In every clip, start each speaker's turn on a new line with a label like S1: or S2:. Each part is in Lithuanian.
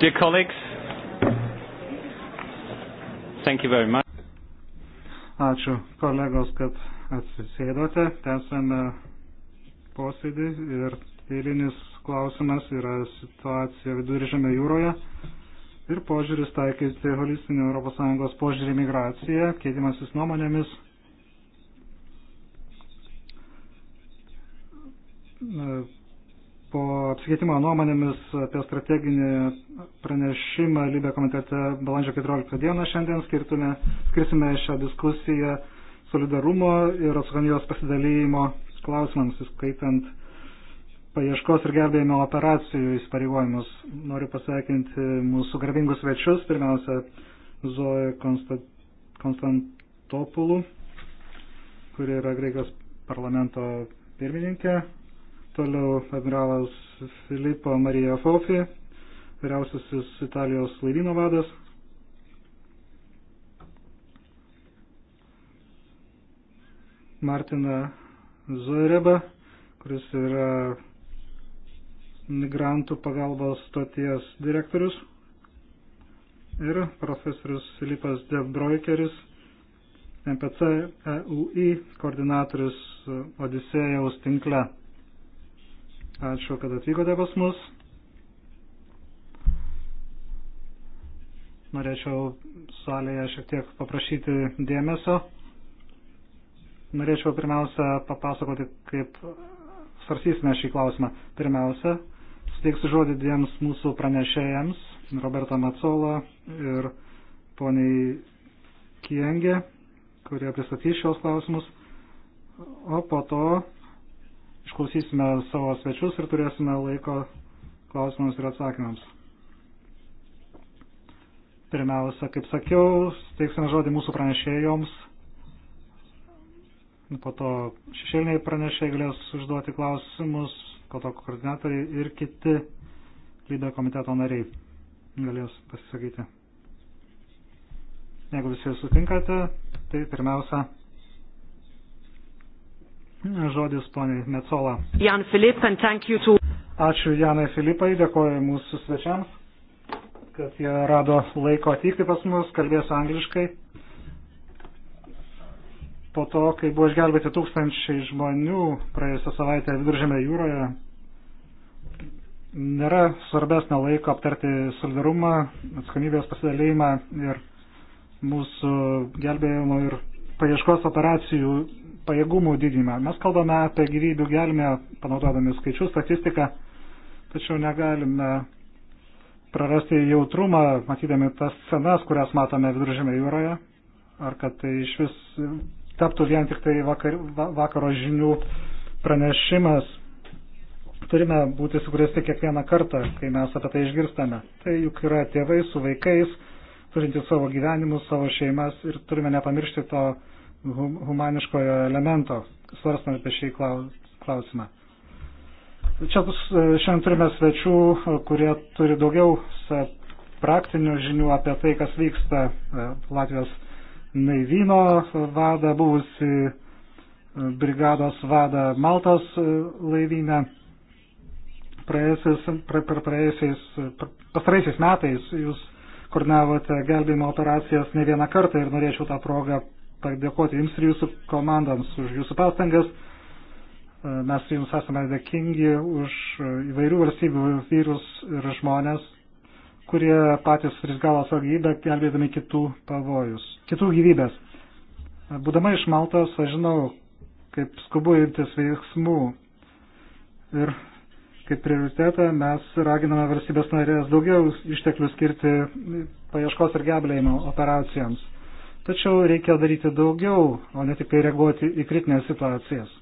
S1: Dear colleagues,
S2: thank you very much. Ačiū kolegos, kad atsisėdote. Tęsame posėdį ir eilinis klausimas yra situacija viduržėme jūroje ir požiūris taikyti holistinį ES požiūrį migraciją, keitimasis nuomonėmis apsikeitimą nuomonėmis apie strateginį pranešimą Libė komitete balandžio 14 dieną šiandien skirtume, skirsime šią diskusiją solidarumo ir atsakomybės pasidalymo klausimams, įskaitant paieškos ir gelbėjimo operacijų įsipareigojimus. Noriu pasveikinti mūsų garbingus svečius, pirmiausia, Zoe Konstant Konstantopulų, kuri yra Graikijos parlamento pirmininkė, Toliau admiralas Filippo Marija Fofi, vyriausiasis Italijos laivyno vadas. Martina Zoireba, kuris yra migrantų pagalbos stoties direktorius. Ir profesorius Filipas Devbroikeris, MPC EUI koordinatorius Odisėjaus tinkle. Ačiū, kad atvykote pas mus. Norėčiau salėje šiek tiek paprašyti dėmesio. Norėčiau pirmiausia papasakoti, kaip svarsysime šį klausimą. Pirmiausia, suteiksiu žodį dviems mūsų pranešėjams, Roberto Macola ir poniai Kiengė, kurie pristatys šios klausimus. O po to išklausysime savo svečius ir turėsime laiko klausimams ir atsakymams. Pirmiausia, kaip sakiau, teiksime žodį mūsų pranešėjoms. Po to šešėliniai pranešėjai galės užduoti klausimus, po to koordinatoriai ir kiti lyderio komiteto nariai galės pasisakyti. Jeigu visi sutinkate, tai pirmiausia, Žodis poniai Metsola. Jan Filip, and thank you to. Ačiū Janai Filipai, dėkoju mūsų svečiams, kad jie rado laiko atvykti pas mus, kalbės angliškai. Po to, kai buvo išgelbėti tūkstančiai žmonių praėjusią savaitę viduržėme jūroje, nėra svarbesnio laiko aptarti solidarumą, atsakomybės pasidalėjimą ir mūsų gelbėjimo ir paieškos operacijų pajėgumų didinimą. Mes kalbame apie gyvybių gelmę, panaudodami skaičių, statistiką, tačiau negalime prarasti jautrumą, matydami tas scenas, kurias matome viduržėme jūroje, ar kad tai iš vis taptų vien tik tai vakar, vakaro žinių pranešimas. Turime būti sugrėsti kiekvieną kartą, kai mes apie tai išgirstame. Tai juk yra tėvai su vaikais, turinti savo gyvenimus, savo šeimas ir turime nepamiršti to hum, humaniškojo elemento, svarstant apie šį klausimą. Čia e, šiandien turime svečių, e, kurie turi daugiau praktinių žinių apie tai, kas vyksta e, Latvijos naivyno vadą, buvusi brigados vadą Maltos laivynę. Praėjusiais, pra, pra, praėjusiais, pastaraisiais metais jūs koordinavote gelbėjimo operacijas ne vieną kartą ir norėčiau tą progą padėkoti Jums ir Jūsų komandams už Jūsų pastangas. E, mes Jums esame dėkingi už įvairių valstybių vyrus ir žmonės, kurie patys rizgavo savo gyvybę, gelbėdami kitų pavojus, kitų gyvybės. E, būdama iš Maltos, aš žinau, kaip skubu imtis veiksmų ir kaip prioritetą mes raginame valstybės narės daugiau išteklių skirti paieškos ir gebėjimo operacijoms. Tačiau reikia daryti daugiau, o ne tik tai reaguoti į kritinės situacijas,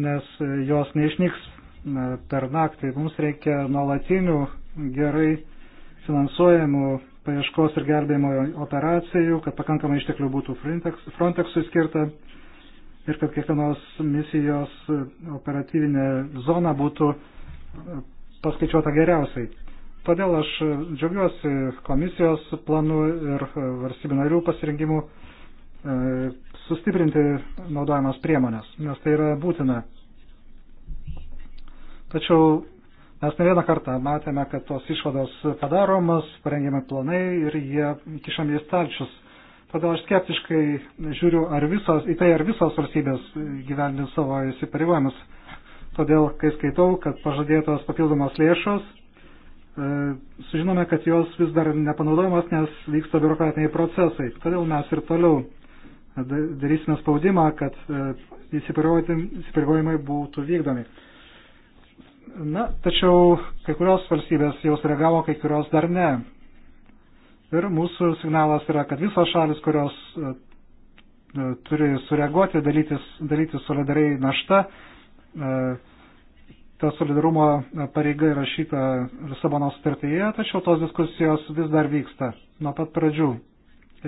S2: nes jos neišnyks per naktį. Mums reikia nuolatinių gerai finansuojamų paieškos ir gelbėjimo operacijų, kad pakankamai išteklių būtų Frontexui skirta ir kad kiekvienos misijos operatyvinė zona būtų paskaičiuota geriausiai. Todėl aš e, džiaugiuosi komisijos planu ir e, varsybių narių pasirinkimu e, sustiprinti naudojamas priemonės, nes tai yra būtina. Tačiau mes ne vieną kartą matėme, kad tos išvados padaromos, parengiami planai ir jie kišami į stalčius. Todėl aš skeptiškai žiūriu ar visos, į tai, ar visos valstybės gyvendins savo įsipareigojimus. Todėl, kai skaitau, kad pažadėtos papildomos lėšos E, sužinome, kad jos vis dar nepanaudojamos, nes vyksta biurokratiniai procesai. Todėl mes ir toliau darysime spaudimą, kad e, įsipareigojimai būtų vykdomi. Na, tačiau kai kurios valstybės jau sureagavo, kai kurios dar ne. Ir mūsų signalas yra, kad visos šalis, kurios e, turi sureaguoti, dalytis, dalytis solidariai naštą, ta solidarumo pareiga įrašyta Lisabono sutartyje, tačiau tos diskusijos vis dar vyksta nuo pat pradžių.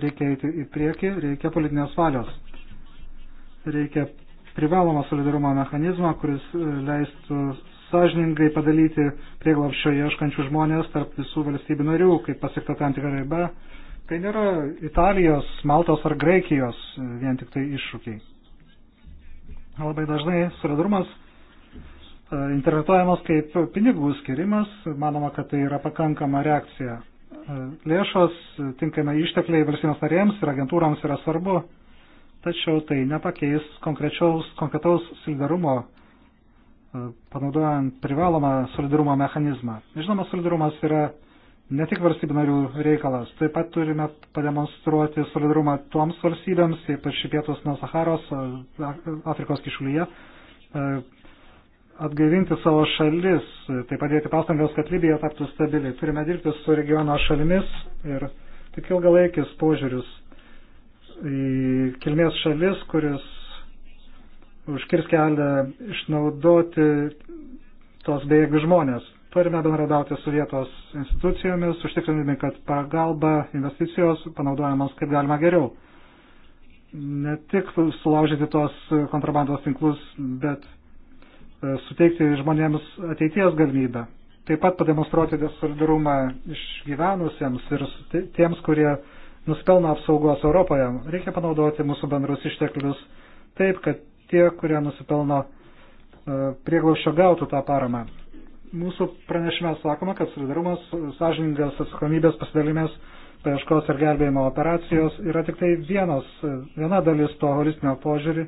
S2: Reikia eiti į priekį, reikia politinės valios. Reikia privalomą solidarumo mechanizmą, kuris e, leistų sąžiningai padalyti prieglapščio ieškančių žmonės tarp visų valstybių narių, kaip pasiekta tam tikra riba. Tai nėra Italijos, Maltos ar Graikijos e, vien tik tai iššūkiai. Labai dažnai solidarumas E, interpretuojamos kaip pinigų skirimas, manoma, kad tai yra pakankama reakcija. E, lėšos, e, tinkamai ištekliai valstybės narėms ir agentūrams yra svarbu, tačiau tai nepakeis konkretaus solidarumo panaudojant privalomą solidarumo mechanizmą. Žinoma, solidarumas yra ne tik valstybių narių reikalas, taip pat turime pademonstruoti solidarumą toms valstybėms, ypač pietus nuo Saharos, Afrikos kišulyje, atgaivinti savo šalis, taip padėti pastangas, kad Libija taptų stabili. Turime dirbti su regiono šalimis ir tik ilgalaikis požiūris į kilmės šalis, kuris užkirs kelią išnaudoti tos bejėgių žmonės. Turime bendradauti su vietos institucijomis, užtikrinami, kad pagalba, investicijos panaudojamos kaip galima geriau. Ne tik sulaužyti tos kontrabandos tinklus, bet E, suteikti žmonėms ateities galimybę. Taip pat pademonstruoti solidarumą išgyvenusiems ir tiems, kurie nusipelno apsaugos Europoje. Reikia panaudoti mūsų bendrus išteklius taip, kad tie, kurie nusipelno e, prieglaušio gautų tą paramą. Mūsų pranešime sakoma, kad solidarumas, sąžiningas atsakomybės pasidalimis, paieškos ir gelbėjimo operacijos yra tik tai vienos, viena dalis to holistinio požiūrį,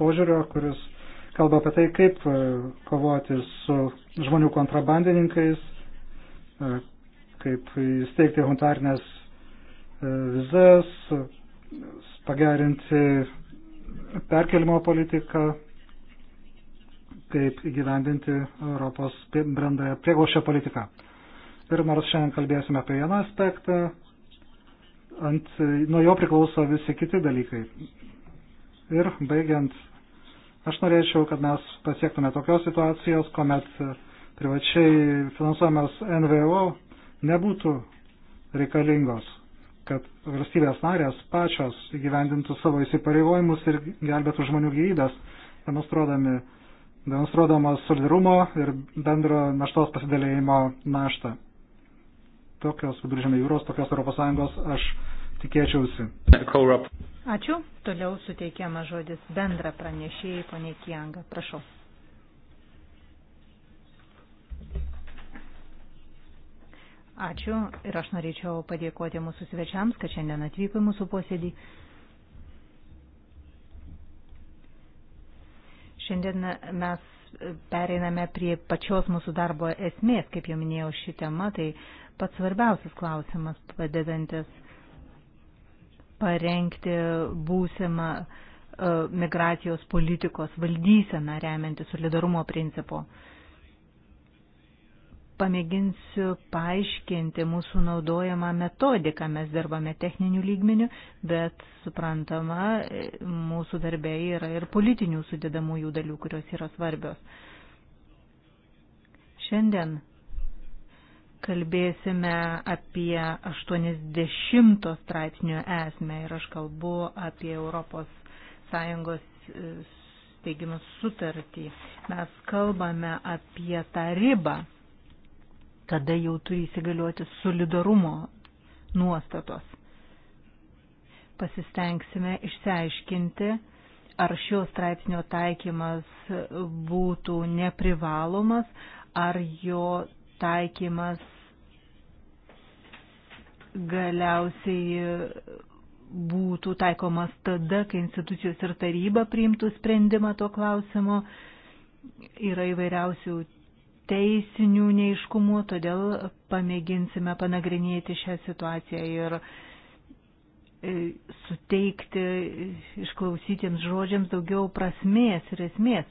S2: požiūrio, kuris kalba apie tai, kaip e, kovoti su žmonių kontrabandininkais, e, kaip įsteigti humanitarnės e, vizas, pagerinti perkelimo politiką, kaip įgyvendinti Europos brandą prieglošio politiką. Ir nors šiandien kalbėsime apie vieną aspektą, ant, nuo jo priklauso visi kiti dalykai. Ir baigiant Aš norėčiau, kad mes pasiektume tokios situacijos, kuomet privačiai finansuojamos NVO nebūtų reikalingos, kad valstybės narės pačios įgyvendintų savo įsipareigojimus ir gelbėtų žmonių gyvybės, demonstruodami demonstruodamos solidarumo ir bendro naštos pasidalėjimo naštą. Tokios viduržėmė jūros, tokios ES aš tikėčiausi.
S3: Ačiū. Toliau suteikiama žodis bendra pranešėjai, ponė Kijanga. Prašau. Ačiū ir aš norėčiau padėkoti mūsų svečiams, kad šiandien atvyko į mūsų posėdį. Šiandien mes pereiname prie pačios mūsų darbo esmės, kaip jau minėjau, ši tema tai pats svarbiausias klausimas padedantis parengti būsimą e, migracijos politikos valdyseną remianti solidarumo principu. Pamėginsiu paaiškinti mūsų naudojamą metodiką. Mes dirbame techninių lygmenių, bet suprantama, e, mūsų darbė yra ir politinių sudėdamųjų dalių, kurios yra svarbios. Šiandien kalbėsime apie 80 straipsnio esmę ir aš kalbu apie Europos Sąjungos e, steigimo sutartį. Mes kalbame apie tą ribą, kada jau turi įsigalioti solidarumo nuostatos. Pasistengsime išsiaiškinti, ar šio straipsnio taikymas būtų neprivalomas, ar jo taikymas galiausiai būtų taikomas tada, kai institucijos ir taryba priimtų sprendimą to klausimo. Yra įvairiausių teisinių neiškumų, todėl pamėginsime panagrinėti šią situaciją ir e, suteikti išklausytiems žodžiams daugiau prasmės ir esmės.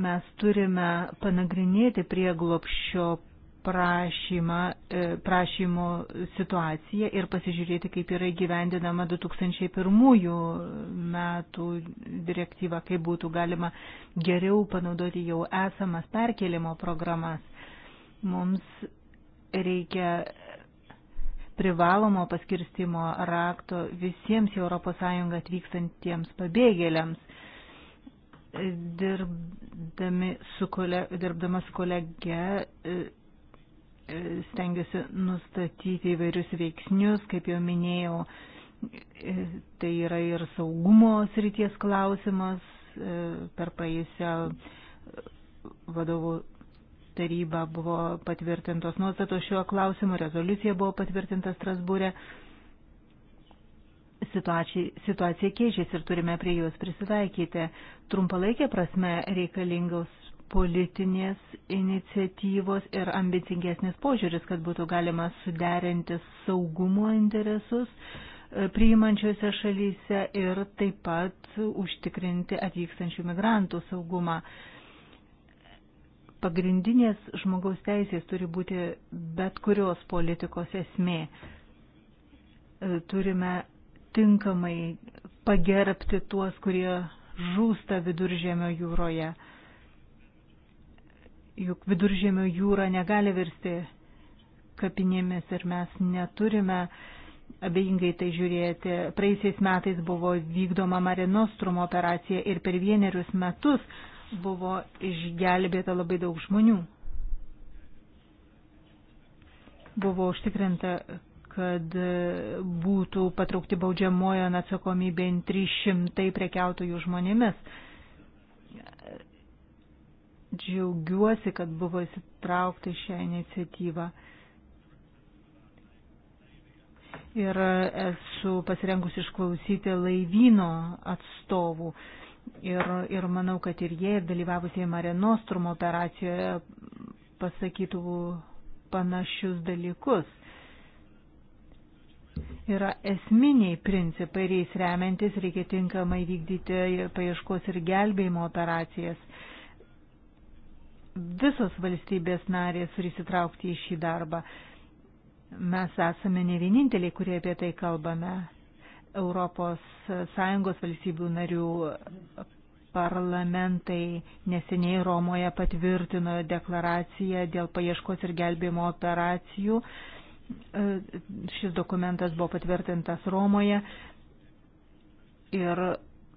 S3: Mes turime panagrinėti prieglopščio prašymą, e, prašymo situaciją ir pasižiūrėti, kaip yra įgyvendinama 2001 metų direktyva, kaip būtų galima geriau panaudoti jau esamas perkelimo programas. Mums reikia privalomo paskirstimo rakto visiems ES atvykstantiems pabėgėliams dirbdami su kole, dirbdama su kolege e, stengiuosi nustatyti įvairius veiksnius, kaip jau minėjau, e, tai yra ir saugumo srities klausimas e, per praėjusią vadovų taryba buvo patvirtintos nuostatos šiuo klausimu, rezoliucija buvo patvirtinta Strasbūrė. Situacija, situacija keičiasi ir turime prie jos prisitaikyti. Trumpalaikė prasme reikalingos politinės iniciatyvos ir ambicingesnis požiūris, kad būtų galima suderinti saugumo interesus e, priimančiose šalyse ir taip pat užtikrinti atvykstančių migrantų saugumą. Pagrindinės žmogaus teisės turi būti bet kurios politikos esmė. E, turime tinkamai pagerbti tuos, kurie žūsta viduržėmio jūroje juk viduržėmio jūra negali virsti kapinėmis ir mes neturime abejingai tai žiūrėti. Praeisiais metais buvo vykdoma Marinostrum operacija ir per vienerius metus buvo išgelbėta labai daug žmonių. Buvo užtikrinta, kad būtų patraukti baudžiamojo atsakomybėn 300 prekiautojų žmonėmis džiaugiuosi, kad buvo įsitraukta šią iniciatyvą. Ir esu pasirengusi išklausyti laivyno atstovų. Ir, ir manau, kad ir jie, ir dalyvavusieji Marenostrum operacijoje pasakytų panašius dalykus. Yra esminiai principai ir jais remiantis reikia tinkamai vykdyti paieškos ir gelbėjimo operacijas visos valstybės narės turi įsitraukti į šį darbą. Mes esame ne vieninteliai, kurie apie tai kalbame. Europos Sąjungos valstybių narių parlamentai neseniai Romoje patvirtino deklaraciją dėl paieškos ir gelbėjimo operacijų. Šis dokumentas buvo patvirtintas Romoje ir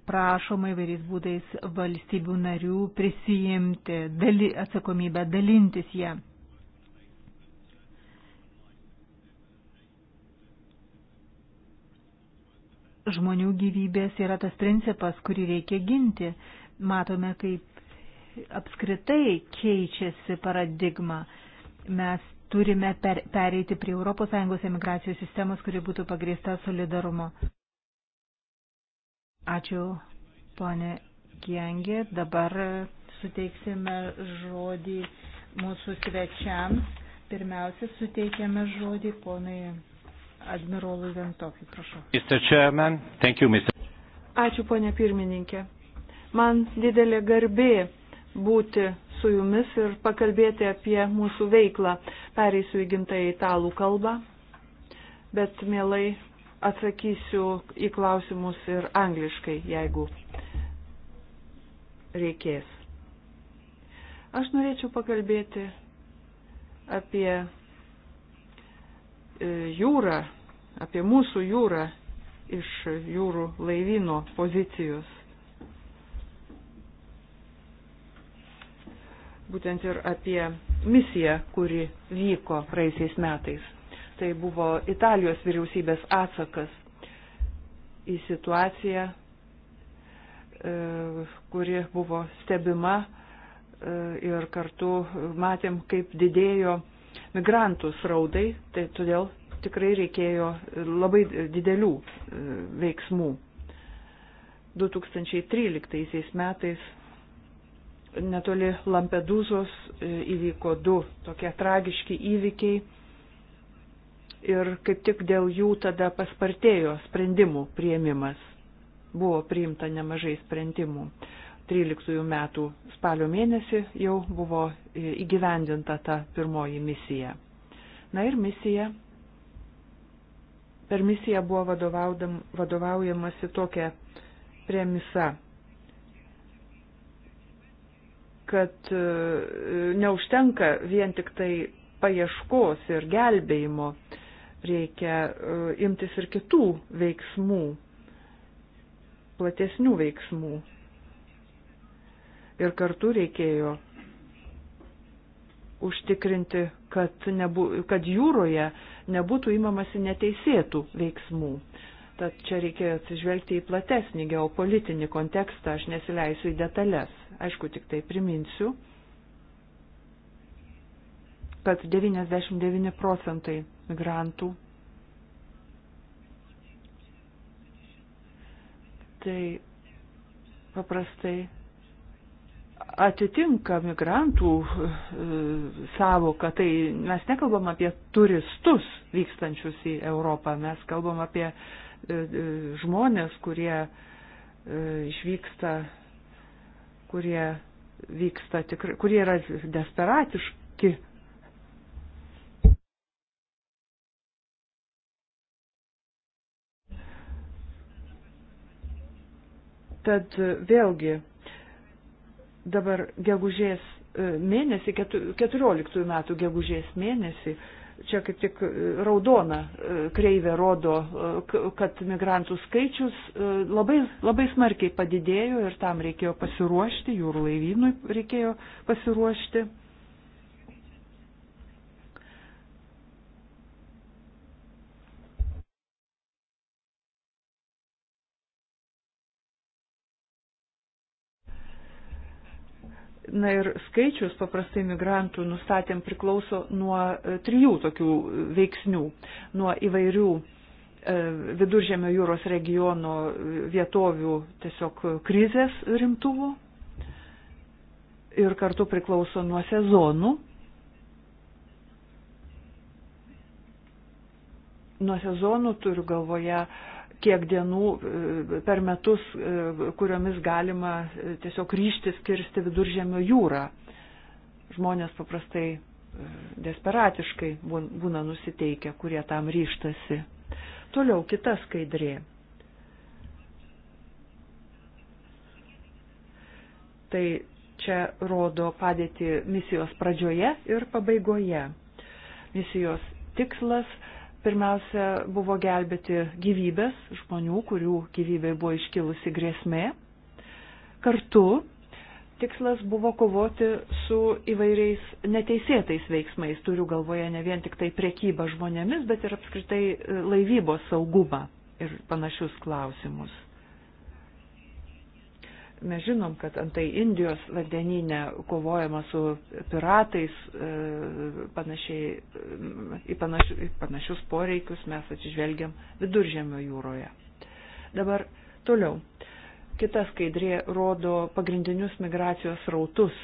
S3: prašoma įvairiais būdais valstybių narių prisijimti dali, atsakomybę, dalintis ją. Žmonių gyvybės yra tas principas, kurį reikia ginti. Matome, kaip apskritai keičiasi paradigma. Mes turime per, pereiti prie ES emigracijos sistemos, kuri būtų pagrįsta solidarumo. Ačiū, ponė Kiengė. Dabar suteiksime žodį mūsų svečiams. Pirmiausia, suteikiame žodį ponai admirolui
S1: Ventokiui. Prašau.
S2: Mr. Chairman, thank you, Mr.
S1: Ačiū, ponė pirmininkė. Man didelė garbė būti su jumis ir pakalbėti apie mūsų veiklą. Pereisiu į gimtąją italų kalbą, bet mielai atsakysiu į klausimus ir angliškai, jeigu reikės. Aš norėčiau pakalbėti apie e, jūrą, apie mūsų jūrą iš jūrų laivyno pozicijos. Būtent ir apie misiją, kuri vyko praeisiais metais. Tai buvo Italijos vyriausybės atsakas į situaciją, e, kuri buvo stebima e, ir kartu matėm, kaip didėjo migrantų sraudai, tai todėl tikrai reikėjo labai didelių e, veiksmų. 2013 metais netoli Lampedūzos įvyko du tokie tragiški įvykiai ir kaip tik dėl jų tada paspartėjo sprendimų prieimimas. Buvo priimta nemažai sprendimų. 13 metų spalio mėnesį jau buvo įgyvendinta ta pirmoji misija. Na ir misija. Per misiją buvo vadovaujamasi tokia premisa, kad e, neužtenka vien tik tai paieškos ir gelbėjimo reikia e, imtis ir kitų veiksmų, platesnių veiksmų. Ir kartu reikėjo užtikrinti, kad, nebu, kad jūroje nebūtų įmamasi neteisėtų veiksmų. Tad čia reikia atsižvelgti į platesnį geopolitinį kontekstą, aš nesileisiu į detalės. Aišku, tik tai priminsiu, kad 99 procentai migrantų. Tai paprastai atitinka migrantų e, savoka, tai mes nekalbam apie turistus vykstančius į Europą, mes kalbam apie e, e, žmonės, kurie išvyksta, kurie, vyksta tikrai, kurie yra desperatiški Tad e, vėlgi dabar gegužės e, mėnesį, 14 metų gegužės mėnesį, čia kaip tik e, raudona kreivė rodo, kad migrantų skaičius labai, labai smarkiai padidėjo ir tam reikėjo pasiruošti, jūrų laivynui reikėjo pasiruošti. Na ir skaičius paprastai migrantų nustatėm priklauso nuo e, trijų tokių e, veiksnių - nuo įvairių e, viduržėmio jūros regiono vietovių tiesiog krizės rimtumų ir kartu priklauso nuo sezonų. Nuo sezonų turiu galvoje uh, kiek dienų e, per metus, e, kuriomis galima e, tiesiog ryštis kirsti viduržėmio jūrą. Žmonės paprastai desperatiškai būna nusiteikę, kurie tam ryštasi. Toliau kita skaidrė. Tai čia rodo padėti misijos pradžioje ir pabaigoje. Misijos tikslas pirmiausia buvo gelbėti gyvybės žmonių, kurių gyvybė buvo iškilusi grėsmė. Kartu tikslas buvo kovoti su įvairiais neteisėtais veiksmais, turiu galvoje ne vien tik tai priekybą žmonėmis, bet ir apskritai laivybos saugumą ir panašius klausimus. Mes žinom, kad antai Indijos vandeninė kovojama su piratais, e, panašiai, į panašius, į panašius poreikius mes atsižvelgiam viduržėmio jūroje. Dabar toliau. Kita skaidrė rodo pagrindinius migracijos rautus.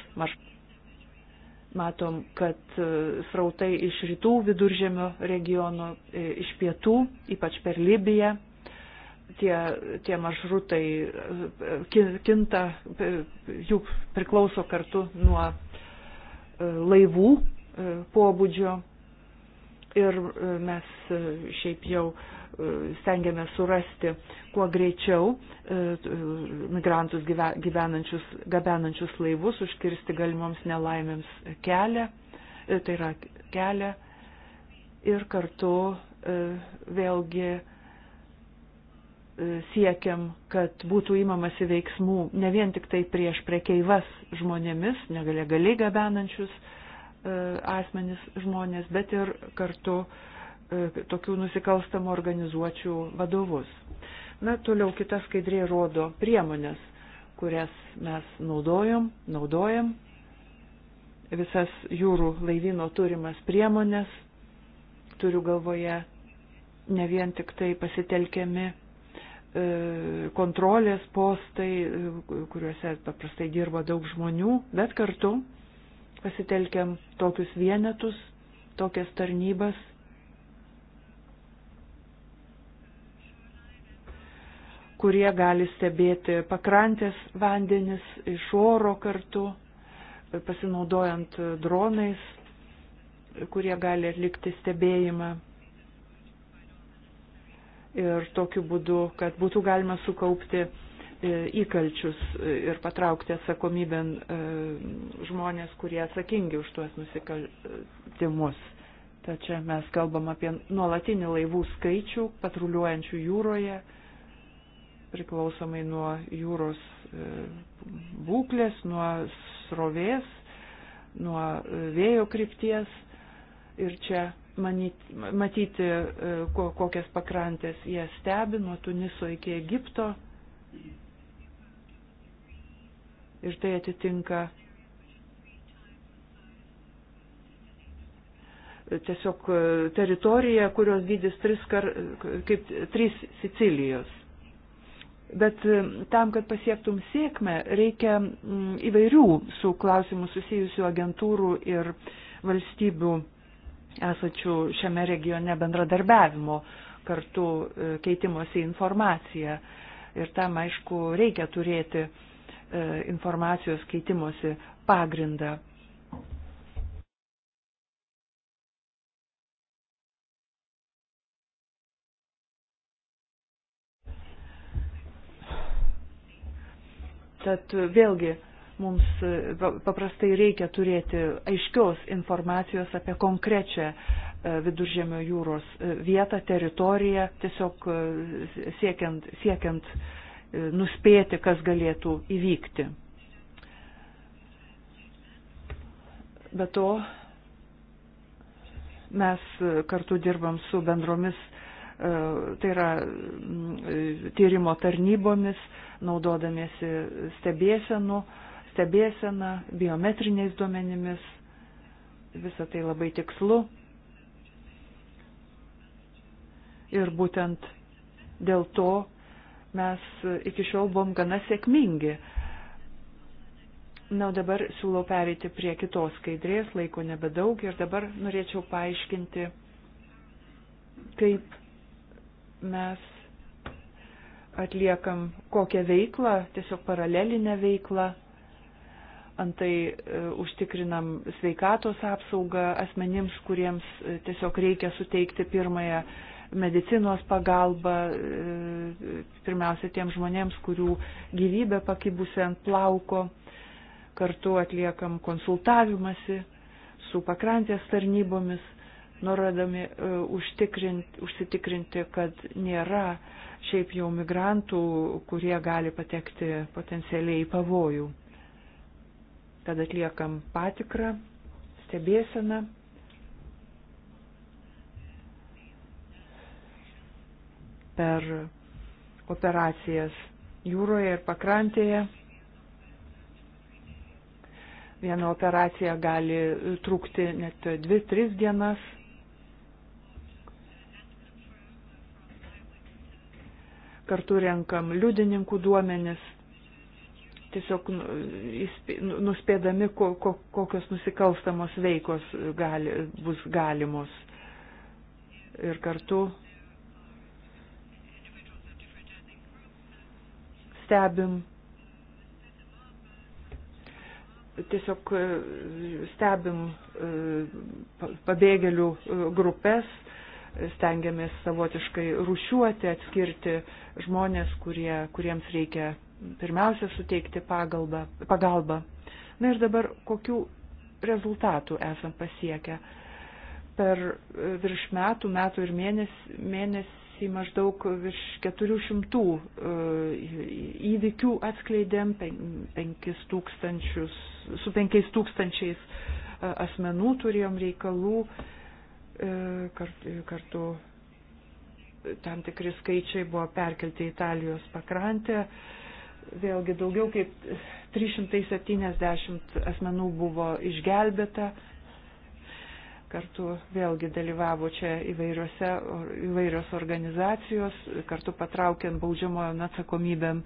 S1: Matom, kad e, srautai iš rytų viduržėmio regiono, e, iš pietų, ypač per Libiją, tie, tie maršrutai kinta, jų priklauso kartu nuo e, laivų e, pobūdžio ir e, mes šiaip jau stengiamės surasti kuo greičiau migrantus gyvenančius, gabenančius laivus, užkirsti galimoms nelaimėms kelią, tai yra kelią ir kartu vėlgi E, siekiam, kad būtų įmamasi veiksmų ne vien tik tai prieš prekeivas žmonėmis, nelegaliai gabenančius e, asmenis žmonės, bet ir kartu e, tokių nusikalstamų organizuočių vadovus. Na, toliau kita skaidrė rodo priemonės, kurias mes naudojom, naudojam, visas jūrų laivyno turimas priemonės, turiu galvoje ne vien tik tai pasitelkiami E, kontrolės postai, e, kuriuose paprastai dirba daug žmonių, bet kartu pasitelkiam tokius vienetus, tokias tarnybas. kurie gali stebėti pakrantės vandenis iš oro kartu, pasinaudojant dronais, kurie gali atlikti stebėjimą ir tokiu būdu, kad būtų galima sukaupti e, įkalčius ir patraukti atsakomybę e, žmonės, kurie atsakingi už tuos nusikaltimus. Tačiau mes kalbam apie nuolatinį laivų skaičių, patruliuojančių jūroje, priklausomai nuo jūros e, būklės, nuo srovės, nuo vėjo krypties. Ir čia manyti, matyti, e, kokias pakrantės jie stebi nuo Tuniso iki Egipto. Ir tai atitinka tiesiog e, teritorija, kurios dydis tris, kar, kaip, trys Sicilijos. Bet e, tam, kad pasiektum sėkmę, reikia įvairių su klausimu susijusių agentūrų ir valstybių esačių šiame regione bendradarbiavimo kartu e, keitimosi informacija. Ir tam, aišku, reikia turėti e, informacijos keitimosi pagrindą. Tad vėlgi mums e, paprastai reikia turėti aiškios informacijos apie konkrečią e, viduržėmio jūros e, vietą, teritoriją, tiesiog siekiant, siekiant nuspėti, kas galėtų įvykti. Be to, mes kartu dirbam su bendromis, tai yra tyrimo tarnybomis, naudodamiesi stebėsenų stebėsena, biometriniais duomenimis. Visą tai labai tikslu. Ir būtent dėl to mes iki šiol buvom gana sėkmingi. Na, o dabar siūlau pereiti prie kitos skaidrės, laiko nebedaug ir dabar norėčiau paaiškinti, kaip mes atliekam kokią veiklą, tiesiog paralelinę veiklą antai e, užtikrinam sveikatos apsaugą asmenims, kuriems e, tiesiog reikia suteikti pirmąją medicinos pagalbą, e, pirmiausia tiem žmonėms, kurių gyvybė pakibusi ant plauko. Kartu atliekam konsultavimasi su pakrantės tarnybomis, noradami užsitikrinti, kad nėra šiaip jau migrantų, kurie gali patekti potencialiai į pavojų kad atliekam patikrą, stebėseną. per operacijas jūroje ir pakrantėje. Viena operacija gali trukti net 2-3 dienas. Kartu renkam liudininkų duomenis tiesiog nu, nu, nuspėdami, kokios nusikalstamos veikos gali, bus galimos. Ir kartu stebim tiesiog e, stebim e, pabėgėlių e, grupės, stengiamės savotiškai rušiuoti, atskirti žmonės, kurie, kuriems reikia pirmiausia suteikti pagalbą. pagalbą. Na ir dabar kokių rezultatų esam pasiekę. Per e, virš metų, metų ir mėnesį, mėnesį maždaug virš 400 e, įvykių atskleidėm, 5000, su 5000 e, asmenų turėjom reikalų kartu tam tikri skaičiai buvo perkelti į Italijos pakrantę, Vėlgi daugiau kaip 370 asmenų buvo išgelbėta. Kartu vėlgi dalyvavo čia įvairios organizacijos, kartu patraukiant baudžiamojo atsakomybėm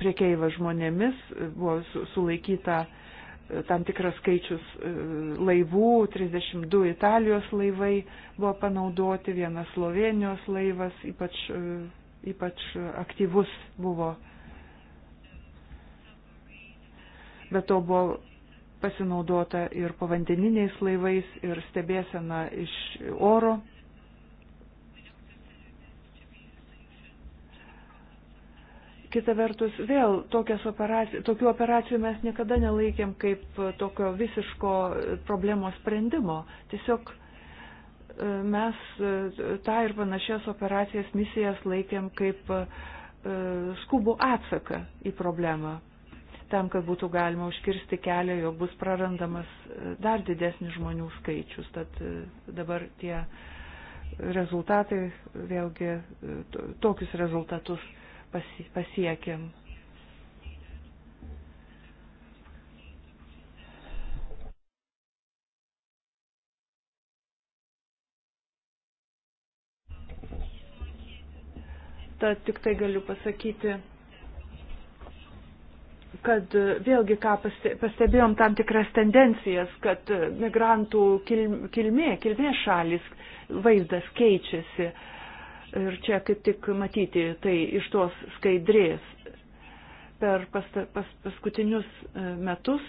S1: priekeiva žmonėmis, buvo sulaikyta e, tam tikras skaičius e, laivų, 32 Italijos laivai buvo panaudoti, vienas Slovenijos laivas, ypač e, ypač aktyvus buvo. Bet to buvo pasinaudota ir povandeniniais laivais, ir stebėsena iš oro. Kita vertus, vėl operacijų, tokių operacijų mes niekada nelaikėm kaip tokio visiško problemos sprendimo. Tiesiog mes e, tą ir panašias operacijas, misijas laikėm kaip e, skubų atsaką į problemą, tam, kad būtų galima užkirsti kelią, jog bus prarandamas e, dar didesnis žmonių skaičius. Tad dabar tie rezultatai, vėlgi tokius rezultatus pasiekėm. Tad tik tai galiu pasakyti, kad vėlgi ką pastebėjom tam tikras tendencijas, kad migrantų kilmė, kilmės šalis vaizdas keičiasi. Ir čia kaip tik matyti tai iš tos skaidrės per pas, pas, paskutinius e, metus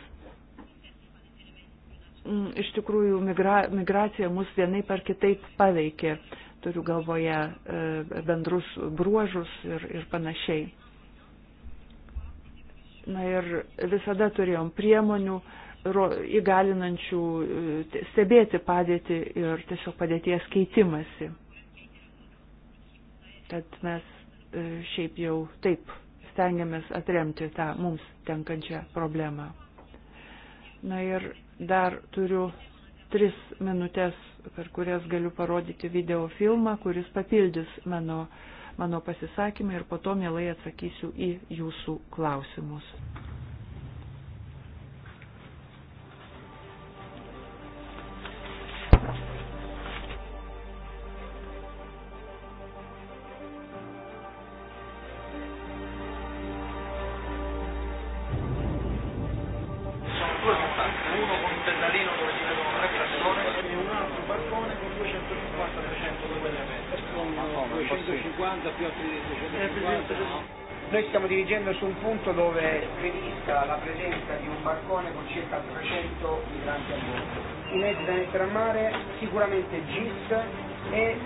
S1: iš tikrųjų migra, migracija mus vienaip ar kitaip paveikė, turiu galvoje e, bendrus bruožus ir, ir panašiai. Na ir visada turėjom priemonių įgalinančių e, stebėti padėtį ir tiesiog padėties keitimasi. Tad mes e, šiaip jau taip stengiamės atremti tą mums tenkančią problemą. Na ir dar turiu tris minutės, per kurias galiu parodyti video filmą, kuris papildys mano, mano pasisakymą ir po to mielai atsakysiu į jūsų klausimus.
S2: da richiamare sicuramente GIS e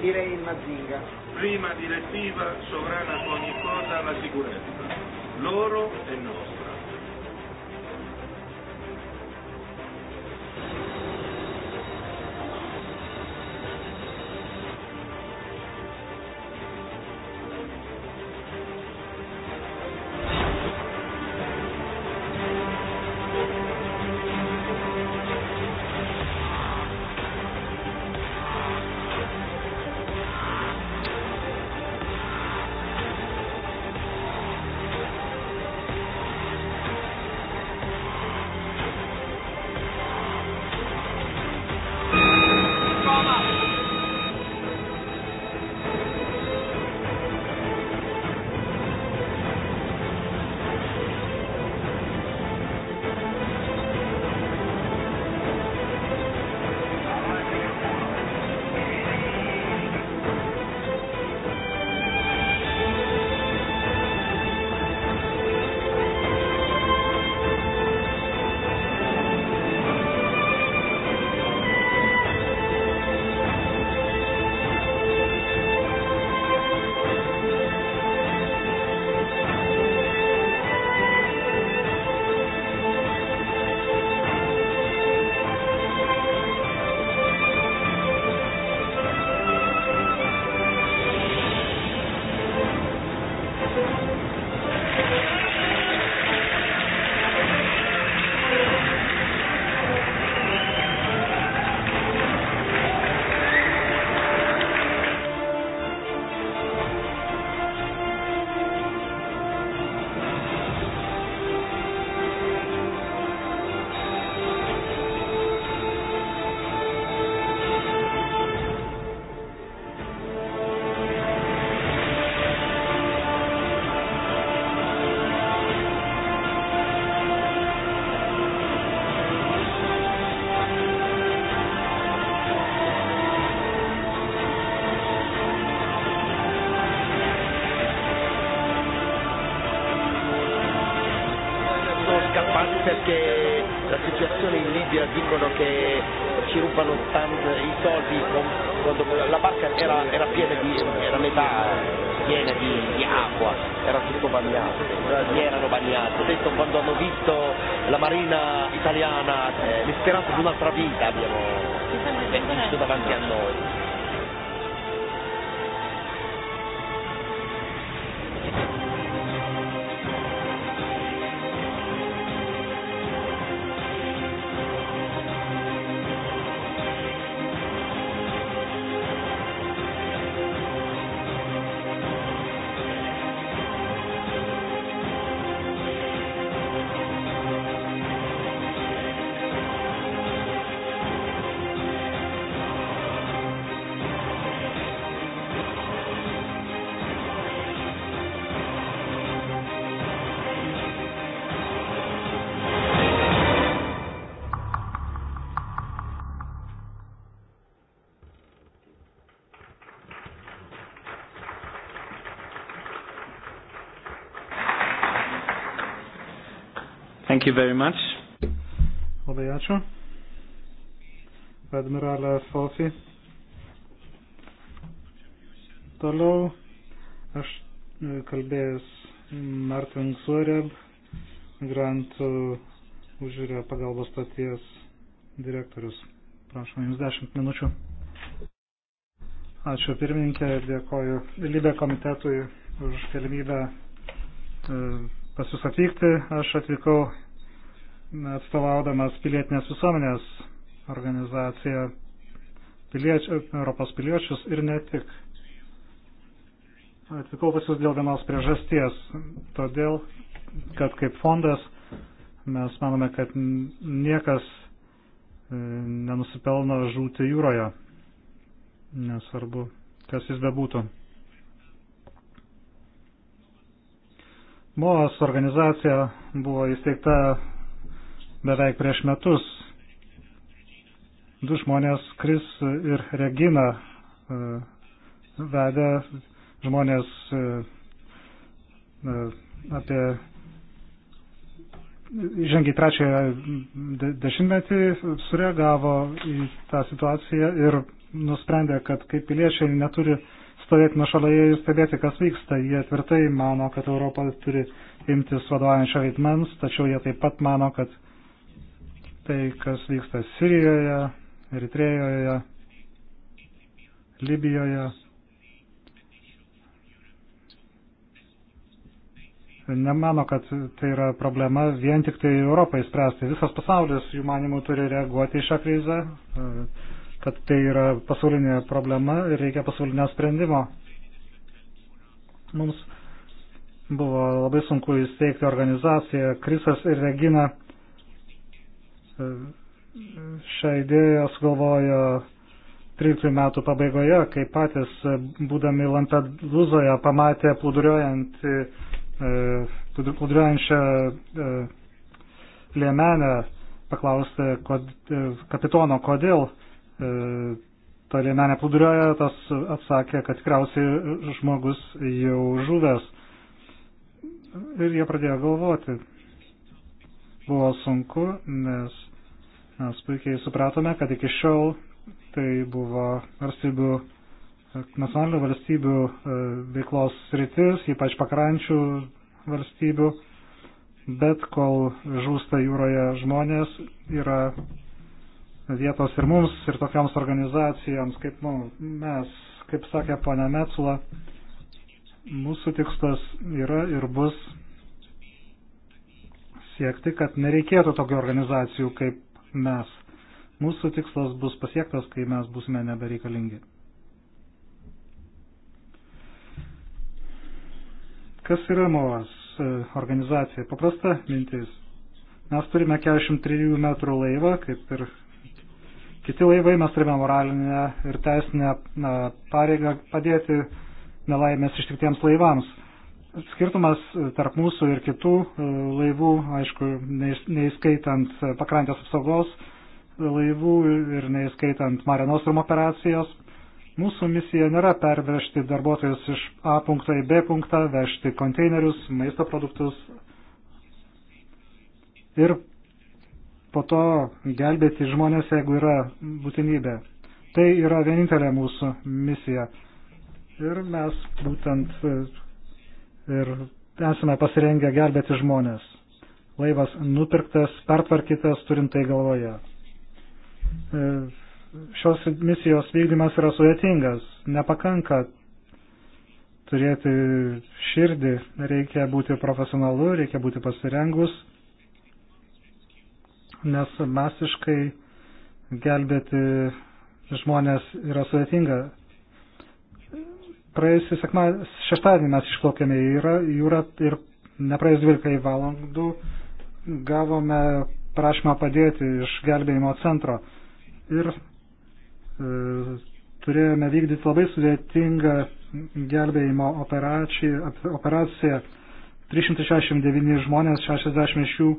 S1: direi Mazinga. Prima direttiva sovrana su ogni cosa la sicurezza,
S3: loro e nostra.
S1: le speranze di un'altra vita abbiamo visto davanti a noi.
S2: Thank you very much. Labai ačiū. Admiralė Sofi. Toliau aš e, kalbėjus Martin Sureb, migrantų e, užžiūrio pagalbos stoties direktorius. Prašom, jums 10 minučių. Ačiū pirmininkė ir dėkoju Lybė komitetui už galimybę e, pas jūs atvykti. Aš atvykau atstovaudamas pilietinės visuomenės organizaciją pilieč, Europos piliečius ir ne tik. Atvykau pas jūs dėl vienos priežasties. Todėl, kad kaip fondas mes manome, kad niekas e, nenusipelno žūti jūroje. Nesvarbu, kas jis bebūtų. MOAS organizacija buvo įsteigta beveik prieš metus. Du žmonės, Kris ir Regina, e, vedė žmonės e, e, apie žengiai trečiąją dešimtmetį sureagavo į tą situaciją ir nusprendė, kad kaip piliečiai neturi stovėtume šalia ir stebėti, kas vyksta. Jie tvirtai mano, kad Europa turi imtis vadovaujančio vaidmens, tačiau jie taip pat mano, kad tai, kas vyksta Sirijoje, Eritrėjoje, Libijoje, nemano, kad tai yra problema vien tik tai Europai spręsti. Visas pasaulis, jų manimų, turi reaguoti į šią krizę kad tai yra pasaulinė problema ir reikia pasaulinio sprendimo. Mums buvo labai sunku įsteigti organizaciją Krisas ir Regina. Šią idėją sugalvojo 13 metų pabaigoje, kai patys būdami Lampedūzoje pamatė plūduriuojant, e, plūduriuojančią e, liemenę, paklausti kod, e, kapitono kodėl E, ta liemenė plūduriuoja, tas atsakė, kad tikriausiai žmogus jau žuvęs. Ir jie pradėjo galvoti. Buvo sunku, nes mes puikiai supratome, kad iki šiol tai buvo valstybių, nacionalinių valstybių e, veiklos sritis, ypač pakrančių valstybių, bet kol žūsta jūroje žmonės, yra vietos ir mums, ir tokiams organizacijoms, kaip nu, mes, kaip sakė ponia Metsula, mūsų tikslas yra ir bus siekti, kad nereikėtų tokių organizacijų kaip mes. Mūsų tikslas bus pasiektas, kai mes busime nebereikalingi. Kas yra MOAS e, organizacija? Paprasta mintis. Mes turime 43 metrų laivą, kaip ir Kiti laivai mes turime moralinę ir teisinę pareigą padėti nelaimės ištiktiems laivams. Skirtumas tarp mūsų ir kitų e, laivų, aišku, neįskaitant pakrantės apsaugos laivų ir neįskaitant Marenostrum operacijos, Mūsų misija nėra pervežti darbuotojus iš A punktą į B punktą, vežti konteinerius, maisto produktus ir po to gelbėti žmonės, jeigu yra būtinybė. Tai yra vienintelė mūsų misija. Ir mes būtent e, ir esame pasirengę gelbėti žmonės. Laivas nupirktas, pertvarkytas, turint tai galvoje. E, šios misijos vykdymas yra sudėtingas. Nepakanka turėti širdį, reikia būti profesionalu, reikia būti pasirengus nes masiškai gelbėti žmonės yra sudėtinga. Praėjusį sekmą, šeštadienį mes išplaukėme į jūrą ir nepraėjus 12 valandų gavome prašymą padėti iš gelbėjimo centro. Ir e, turėjome vykdyti labai sudėtingą gelbėjimo operaciją. 369 žmonės, 60 iš jų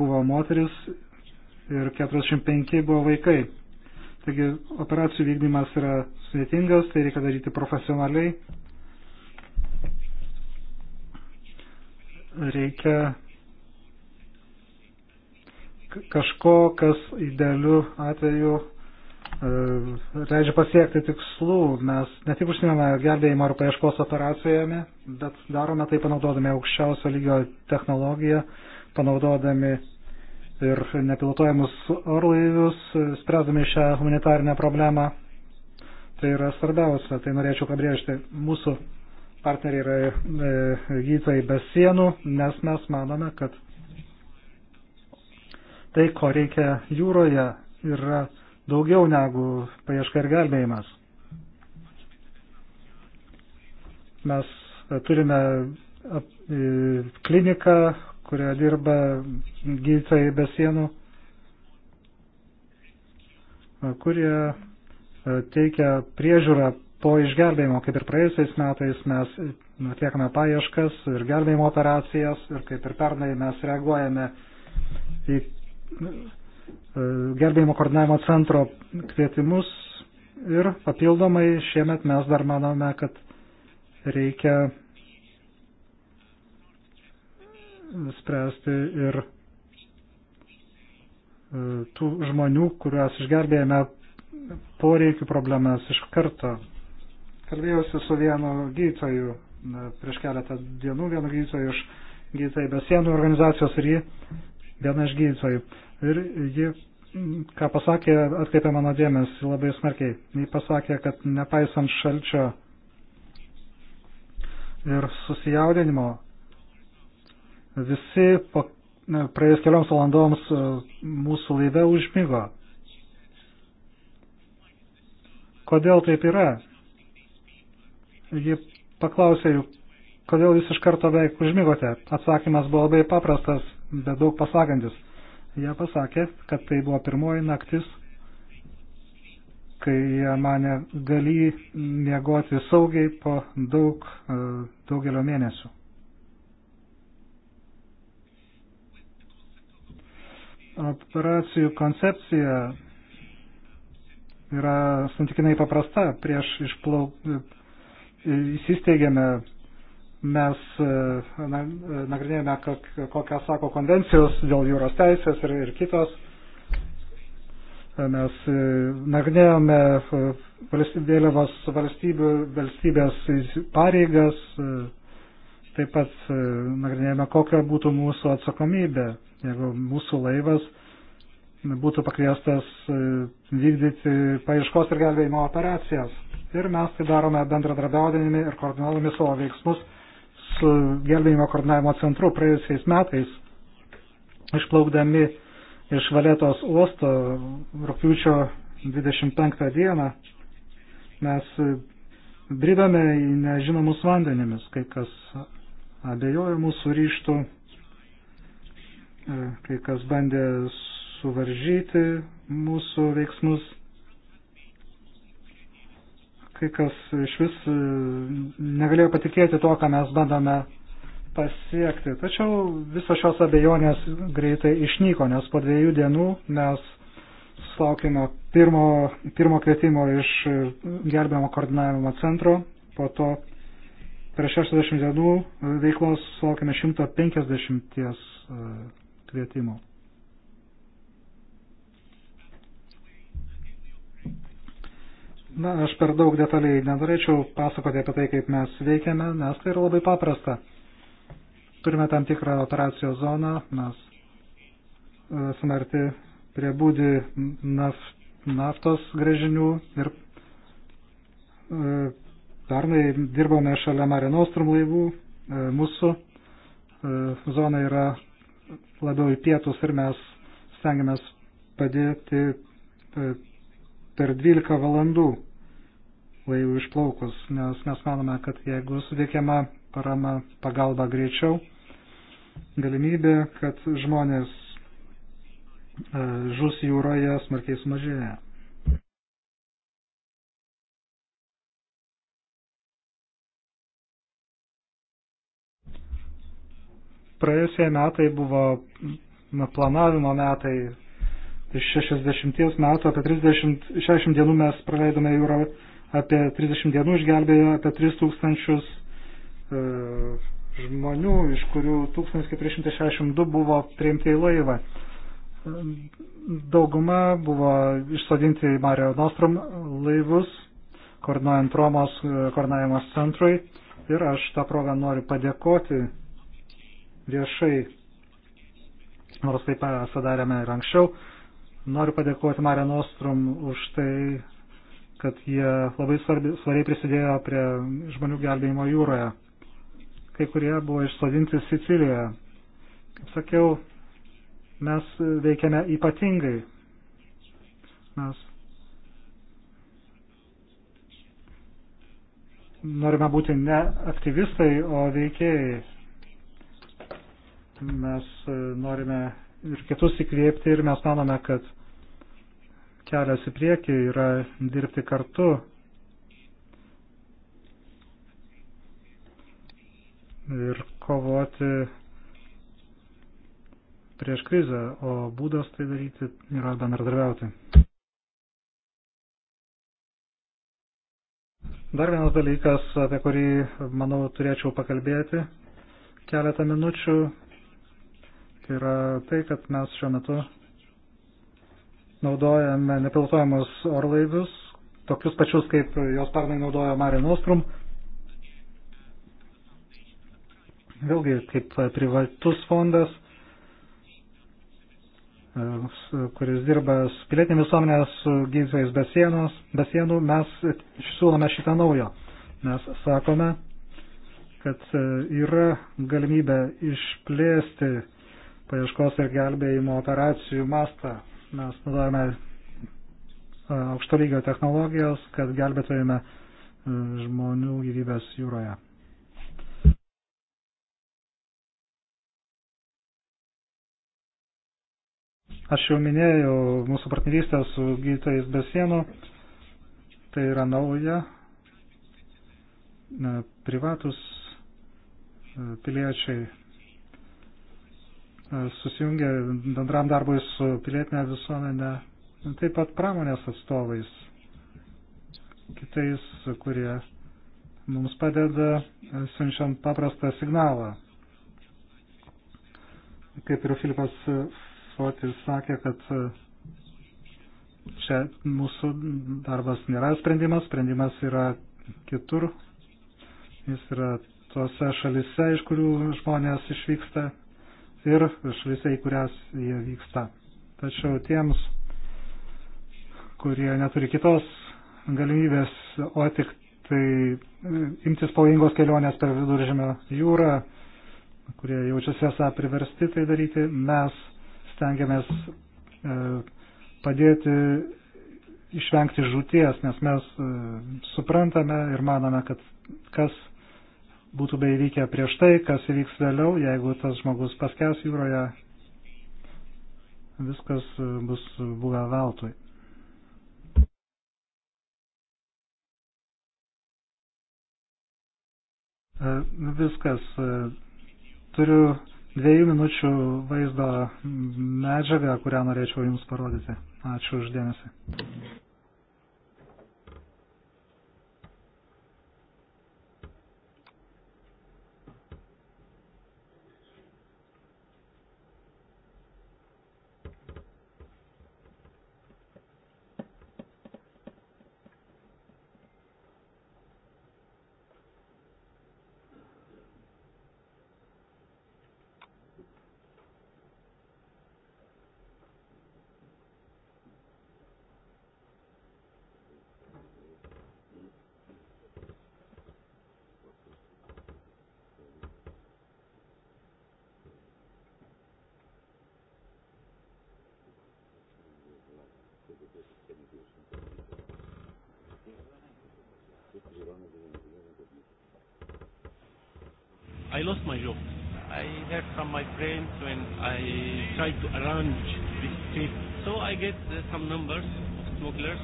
S2: buvo moteris ir 45 buvo vaikai. Taigi operacijų vykdymas yra sudėtingas, tai reikia daryti profesionaliai. Reikia kažko, kas idealiu atveju e, leidžia pasiekti tikslų. Mes ne tik užsimėme gelbėjimo ar paieškos operacijoje, bet darome tai panaudodami aukščiausio lygio technologiją, panaudodami ir nepilotuojamus orlaivius, spręsdami šią humanitarinę problemą. Tai yra svarbiausia, tai norėčiau pabrėžti. Mūsų partneriai yra e, gydytojai be sienų, nes mes manome, kad tai, ko reikia jūroje, yra daugiau negu paieška ir gelbėjimas. Mes e, turime e, kliniką, kurioje dirba gydytojai be sienų, kurie e, teikia priežiūrą po išgelbėjimo, kaip ir praėjusiais metais mes atliekame paieškas ir gelbėjimo operacijas ir kaip ir pernai mes reaguojame į e, gelbėjimo koordinavimo centro kvietimus ir papildomai šiemet mes dar manome, kad reikia spręsti ir e, tų žmonių, kuriuos išgelbėjame poreikių problemas iš karto. Kalbėjausi su vienu gydytoju e, prieš keletą dienų, vienu gydytoju iš gydytojai be sienų organizacijos ir ji, viena iš gydytojų. Ir ji, ką pasakė, atkreipė mano dėmesį labai smarkiai. Ji pasakė, kad nepaisant šalčio ir susijaudinimo, visi po, praėjus kelioms valandoms e, mūsų laive užmygo. Kodėl taip yra? Ji paklausė jų, kodėl jūs iš karto beveik užmygote. Atsakymas buvo labai paprastas, bet daug pasakantis. Jie pasakė, kad tai buvo pirmoji naktis, kai jie mane gali miegoti saugiai po daug, e, daugelio mėnesių. operacijų koncepcija yra santykinai paprasta. Prieš išplau... įsisteigėme mes e, e, nagrinėjame, kokią sako konvencijos dėl jūros teisės ir, ir kitos. E, mes nagrinėjome vėliavos valstybių, valstybės pareigas, Taip pat e, nagrinėjame, kokia būtų mūsų atsakomybė, jeigu mūsų laivas būtų pakviestas e, vykdyti paieškos ir gelbėjimo operacijas. Ir mes tai darome bendradarbiaudami ir koordinuodami savo veiksmus su gelbėjimo koordinavimo centru praėjusiais metais, išplaukdami iš Valetos uosto rūpiučio 25 dieną, mes e, bridome į nežinomus vandenimis, kai kas abejojo mūsų ryštų, e, kai kas bandė suvaržyti mūsų veiksmus, kai kas iš vis e, negalėjo patikėti to, ką mes bandome pasiekti. Tačiau visos šios abejonės greitai išnyko, nes po dviejų dienų mes sulaukėme pirmo, pirmo kvietimo iš e, gelbėjimo koordinavimo centro, po to Per 60 dienų e, veiklos sulaukime 150 e, kvietimų. Na, aš per daug detaliai nenorėčiau pasakoti apie tai, kaip mes veikiame, nes tai yra labai paprasta. Turime tam tikrą operacijos zoną, mes esame arti prie būdį naf, naftos grėžinių ir e, Pernai dirbome šalia Marinostrum laivų, e, mūsų e, zona yra labiau į pietus ir mes stengiamės padėti e, per 12 valandų laivų išplaukus, nes mes manome, kad jeigu suveikiama parama pagalba greičiau, galimybė, kad žmonės žus jūroje smarkiai sumažėja. Praėjusie metai buvo planavimo metai. Iš 60 metų apie 30, 60 dienų mes praleidome jūrą apie 30 dienų išgelbėjo apie 3000 e, žmonių, iš kurių 1462 buvo priimti į laivą. E, dauguma buvo išsodinti į Mario Nostrum laivus, koordinuojant Romos e, koordinavimo centrui. Ir aš tą progą noriu padėkoti viešai, nors taip padarėme ir anksčiau. Noriu padėkoti Marė Nostrum už tai, kad jie labai svariai prisidėjo prie žmonių gelbėjimo jūroje. Kai kurie buvo išsodinti Sicilijoje. Kaip sakiau, mes veikiame ypatingai. Mes norime būti ne aktyvistai, o veikėjai mes e, norime ir kitus įkvėpti ir mes manome, kad kelias į priekį yra dirbti kartu. Ir kovoti prieš krizę, o būdas tai daryti yra bendradarbiauti. Dar vienas dalykas, apie kurį, manau, turėčiau pakalbėti keletą minučių, tai yra tai, kad mes šiuo metu naudojame nepilotuojamus orlaivius, tokius pačius, kaip jos pernai naudojo Mare Nostrum. Vėlgi, kaip privatus fondas, e, kuris dirba su pilietinė visuomenė, su gydytojais be, sienos, be sienų, mes siūlome šitą naujo. Mes sakome, kad e, yra galimybė išplėsti paieškos ir gelbėjimo operacijų mastą. Mes naudojame e, aukšto lygio technologijos, kad gelbėtumėme e, žmonių gyvybės jūroje. Aš jau minėjau mūsų partnerystę su gydytojais be sienų. Tai yra nauja. E, privatus piliečiai E, susijungę bendram darbui su pilietinė visuomenė, taip pat pramonės atstovais, kitais, kurie mums padeda e, siunčiant paprastą signalą. Kaip ir Filipas Fotis sakė, kad e, čia mūsų darbas nėra sprendimas, sprendimas yra kitur. Jis yra tose šalise, iš kurių žmonės išvyksta ir šalise, į kurias jie vyksta. Tačiau tiems, kurie neturi kitos galimybės, o tik tai e, imtis pavojingos kelionės per viduržemio jūrą, kurie jaučiasi esą priversti tai daryti, mes stengiamės e, padėti išvengti žūties, nes mes e, suprantame ir manome, kad kas būtų beįvykę prieš tai, kas įvyks vėliau, jeigu tas žmogus paskęs jūroje, viskas e, bus buvę veltui. E, viskas. E, turiu dviejų minučių vaizdo medžiagą, kurią norėčiau Jums parodyti. Ačiū uždėmesi.
S1: try to arrange this trip. So I get uh, some numbers of smugglers,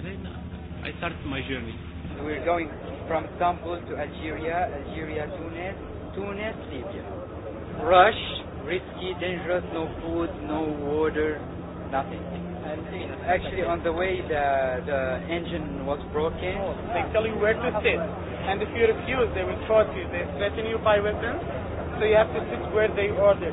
S1: and then uh, I start my journey. We're going from Istanbul to Algeria, Algeria, Tunis, Tunis, Libya. Rush, risky, dangerous, no food, no water, nothing. And actually, on
S2: the way, the, the engine was broken. Oh, they tell you where to sit, and if you refuse, they will torture you. They threaten you by weapons, so you have to sit where they ordered.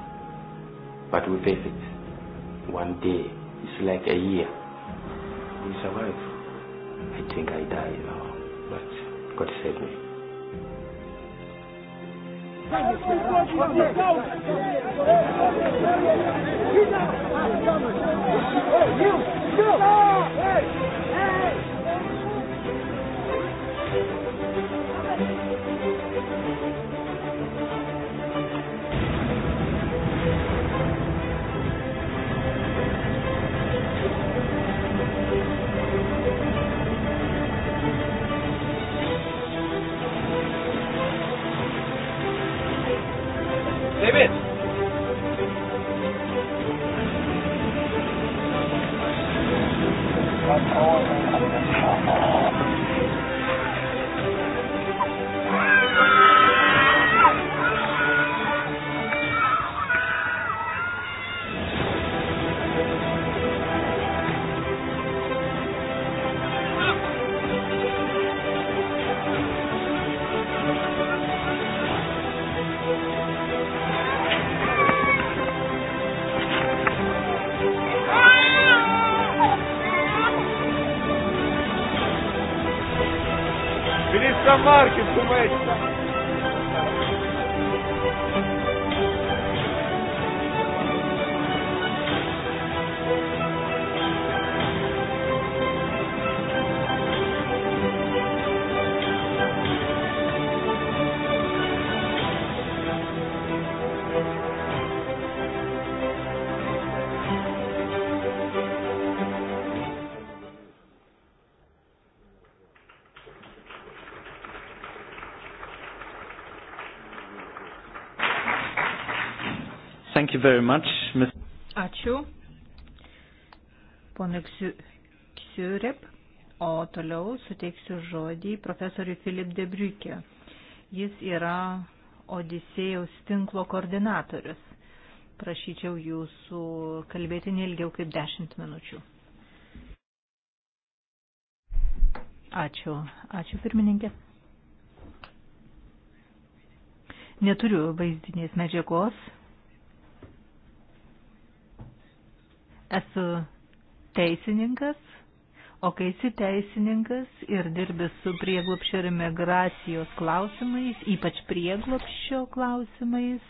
S3: But we face it. One day, it's like a year.
S1: We survive. I think I die now, but God save me. Hey, you! Hey!
S2: much, Ms.
S3: Ačiū. Pone Ksiurep. O toliau suteiksiu žodį profesoriui Filip Debriukė. Jis yra Odisėjaus tinklo koordinatorius. Prašyčiau jūsų kalbėti neilgiau kaip 10 minučių. Ačiū. Ačiū, pirmininkė. Neturiu vaizdinės medžiagos, Esu teisininkas, o kai esi teisininkas ir dirbi su prieglopščio ir migracijos klausimais, ypač prieglopščio klausimais,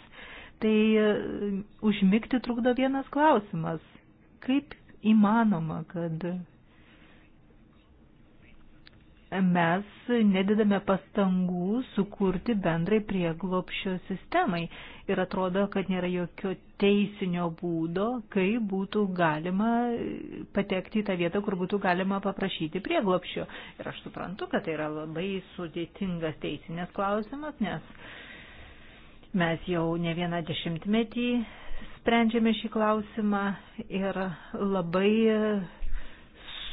S3: tai e, užmigti trukdo vienas klausimas. Kaip įmanoma, kad mes nedidame pastangų sukurti bendrai prieglopščio sistemai ir atrodo, kad nėra jokio teisinio būdo, kai būtų galima patekti į tą vietą, kur būtų galima paprašyti prieglopščio. Ir aš suprantu, kad tai yra labai sudėtingas teisinės klausimas, nes mes jau ne vieną dešimtmetį sprendžiame šį klausimą ir labai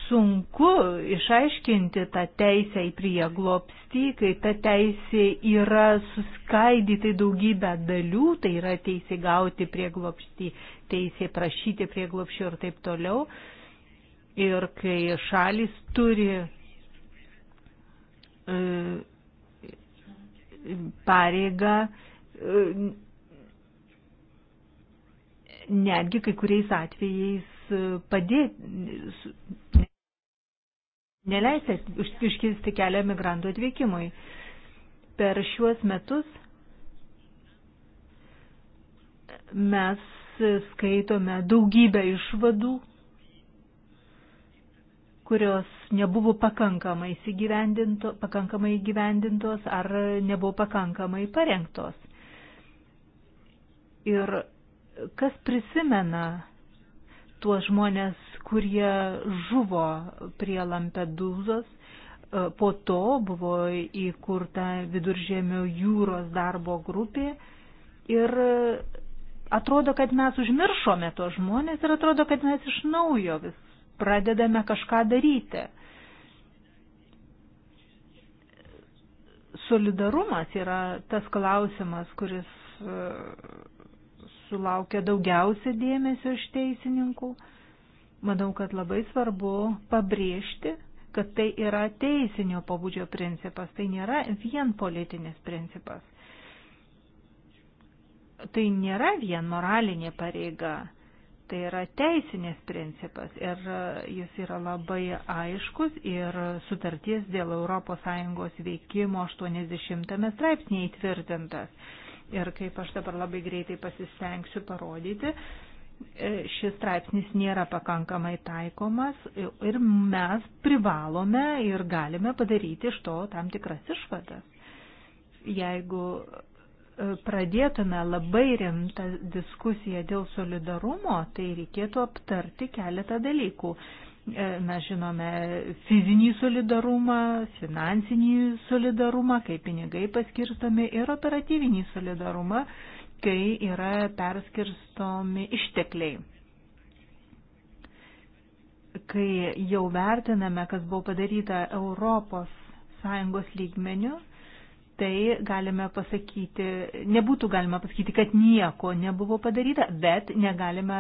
S3: sunku išaiškinti tą teisę į prieglopstį, kai ta teisė yra suskaidyta į daugybę dalių, tai yra teisė gauti prieglopstį, teisė prašyti prieglopščio ir taip toliau. Ir kai šalis turi e, pareigą e, netgi kai kuriais atvejais padėti neleis iškirsti kelią migrantų atvykimui. Per šiuos metus mes skaitome daugybę išvadų, kurios nebuvo pakankamai įgyvendinto, pakankamai įgyvendintos ar nebuvo pakankamai parengtos. Ir kas prisimena tuos žmonės, kurie žuvo prie Lampedūzos. E, po to buvo įkurta viduržėmio jūros darbo grupė ir atrodo, kad mes užmiršome tos žmonės ir atrodo, kad mes iš naujo vis pradedame kažką daryti. Solidarumas yra tas klausimas, kuris e, sulaukia daugiausia dėmesio iš teisininkų. Manau, kad labai svarbu pabrėžti, kad tai yra teisinio pobūdžio principas, tai nėra vien politinis principas. Tai nėra vien moralinė pareiga, tai yra teisinės principas ir jis yra labai aiškus ir sutarties dėl ES veikimo 80 straipsnėje įtvirtintas. Ir kaip aš dabar labai greitai pasistengsiu parodyti, E, šis straipsnis nėra pakankamai taikomas ir mes privalome ir galime padaryti iš to tam tikras išvadas. Jeigu e, pradėtume labai rimtą diskusiją dėl solidarumo, tai reikėtų aptarti keletą dalykų. E, mes žinome fizinį solidarumą, finansinį solidarumą, kaip pinigai paskirstomi ir operatyvinį solidarumą, kai yra perskirstomi ištekliai. Kai jau vertiname, kas buvo padaryta Europos Sąjungos lygmenių, tai galime pasakyti, nebūtų galima pasakyti, kad nieko nebuvo padaryta, bet, negalime,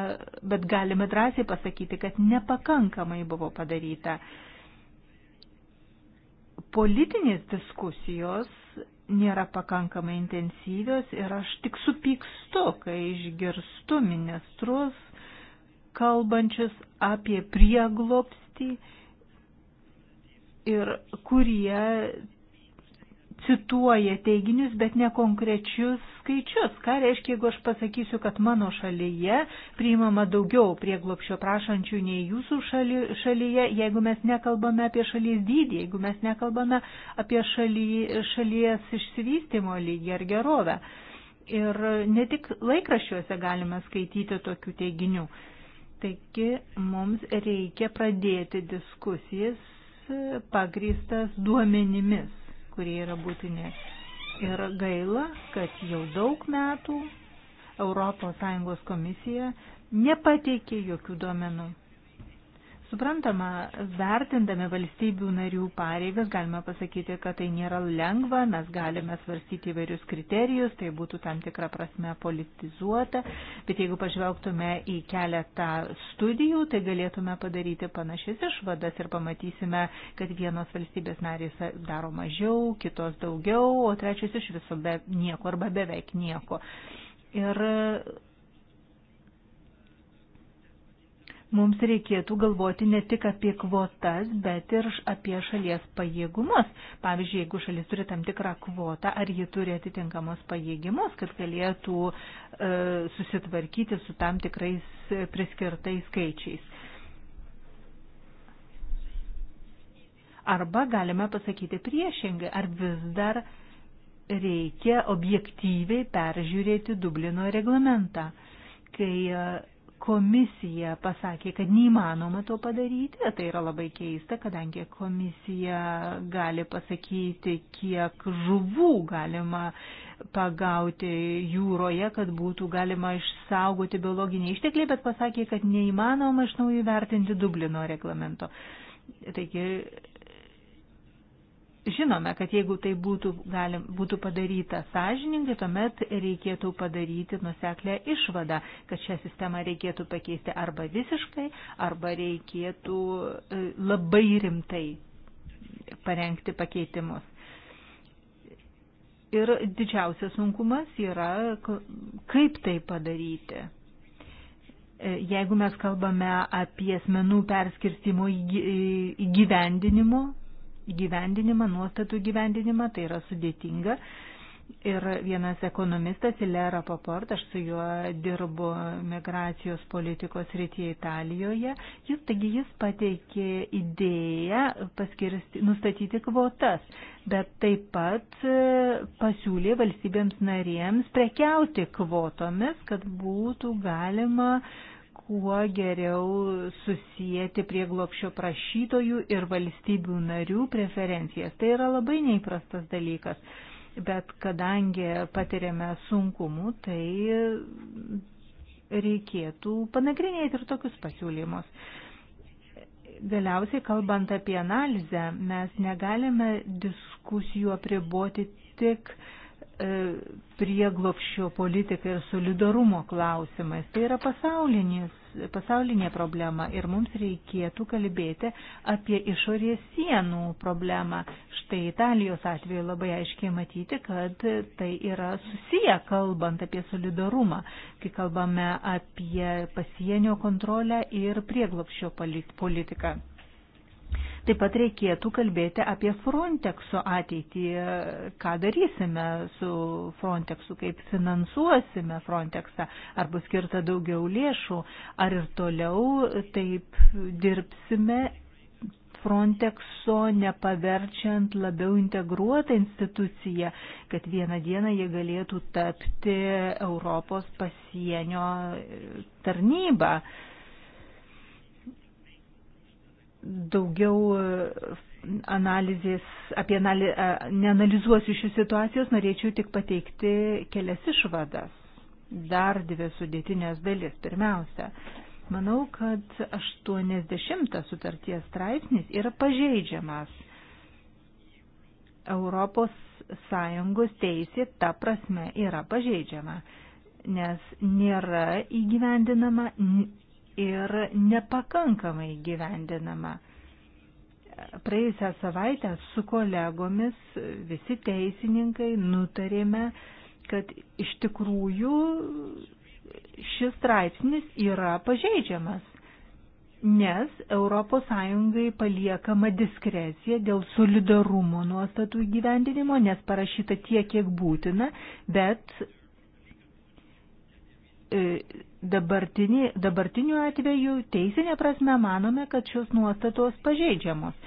S3: bet galime drąsiai pasakyti, kad nepakankamai buvo padaryta. Politinės diskusijos nėra pakankamai intensyvios ir aš tik supykstu, kai išgirstu ministrus kalbančius apie prieglopstį ir kurie cituoja teiginius, bet ne konkrečius skaičius. Ką reiškia, jeigu aš pasakysiu, kad mano šalyje priimama daugiau prieglopšio prašančių nei jūsų šali, šalyje, jeigu mes nekalbame apie šalies dydį, jeigu mes nekalbame apie šaly, šalies išsivystimo lygį ar gerovę. Ir ne tik laikraščiuose galime skaityti tokių teiginių. Taigi mums reikia pradėti diskusijas pagrįstas duomenimis, kurie yra būtini. Ir gaila, kad jau daug metų ES komisija nepateikė jokių duomenų. Suprantama, vertindami valstybių narių pareigas galime pasakyti, kad tai nėra lengva, mes galime svarstyti įvairius kriterijus, tai būtų tam tikrą prasme politizuota, bet jeigu pažvelgtume į keletą studijų, tai galėtume padaryti panašias išvadas ir pamatysime, kad vienos valstybės narys daro mažiau, kitos daugiau, o trečios iš viso be nieko arba beveik nieko. Ir mums reikėtų galvoti ne tik apie kvotas, bet ir apie šalies pajėgumus. Pavyzdžiui, jeigu šalis turi tam tikrą kvotą, ar ji turi atitinkamos pajėgimus, kad galėtų e, susitvarkyti su tam tikrais e, priskirtais skaičiais. Arba galime pasakyti priešingai, ar vis dar reikia objektyviai peržiūrėti Dublino reglamentą, kai e, komisija pasakė, kad neįmanoma to padaryti, tai yra labai keista, kadangi komisija gali pasakyti, kiek žuvų galima pagauti jūroje, kad būtų galima išsaugoti biologinį išteklį, bet pasakė, kad neįmanoma iš naujo vertinti Dublino reglamento. Taigi žinome, kad jeigu tai būtų, galim, būtų padaryta sąžiningai, tuomet reikėtų padaryti nuseklę išvadą, kad šią sistemą reikėtų pakeisti arba visiškai, arba reikėtų e, labai rimtai parengti pakeitimus. Ir didžiausias sunkumas yra, kaip tai padaryti. E, jeigu mes kalbame apie asmenų perskirstimo įgyvendinimo įgyvendinimą, nuostatų įgyvendinimą, tai yra sudėtinga. Ir vienas ekonomistas, Ilera Paport, aš su juo dirbu migracijos politikos rytyje Italijoje, jis, taigi jis pateikė idėją nustatyti kvotas, bet taip pat e, pasiūlė valstybėms narėms prekiauti kvotomis, kad būtų galima uh, kuo geriau susijęti prieglopšio prašytojų ir valstybių narių preferencijas. Tai yra labai neįprastas dalykas, bet kadangi patiriame sunkumų, tai reikėtų panagrinėti ir tokius pasiūlymus. Galiausiai, kalbant apie analizę, mes negalime diskusijų apriboti tik uh, E, prieglopščio politika ir solidarumo klausimais. Tai yra pasaulinė problema ir mums reikėtų kalbėti apie išorės sienų problemą. Štai Italijos atveju labai aiškiai matyti, kad tai yra susiję, kalbant apie solidarumą, kai kalbame apie pasienio kontrolę ir prieglopščio politiką. Taip pat reikėtų kalbėti apie Frontexo ateitį, ką darysime su Frontexu, kaip finansuosime Frontexą, ar bus skirta daugiau lėšų, ar ir toliau taip dirbsime Frontexo nepaverčiant labiau integruotą instituciją, kad vieną dieną jie galėtų tapti Europos pasienio tarnybą daugiau e, analizės, apie anali, e, neanalizuosiu šių situacijos, norėčiau tik pateikti kelias išvadas. Dar dvi sudėtinės dalis. Pirmiausia, manau, kad 80 sutarties straipsnis yra pažeidžiamas. Europos Sąjungos teisė ta prasme yra pažeidžiama, nes nėra įgyvendinama ir nepakankamai gyvendinama. Praėjusią savaitę su kolegomis visi teisininkai nutarėme, kad iš tikrųjų šis straipsnis yra pažeidžiamas, nes ES paliekama diskrecija dėl solidarumo nuostatų įgyvendinimo, nes parašyta tiek, kiek būtina, bet E, dabartini, dabartiniu atveju teisinė prasme manome, kad šios nuostatos pažeidžiamos.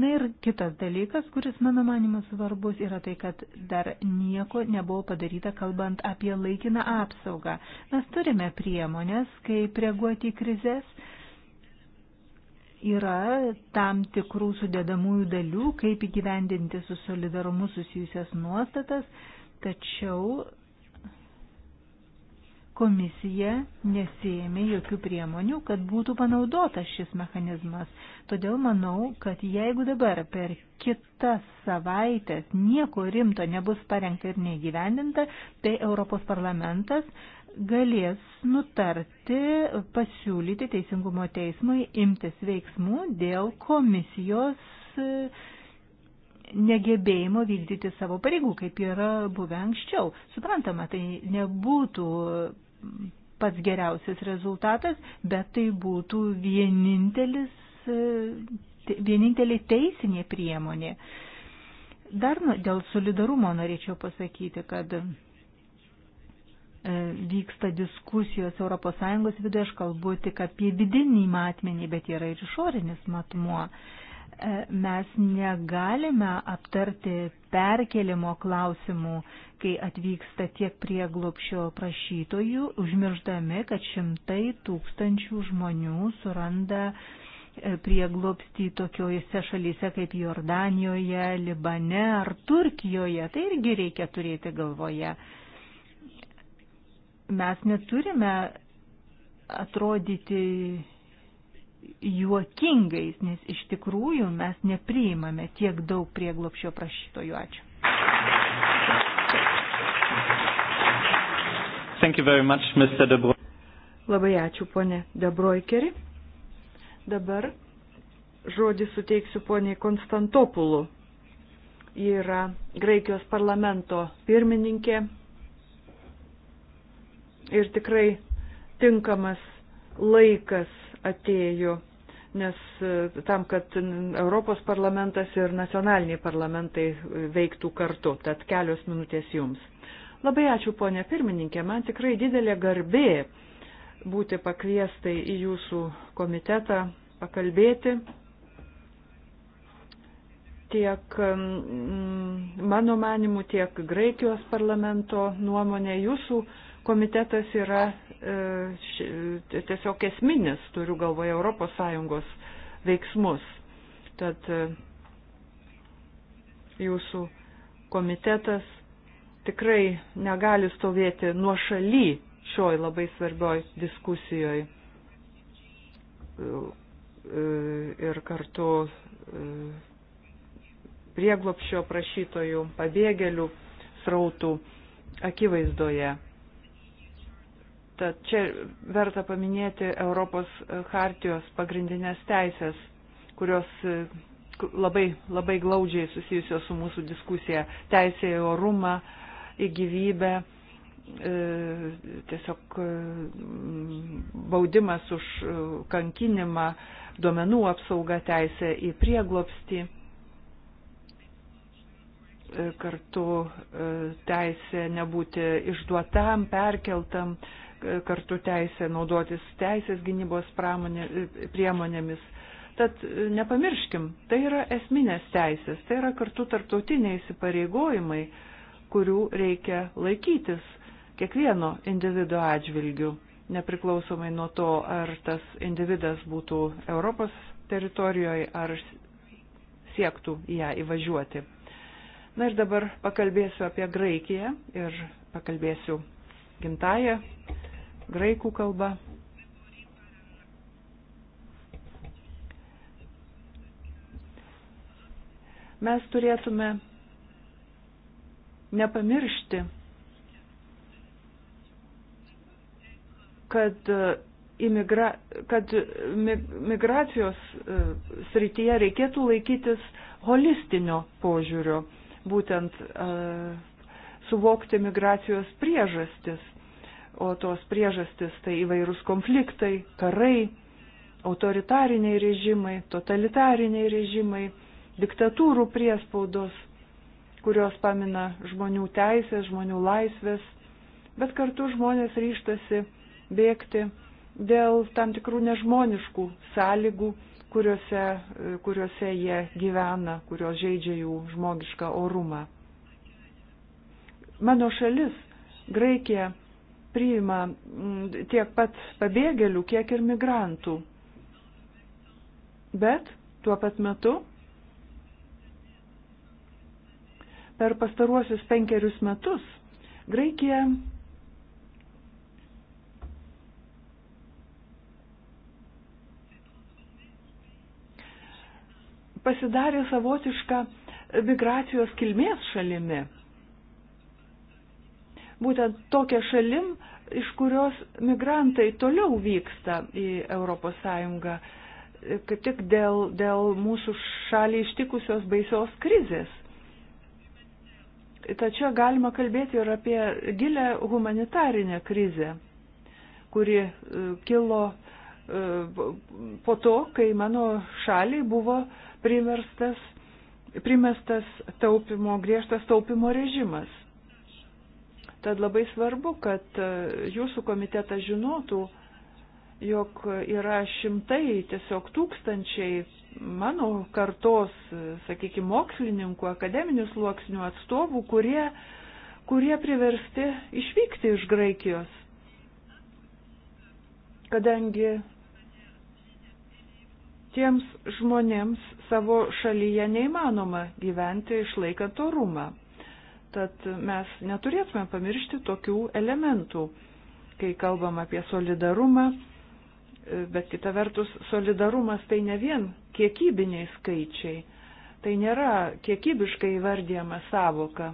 S3: Na ir kitas dalykas, kuris mano manimas svarbus, yra tai, kad dar nieko nebuvo padaryta kalbant apie laikiną apsaugą. Mes turime priemonės, kaip reaguoti į krizės. Yra tam tikrų sudėdamųjų dalių, kaip įgyvendinti su solidarumu susijusias nuostatas, tačiau komisija nesėmė jokių priemonių, kad būtų panaudotas šis mechanizmas. Todėl manau, kad jeigu dabar per kitas savaitės nieko rimto nebus parengta ir neįgyvendinta, tai Europos parlamentas galės nutarti, pasiūlyti Teisingumo teismui imtis veiksmų dėl komisijos e, negebėjimo vykdyti savo pareigų, kaip yra buvę anksčiau. Suprantama, tai nebūtų pats geriausias rezultatas, bet tai būtų vienintelis, e, vienintelė teisinė priemonė. Dar nu, dėl solidarumo norėčiau pasakyti, kad e, vyksta diskusijos ES viduje, aš kalbu tik apie vidinį matmenį, bet yra ir išorinis matmuo. E, mes negalime aptarti perkelimo klausimų, kai atvyksta tiek prieglopšio prašytojų, užmirždami, kad šimtai tūkstančių žmonių suranda e, prieglopstį tokiojose šalyse kaip Jordanijoje, Libane ar Turkijoje. Tai irgi reikia turėti galvoje. Mes neturime atrodyti juokingais, nes iš tikrųjų mes nepriimame tiek daug prieglopšio prašytojų. Ačiū.
S2: Much,
S1: Labai ačiū, ponė Debroikeri. Dabar žodį suteiksiu poniai Konstantopulų. Ji yra Graikijos parlamento pirmininkė ir tikrai tinkamas laikas atėjo, nes e, tam, kad Europos parlamentas ir nacionaliniai parlamentai e, veiktų kartu, tad kelios minutės jums. Labai ačiū, ponė pirmininkė, man tikrai didelė garbė būti pakviestai į jūsų komitetą pakalbėti tiek mano manimų, tiek Graikijos parlamento nuomonė jūsų komitetas yra e, tiesiog esminis, turiu galvoje, ES veiksmus. Tad e, jūsų komitetas tikrai negali stovėti nuo šaly šioj labai svarbioj diskusijoje ir kartu e, prieglopščio prašytojų, pabėgėlių srautų akivaizdoje. Tad čia verta paminėti Europos hartijos pagrindinės teisės, kurios e, labai, labai glaudžiai susijusios su mūsų diskusija - teisė į orumą, į gyvybę, e, tiesiog e, baudimas už kankinimą, duomenų apsauga, teisė į prieglopstį, kartu teisė nebūti išduotam, perkeltam, kartu teisę naudotis teisės gynybos pramonė, priemonėmis. Tad e, nepamirškim, tai yra esminės teisės, tai yra kartu tarptautiniai įsipareigojimai, kurių reikia laikytis kiekvieno individuo atžvilgių, nepriklausomai nuo to, ar tas individas būtų Europos teritorijoje, ar siektų ją įvažiuoti. Na ir dabar pakalbėsiu apie Graikiją ir pakalbėsiu gimtają graikų kalba. Mes turėtume nepamiršti, kad, e, imigra, kad e, migracijos e, srityje reikėtų laikytis holistinio požiūrio, būtent suvokti migracijos priežastis o tos priežastis tai įvairūs konfliktai, karai, autoritariniai režimai, totalitariniai režimai, diktatūrų priespaudos, kurios pamina žmonių teisės, žmonių laisvės, bet kartu žmonės ryštasi bėgti dėl tam tikrų nežmoniškų sąlygų, kuriuose, kuriuose jie gyvena, kurios žaidžia jų žmogišką orumą. Mano šalis, Graikija, priima mm, tiek pat pabėgėlių, kiek ir migrantų. Bet tuo pat metu per pastaruosius penkerius metus Graikija pasidarė savotišką migracijos kilmės šalimi būtent tokia šalim, iš kurios migrantai toliau vyksta į ES, kaip tik dėl, dėl mūsų šalį ištikusios baisios krizės. Tačiau galima kalbėti ir apie gilę humanitarinę krizę, kuri e, kilo e, po to, kai mano šaliai buvo primerstas, primestas taupimo, griežtas taupimo režimas Tad labai svarbu, kad e, jūsų komitetas žinotų, jog yra šimtai, tiesiog tūkstančiai mano kartos, e, sakykime, mokslininkų, akademinių sluoksnių atstovų, kurie, kurie priversti išvykti iš Graikijos. Kadangi tiems žmonėms savo šalyje neįmanoma gyventi išlaikant orumą. Tad mes neturėtume pamiršti tokių elementų, kai kalbam apie solidarumą, bet kita vertus solidarumas tai ne vien kiekybiniai skaičiai, tai nėra kiekybiškai įvardyjama savoka.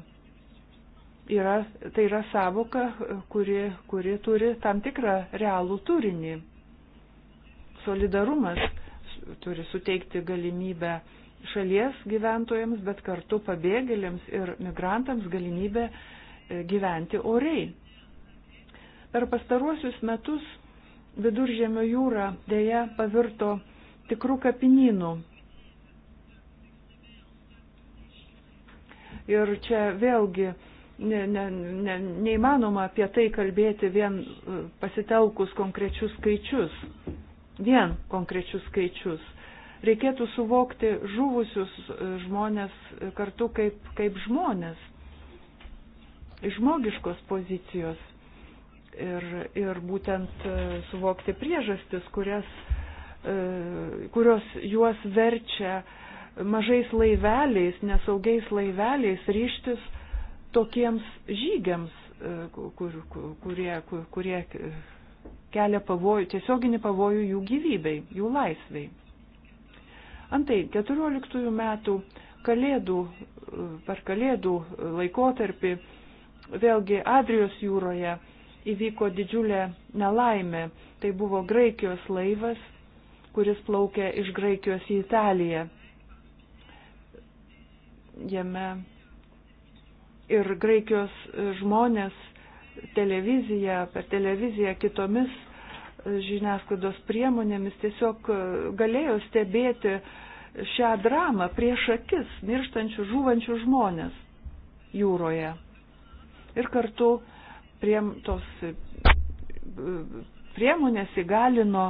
S1: Yra, tai yra savoka, kuri, kuri turi tam tikrą realų turinį. Solidarumas turi suteikti galimybę uh, šalies gyventojams, bet kartu pabėgėliams ir migrantams galimybę e, gyventi oriai. Per pastaruosius metus viduržėmio jūra dėja pavirto tikrų kapinynų. Ir čia vėlgi ne, ne, ne, neįmanoma apie tai kalbėti vien e, pasitelkus konkrečius skaičius, vien konkrečius skaičius reikėtų suvokti žuvusius e, žmonės e, kartu kaip, kaip žmonės, iš žmogiškos pozicijos ir, ir būtent e, suvokti priežastis, kurias, kurios juos verčia mažais laiveliais, nesaugiais laiveliais ryštis tokiems žygiams, kur, kur, kurie, kur, kurie kelia pavojų, tiesioginį pavojų jų gyvybei, jų laisvei. Antai, 14 metų kalėdų, per kalėdų laikotarpį vėlgi Adrijos jūroje įvyko didžiulė nelaimė. Tai buvo Graikijos laivas, kuris plaukė iš Graikijos į Italiją. Jame ir Graikijos žmonės televiziją, per televiziją kitomis žiniasklaidos priemonėmis tiesiog e, galėjo stebėti šią dramą prieš akis mirštančių, žuvančių žmonės jūroje. Ir kartu prie tos e, priemonės įgalino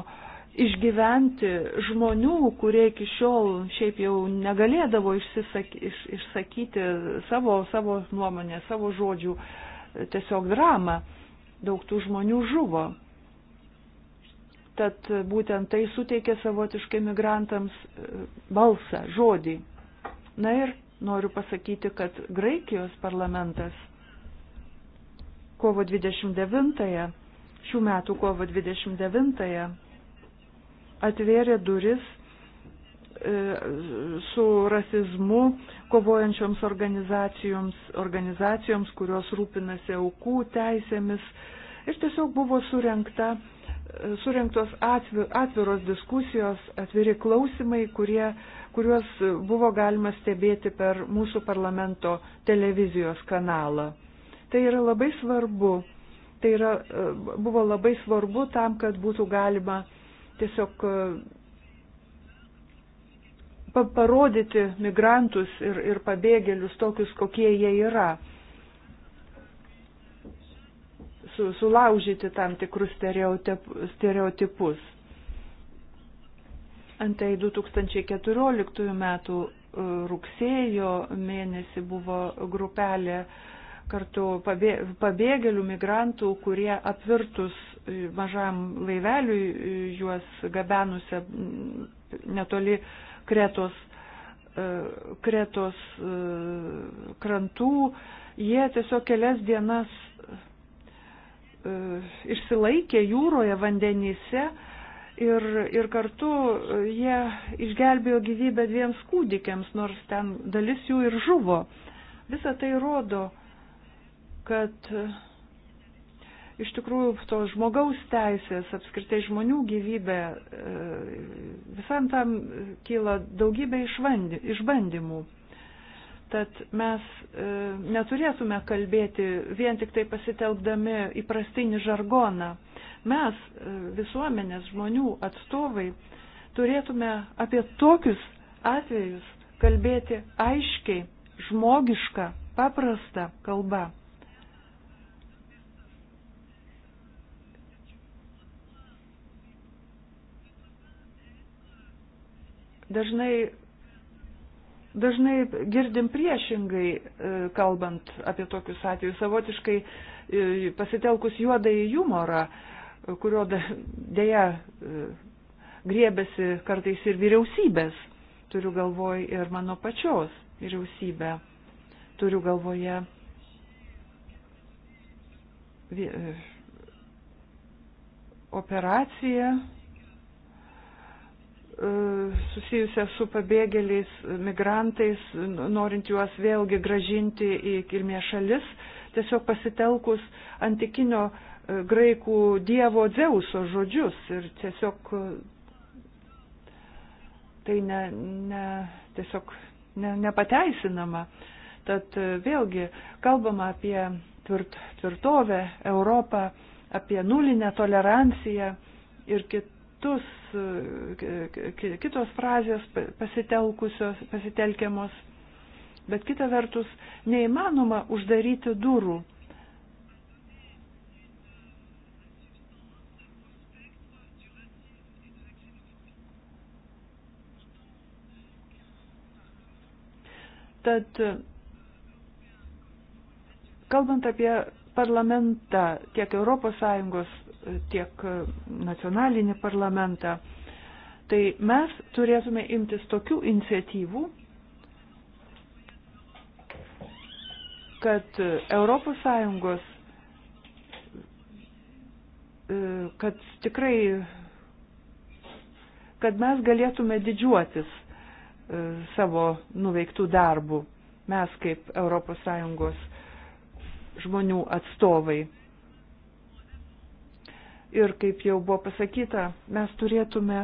S1: išgyventi žmonių, kurie iki šiol šiaip jau negalėdavo išsisaky, iš, išsakyti savo, savo nuomonę, savo žodžių, e, tiesiog dramą. Daug tų žmonių žuvo. Tad būtent tai suteikė savotiškai migrantams e, balsą, žodį. Na ir noriu pasakyti, kad Graikijos parlamentas kovo 29-ąją, šių metų kovo 29-ąją, atvėrė duris e, su rasizmu kovojančioms organizacijoms, organizacijoms, kurios rūpinasi aukų teisėmis. Ir tiesiog buvo surenkta surinktos atviros diskusijos, atviri klausimai, kurie, kuriuos buvo galima stebėti per mūsų parlamento televizijos kanalą. Tai yra labai svarbu. Tai yra, e, buvo labai svarbu tam, kad būtų galima tiesiog e, parodyti migrantus ir, ir pabėgėlius tokius, kokie jie yra su, sulaužyti tam tikrus stereotipus. Antai 2014 metų e, rugsėjo mėnesį buvo grupelė kartu pabėgėlių migrantų, kurie apvirtus e, mažam laiveliui e, juos gabenusią netoli Kretos, Kretos krantų, jie tiesiog kelias dienas E, išsilaikė jūroje, vandenyse ir, ir kartu e, jie išgelbėjo gyvybę dviems kūdikiams, nors ten dalis jų ir žuvo. Visa tai rodo, kad e, iš tikrųjų to žmogaus teisės, apskritai žmonių gyvybė, visam tam kyla daugybė išbandymų. Tad mes e, neturėtume kalbėti vien tik tai pasitelkdami įprastinį žargoną. Mes, e, visuomenės žmonių atstovai, turėtume apie tokius atvejus kalbėti aiškiai, žmogišką, paprastą kalbą. Dažnai dažnai girdim priešingai, e, kalbant apie tokius atvejus, savotiškai e, pasitelkus juodąjį humorą, kurio dėja e, griebėsi kartais ir vyriausybės, turiu galvoj ir mano pačios vyriausybę, turiu galvoje operaciją E, susijusią su pabėgėliais, migrantais, norint juos vėlgi gražinti į kilmės šalis, tiesiog pasitelkus antikinio e, graikų dievo Dzeuso žodžius ir tiesiog e, tai ne, ne, tiesiog ne, nepateisinama. Tad vėlgi kalbama apie tvirt, tvirtovę, Europą, apie nulinę toleranciją ir kit, kitus, e, kitos frazės pasitelkusios, pasitelkiamos. Bet kita vertus, neįmanoma uždaryti durų. Tad, kalbant apie parlamentą tiek ES tiek nacionalinį parlamentą. Tai mes turėtume imtis tokių iniciatyvų, kad ES, e, kad tikrai, kad mes galėtume didžiuotis e, savo nuveiktų darbų, mes kaip ES žmonių atstovai ir, kaip jau buvo pasakyta, mes turėtume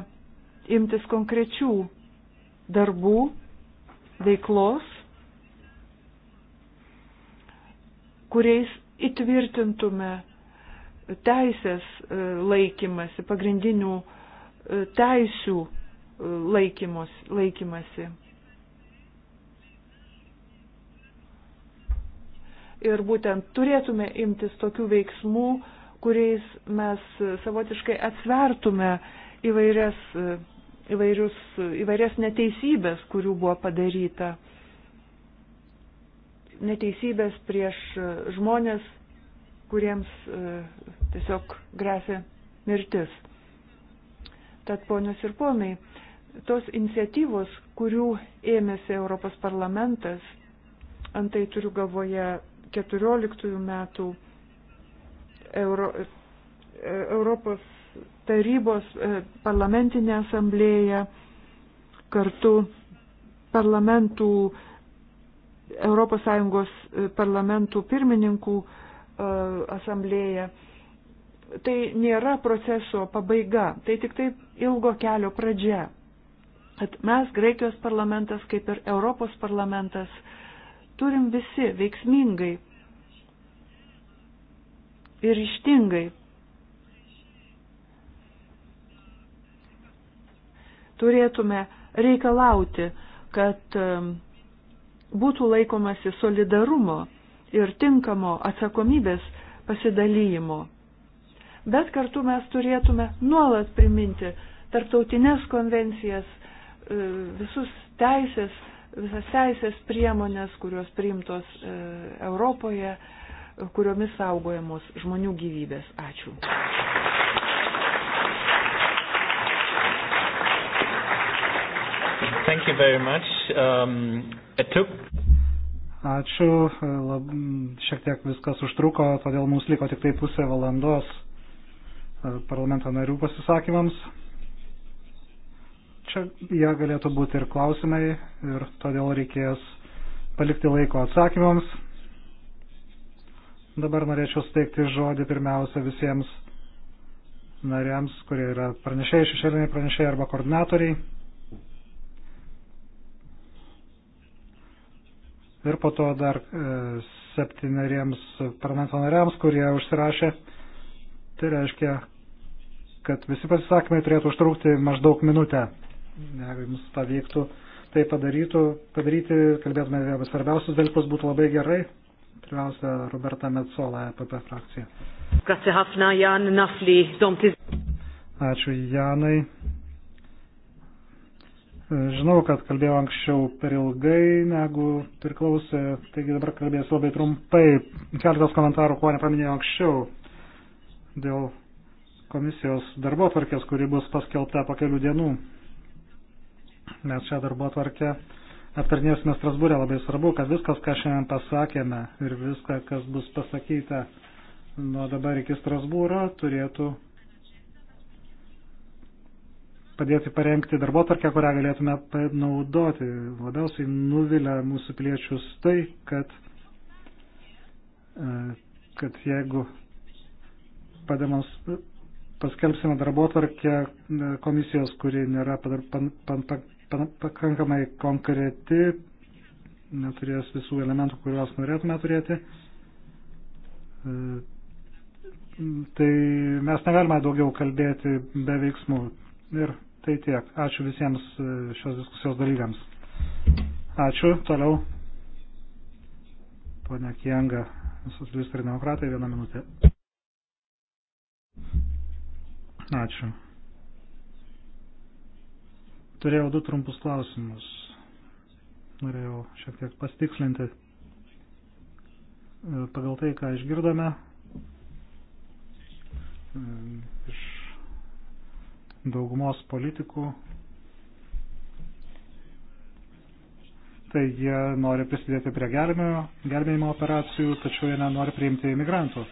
S1: imtis konkrečių darbų, veiklos, kuriais įtvirtintume teisės e, laikymasi, pagrindinių e, teisių e, laikymos, laikymasi. Ir būtent turėtume imtis tokių veiksmų, kuriais mes savotiškai atsvertume įvairias, įvairius, įvairias neteisybės, kurių buvo padaryta. Neteisybės prieš žmonės, kuriems e, tiesiog grėsia mirtis. Tad ponios ir ponai, tos iniciatyvos, kurių ėmėsi Europos parlamentas, antai turiu galvoje 14 metų Euro, e, Europos tarybos e, parlamentinė asamblėja kartu parlamentų, ES e, parlamentų pirmininkų asamblėja. Tai nėra proceso pabaiga, tai tik tai ilgo kelio pradžia. At mes, Graikijos parlamentas, kaip ir Europos parlamentas, turim visi veiksmingai ir ištingai. Turėtume reikalauti, kad um, būtų laikomasi solidarumo ir tinkamo atsakomybės pasidalymo. Bet kartu mes turėtume nuolat priminti tarptautinės konvencijas, e, visus teisės, visas teisės priemonės, kurios priimtos e, Europoje, kuriomis saugojamos žmonių gyvybės. Ačiū.
S2: Thank you very much. Um, it took... Ačiū, e, lab, šiek tiek viskas užtruko, todėl mums liko tik tai pusę valandos e, parlamento narių pasisakymams. Čia jie galėtų būti ir klausimai, ir todėl reikės palikti laiko atsakymams. Dabar norėčiau steigti žodį pirmiausia visiems nariams, kurie yra pranešėjai, šešėliniai pranešėjai arba koordinatoriai. Ir po to dar e, septyneriems parlamento nariams, kurie užsirašė. Tai reiškia, kad visi pasisakymai turėtų užtrukti maždaug minutę. Jeigu jums pavyktų tai padarytų, padaryti, kalbėtume apie svarbiausius dalykus, būtų labai gerai. Pirmiausia, Roberta Metzola, EPP frakcija.
S3: Grazie ħafna, Jan Nafli, domtis.
S2: Ačiū Janai. Žinau, kad kalbėjau anksčiau per ilgai, negu priklausė, taigi dabar kalbėsiu labai trumpai. Keletas komentarų, ko nepaminėjau anksčiau, dėl komisijos darbo tvarkės, kuri bus paskelbta po kelių dienų. Mes čia darbo tvarkę aptarnėsime Strasbūrė, labai svarbu, kad viskas, ką šiandien pasakėme ir viską, kas bus pasakyta nuo dabar iki Strasbūro, turėtų padėti parengti darbo tarkę, kurią galėtume naudoti. Labiausiai nuvilia mūsų piliečius tai, kad, e, kad jeigu pademos, paskelbsime darbo tarkę e, komisijos, kuri nėra padar, pan, pan, pan, pakankamai konkreti, neturės visų elementų, kuriuos norėtume turėti. E, tai mes negalime daugiau kalbėti be veiksmų. Ir tai tiek. Ačiū visiems e, šios diskusijos dalyviams. Ačiū. Toliau. Pone Kienga, socialistai ir demokratai, vieną minutę. Ačiū. Turėjau du trumpus klausimus. Norėjau šiek tiek pastikslinti. E, pagal tai, ką išgirdome e, iš daugumos politikų, tai jie nori prisidėti prie gelbėjimo, gelbėjimo operacijų, tačiau jie nenori priimti imigrantų.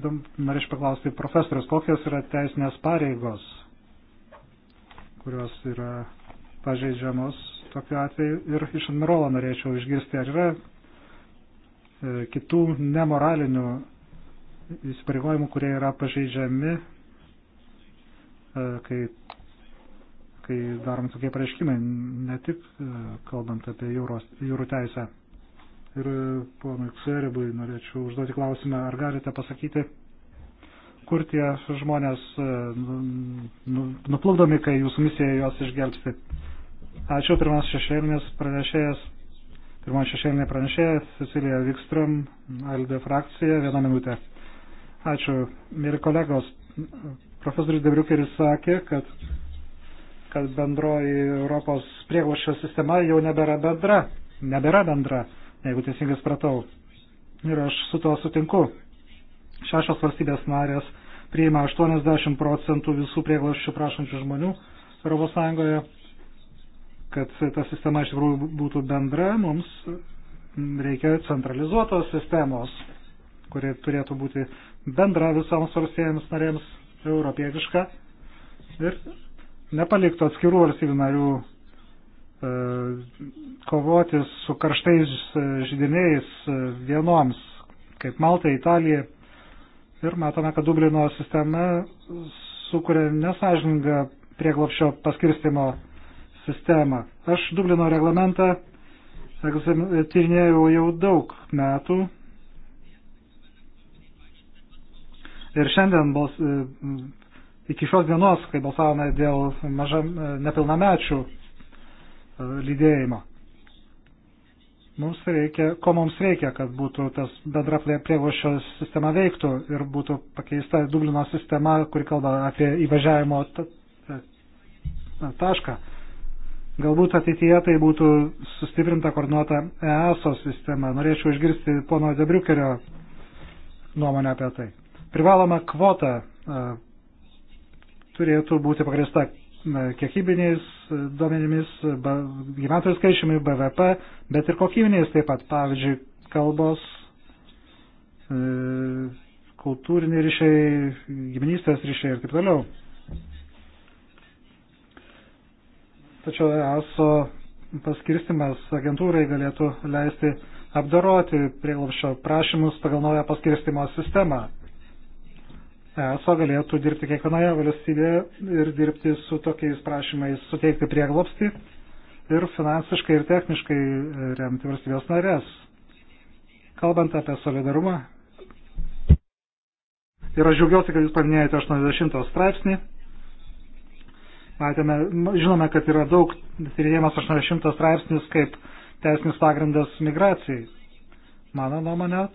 S2: Norėčiau paklausti profesorius, kokios yra teisinės pareigos kurios yra pažeidžiamos tokiu atveju. Ir iš admirolo norėčiau išgirsti, ar yra e, kitų nemoralinių įsipareigojimų, kurie yra pažeidžiami, e, kai, kai darom tokie pareiškimai, ne tik e, kalbant apie jūros, jūrų teisę. Ir ponui Kseribui norėčiau užduoti klausimą, ar galite pasakyti, kur tie žmonės e, nu, nu, nuplukdomi, kai jūsų misija juos išgelbsti. Ačiū, pirmas šešėlinis pranešėjas, pirmas šešėlinė pranešėja, Cecilija Vikstrom, Alde frakcija, vieną minutę. Ačiū, mėly kolegos. Profesorius Debriukeris sakė, kad, kad bendroji Europos prieglošio sistema jau nebėra bendra, nebėra bendra, jeigu teisingai supratau. Ir aš su tuo sutinku. Šešios valstybės narės priima 80 procentų visų prieglaščių prašančių žmonių ES. Kad ta sistema iš tikrųjų būtų bendra, mums reikia centralizuotos sistemos, kuri turėtų būti bendra visoms valstybėms narėms, europietiška ir nepaliktų atskirų valstybių narių e, kovoti su karštais e, žydiniais e, vienoms, kaip Malta, Italija, Ir matome, kad Dublino sistema sukuria nesažiningą prieglopščio paskirstimo sistemą. Aš Dublino reglamentą tyrinėjau jau daug metų. Ir šiandien bals, e, iki šios dienos, kai balsavome dėl maža, e, nepilnamečių e, lydėjimo. Mums reikia, ko mums reikia, kad būtų tas bendra prievošio sistema veiktų ir būtų pakeista Dublino sistema, kuri kalba apie įvažiavimo tašką. Galbūt ateityje tai būtų sustiprinta koordinuota EASO sistema. Norėčiau išgirsti pono Debriukerio nuomonę apie tai. Privaloma kvota turėtų būti pagrįsta E, kiekybiniais duomenimis, gyventojų skaičiumi, BVP, bet ir kokybiniais taip pat, pavyzdžiui, kalbos, e, kultūriniai ryšiai, giminystės ryšiai ir taip toliau. Tačiau ESO paskirstimas agentūrai galėtų leisti apdoroti prieglopščio prašymus pagal naują paskirstimo sistemą. ESO galėtų dirbti kiekvienoje valstybėje ir dirbti su tokiais prašymais suteikti prieglopstį ir finansiškai ir techniškai e, remti valstybės narės. Kalbant apie solidarumą, ir aš džiaugiuosi, kad jūs paminėjote 80 straipsnį. Matėme, žinome, kad yra daug tyrinėjimas 80 straipsnis kaip teisinis pagrindas migracijai. Mano nuomonė,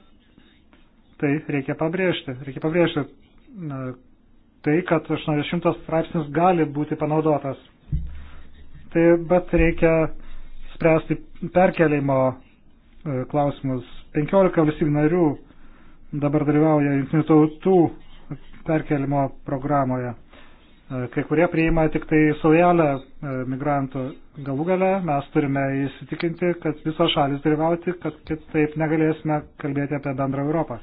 S2: tai reikia pabrėžti. Reikia pabrėžti tai, kad 80 straipsnis gali būti panaudotas. Tai, bet reikia spręsti perkelimo e, klausimus. 15 valstybių narių dabar dalyvauja jungtinių tautų perkelimo programoje. E, kai kurie priima tik tai saujelę e, migrantų galų gale, mes turime įsitikinti, kad visos šalis dalyvauti, kad kitaip negalėsime kalbėti apie bendrą Europą.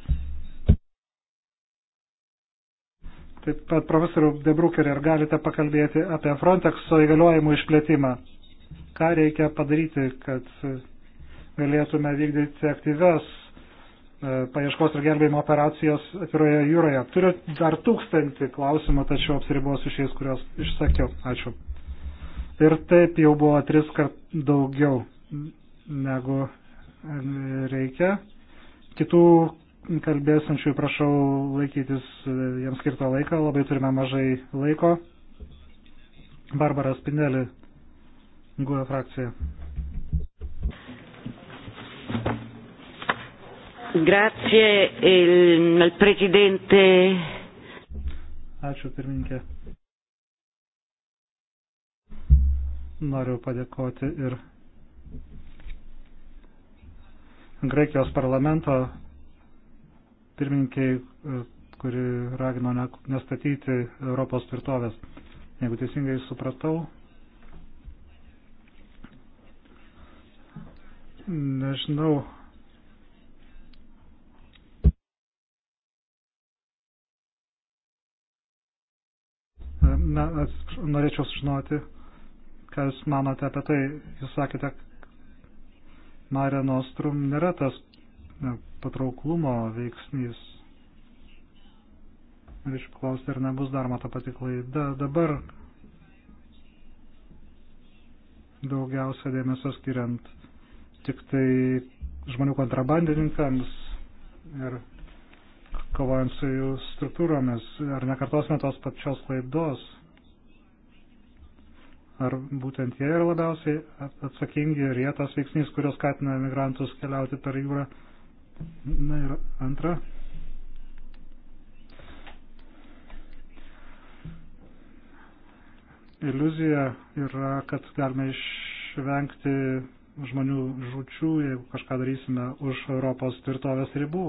S2: Taip pat profesorių Debrukerį, ar galite pakalbėti apie Frontexo įgaliojimų išplėtimą? Ką reikia padaryti, kad galėtume vykdyti aktyves e, paieškos ir gelbėjimo operacijos atviroje jūroje? Turiu dar tūkstantį klausimų, tačiau apsiribosiu šiais, kuriuos išsakiau. Ačiū. Ir taip jau buvo tris kart daugiau negu reikia. Kitų kalbėsančių, prašau laikytis e, jiems skirto laiko, labai turime mažai laiko. Barbara Spinelį, GUE frakcija. Grazie, il presidente. Ačiū pirmininkė. Noriu padėkoti ir Graikijos parlamento pirmininkiai, e, kuri ragino nestatyti Europos tvirtovės. Jeigu teisingai supratau, nežinau. Na, norėčiau sužinoti, ką Jūs manote apie tai. Jūs sakėte, Mare Nostrum nėra tas patrauklumo veiksnys. Norėčiau klausti, ar nebus daroma ta pati klaida. Dabar daugiausia dėmesio skiriant tik tai žmonių kontrabandininkams ir kovojant su jų struktūromis. Ar nekartosime tos pačios klaidos? Ar būtent jie yra labiausiai atsakingi ir jie tas veiksnys, kurios skatina migrantus keliauti per jūrą? Na ir antra. Iliuzija yra, kad galime išvengti žmonių žučių, jeigu kažką darysime už Europos tvirtovės ribų.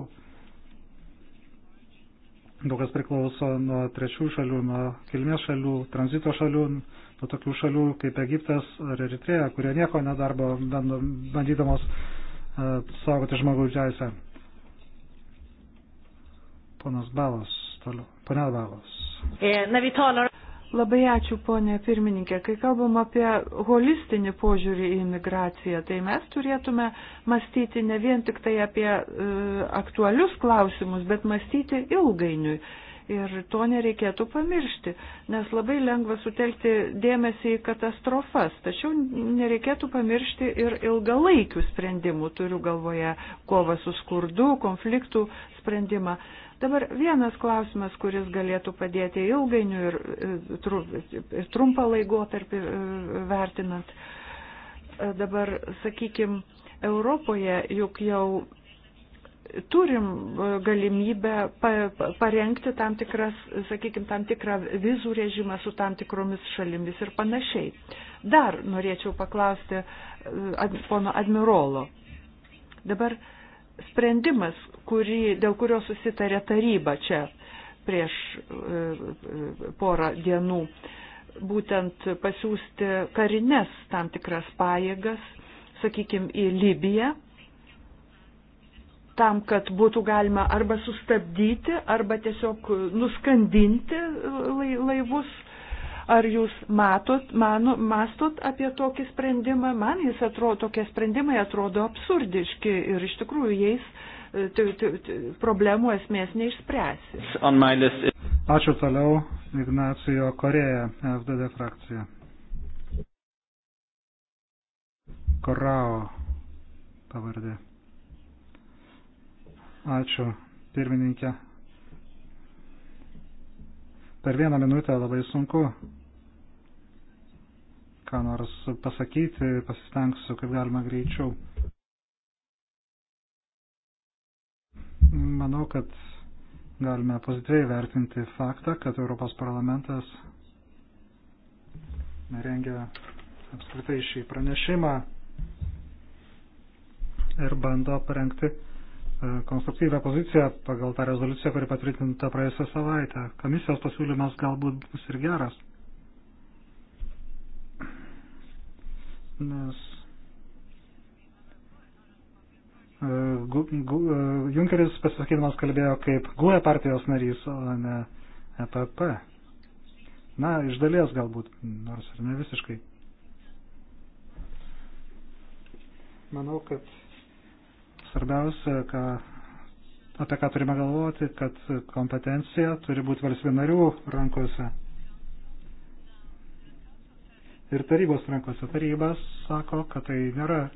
S2: Daug kas priklauso nuo trečių šalių, nuo kilmės šalių, tranzito šalių, nuo tokių šalių kaip Egiptas ar Eritreja, kurie nieko nedarbo bandydamos saugoti žmogaus teisę. Ponas Balas, toliau. Pane Balas.
S3: E, Labai
S1: ačiū, ponė pirmininkė. Kai kalbam apie holistinį požiūrį į imigraciją, tai mes turėtume mąstyti ne vien tik tai apie e, aktualius klausimus, bet mąstyti ilgainiui. E, Ir to nereikėtų pamiršti, nes labai lengva sutelkti dėmesį į katastrofas, tačiau nereikėtų pamiršti ir ilgalaikių sprendimų, turiu galvoje kovą su skurdu, konfliktų sprendimą. Dabar vienas klausimas, kuris galėtų padėti ilgainiui ir, ir trumpą laigotarpį e, vertinant. E, dabar, sakykime, Europoje juk jau turim e, galimybę parengti tam tikras, sakykime, tam tikrą vizų režimą su tam tikromis šalimis ir panašiai. Dar norėčiau paklausti e, ad, pono admirolo. Dabar sprendimas, kurį, dėl kurio susitarė taryba čia prieš e, porą dienų, būtent pasiūsti karines tam tikras pajėgas, sakykime, į Libiją tam, kad būtų galima arba sustabdyti, arba tiesiog nuskandinti laivus. Ar jūs matot, manu, mastot apie tokį sprendimą? Man jis atrodo, tokie sprendimai atrodo absurdiški ir iš tikrųjų jais e, t, t, t, problemų
S2: esmės neišspręsi. Ačiū toliau, Ignacijo Koreja, FDD frakcija. Korao pavardė. Ačiū, pirmininkė. Per vieną minutę labai sunku ką nors pasakyti, pasistengsiu kaip galima greičiau. Manau, kad galime pozityviai vertinti faktą, kad Europos parlamentas rengia apskritai šį pranešimą ir bando parengti E, konstruktyvę poziciją pagal tą rezoliuciją, kuri patvirtinta praėjusią savaitę. Komisijos pasiūlymas galbūt bus ir geras. Nes e, Gu, gu, e, Junkeris pasisakydamas kalbėjo kaip GUE partijos narys, o ne EPP. Na, iš dalies galbūt, nors ir ne visiškai. Manau, kad Svarbiausia, ką, apie ką turime galvoti, kad kompetencija turi būti valstybių narių rankose. Ir tarybos rankose. Tarybas sako, kad tai nėra e,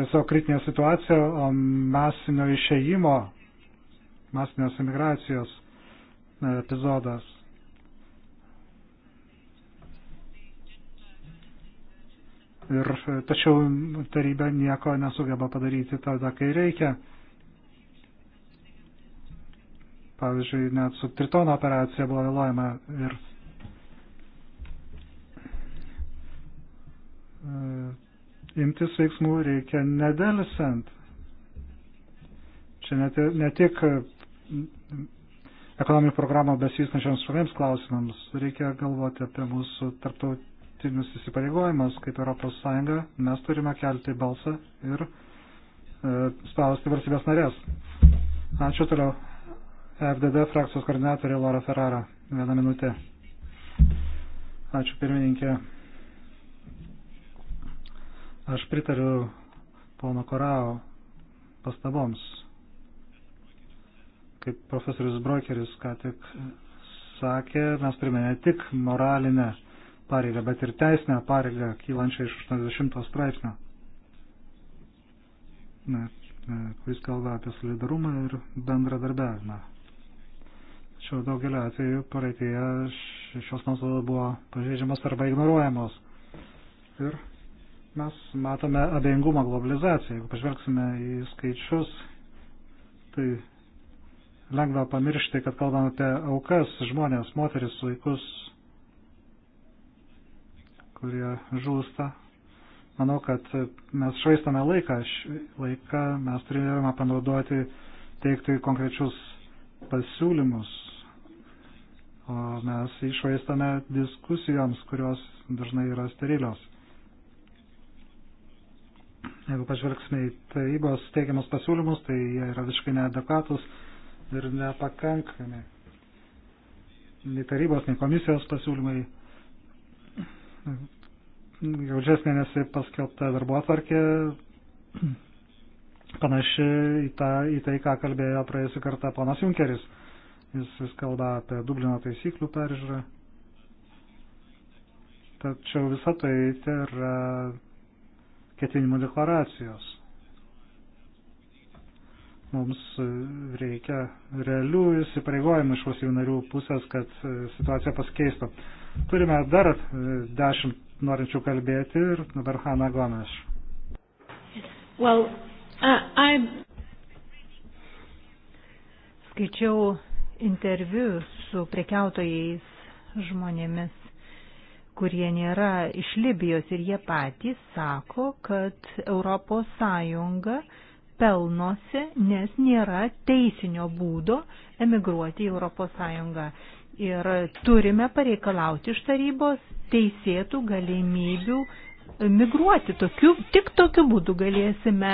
S2: tiesiog kritinė situacija, o masinio išėjimo, masinės imigracijos e, epizodas. Ir, tačiau taryba nieko nesugeba padaryti tada, kai reikia. Pavyzdžiui, net su Tritono operacija buvo vėluojama ir e, imtis veiksmų reikia nedelsant. Čia net, ne tik ekonominių programų besivystančioms šalims klausimams, reikia galvoti apie mūsų tarptautinį tarptautinius įsipareigojimus kaip ES, mes turime kelti balsą ir e, spausti valstybės narės. Ačiū toliau. FDD frakcijos koordinatorė Laura Ferrara. Vieną minutę. Ačiū pirmininkė. Aš pritariu pono Korao pastaboms. Kaip profesorius Brokeris ką tik sakė, mes turime ne tik moralinę pareigą, bet ir teisinę pareigą kylančią iš 80 straipsnio, kuris kalba apie solidarumą ir bendradarbiavimą. Tačiau daugelio atveju praeitėje šios nuostatos buvo pažeidžiamos arba ignoruojamos. Ir mes matome abejingumą globalizaciją. Jeigu pažvelgsime į skaičius, tai lengva pamiršti, kad kalbame apie aukas, žmonės, moteris, vaikus, kurie žūsta. Manau, kad mes švaistame laiką. Laiką mes turėjome panaudoti teikti konkrečius pasiūlymus, o mes išvaistame diskusijoms, kurios dažnai yra sterilios. Jeigu pažvelgsime į tarybos teikiamus pasiūlymus, tai jie yra visiškai neadekvatus ir nepakankami. Nei tarybos, nei komisijos pasiūlymai Gaužės mėnesį tai paskelbta darbo atvarkė panaši į, tą, į tai, ką kalbėjo praėjusią kartą ponas Junkeris. Jis vis kalba apie Dublino taisyklių peržiūrą. Tačiau visa tai tai yra ketinimų deklaracijos. Mums reikia realių įsipareigojimų iš valstybių narių pusės, kad situacija pasikeistų. Turime dar dešimt norinčių kalbėti ir dabar Hanna Gomes.
S3: Well, uh, Skaičiau interviu su prekiautojais žmonėmis, kurie nėra iš Libijos ir jie patys sako, kad Europos Sąjunga pelnosi, nes nėra teisinio būdo emigruoti į Europos Sąjungą. Ir turime pareikalauti iš tarybos teisėtų galimybių migruoti. Tokiu, tik tokiu būdu galėsime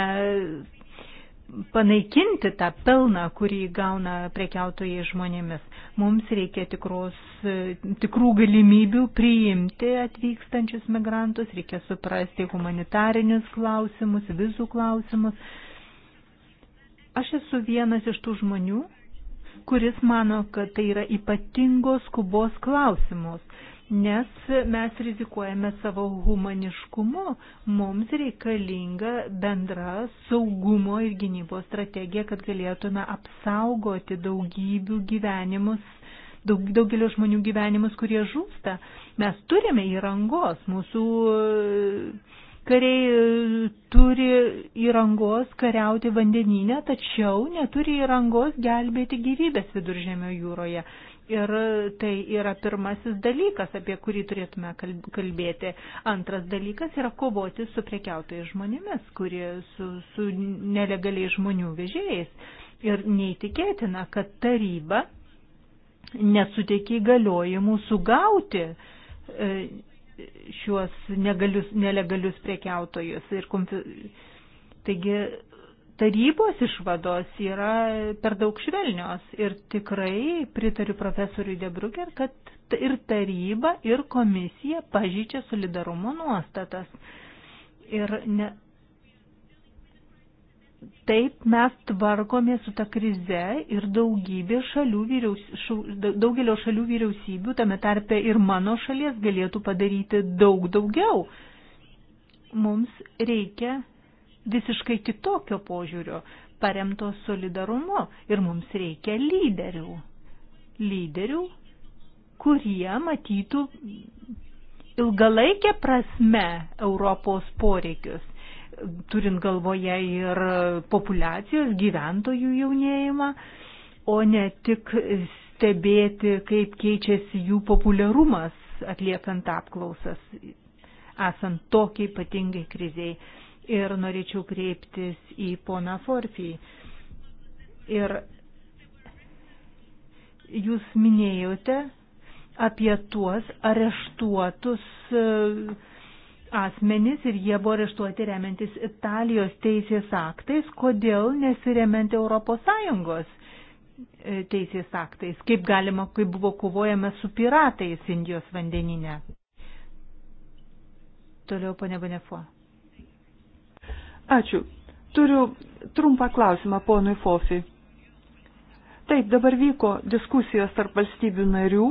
S3: panaikinti tą pelną, kurį gauna prekiautojai žmonėmis. Mums reikia tikros, tikrų galimybių priimti atvykstančius migrantus, reikia suprasti humanitarinius klausimus, vizų klausimus. Aš esu vienas iš tų žmonių, kuris mano, kad tai yra ypatingos skubos klausimus nes mes rizikuojame savo humaniškumu. Mums reikalinga bendra saugumo ir gynybos strategija, kad galėtume apsaugoti daugybių gyvenimus, daug, daugelio žmonių gyvenimus, kurie žūsta. Mes turime įrangos, mūsų e, kariai e, turi įrangos kariauti vandeninę, tačiau neturi įrangos gelbėti gyvybės viduržėmio jūroje. Ir tai yra pirmasis dalykas, apie kurį turėtume kalbėti. Antras dalykas yra kovoti su prekiautojais žmonėmis, kurie su, su nelegaliai žmonių vežėjais. Ir neįtikėtina, kad taryba nesuteikia įgaliojimų sugauti e, šiuos negalius, nelegalius prekiautojus. Ir konfi... Taigi tarybos išvados yra per daug švelnios ir tikrai pritariu profesoriui Debruker, kad ir taryba, ir komisija pažydžia solidarumo nuostatas. Ir ne... taip mes tvarkome su ta krize ir daugybė šalių vyriaus... daugelio šalių vyriausybių, tame tarpe ir mano šalies, galėtų padaryti daug daugiau. Mums reikia visiškai kitokio požiūrio, paremto solidarumu ir mums reikia lyderių. Lyderių, kurie matytų ilgalaikę prasme Europos poreikius, turint galvoje ir populacijos gyventojų jaunėjimą, o ne tik stebėti, kaip keičiasi jų populiarumas atliekant apklausas, esant tokiai ypatingai kriziai ir norėčiau kreiptis į poną Forfį. Ir jūs minėjote apie tuos areštuotus e, asmenys ir jie buvo areštuoti remiantis Italijos teisės aktais, kodėl nesiremiant ES e, teisės aktais, kaip galima, kaip buvo kovojama su piratais Indijos vandeninė. Toliau, ponia Banefuo.
S1: Ačiū. Turiu trumpą klausimą ponui Fofi. Taip, dabar vyko diskusijos tarp valstybių narių,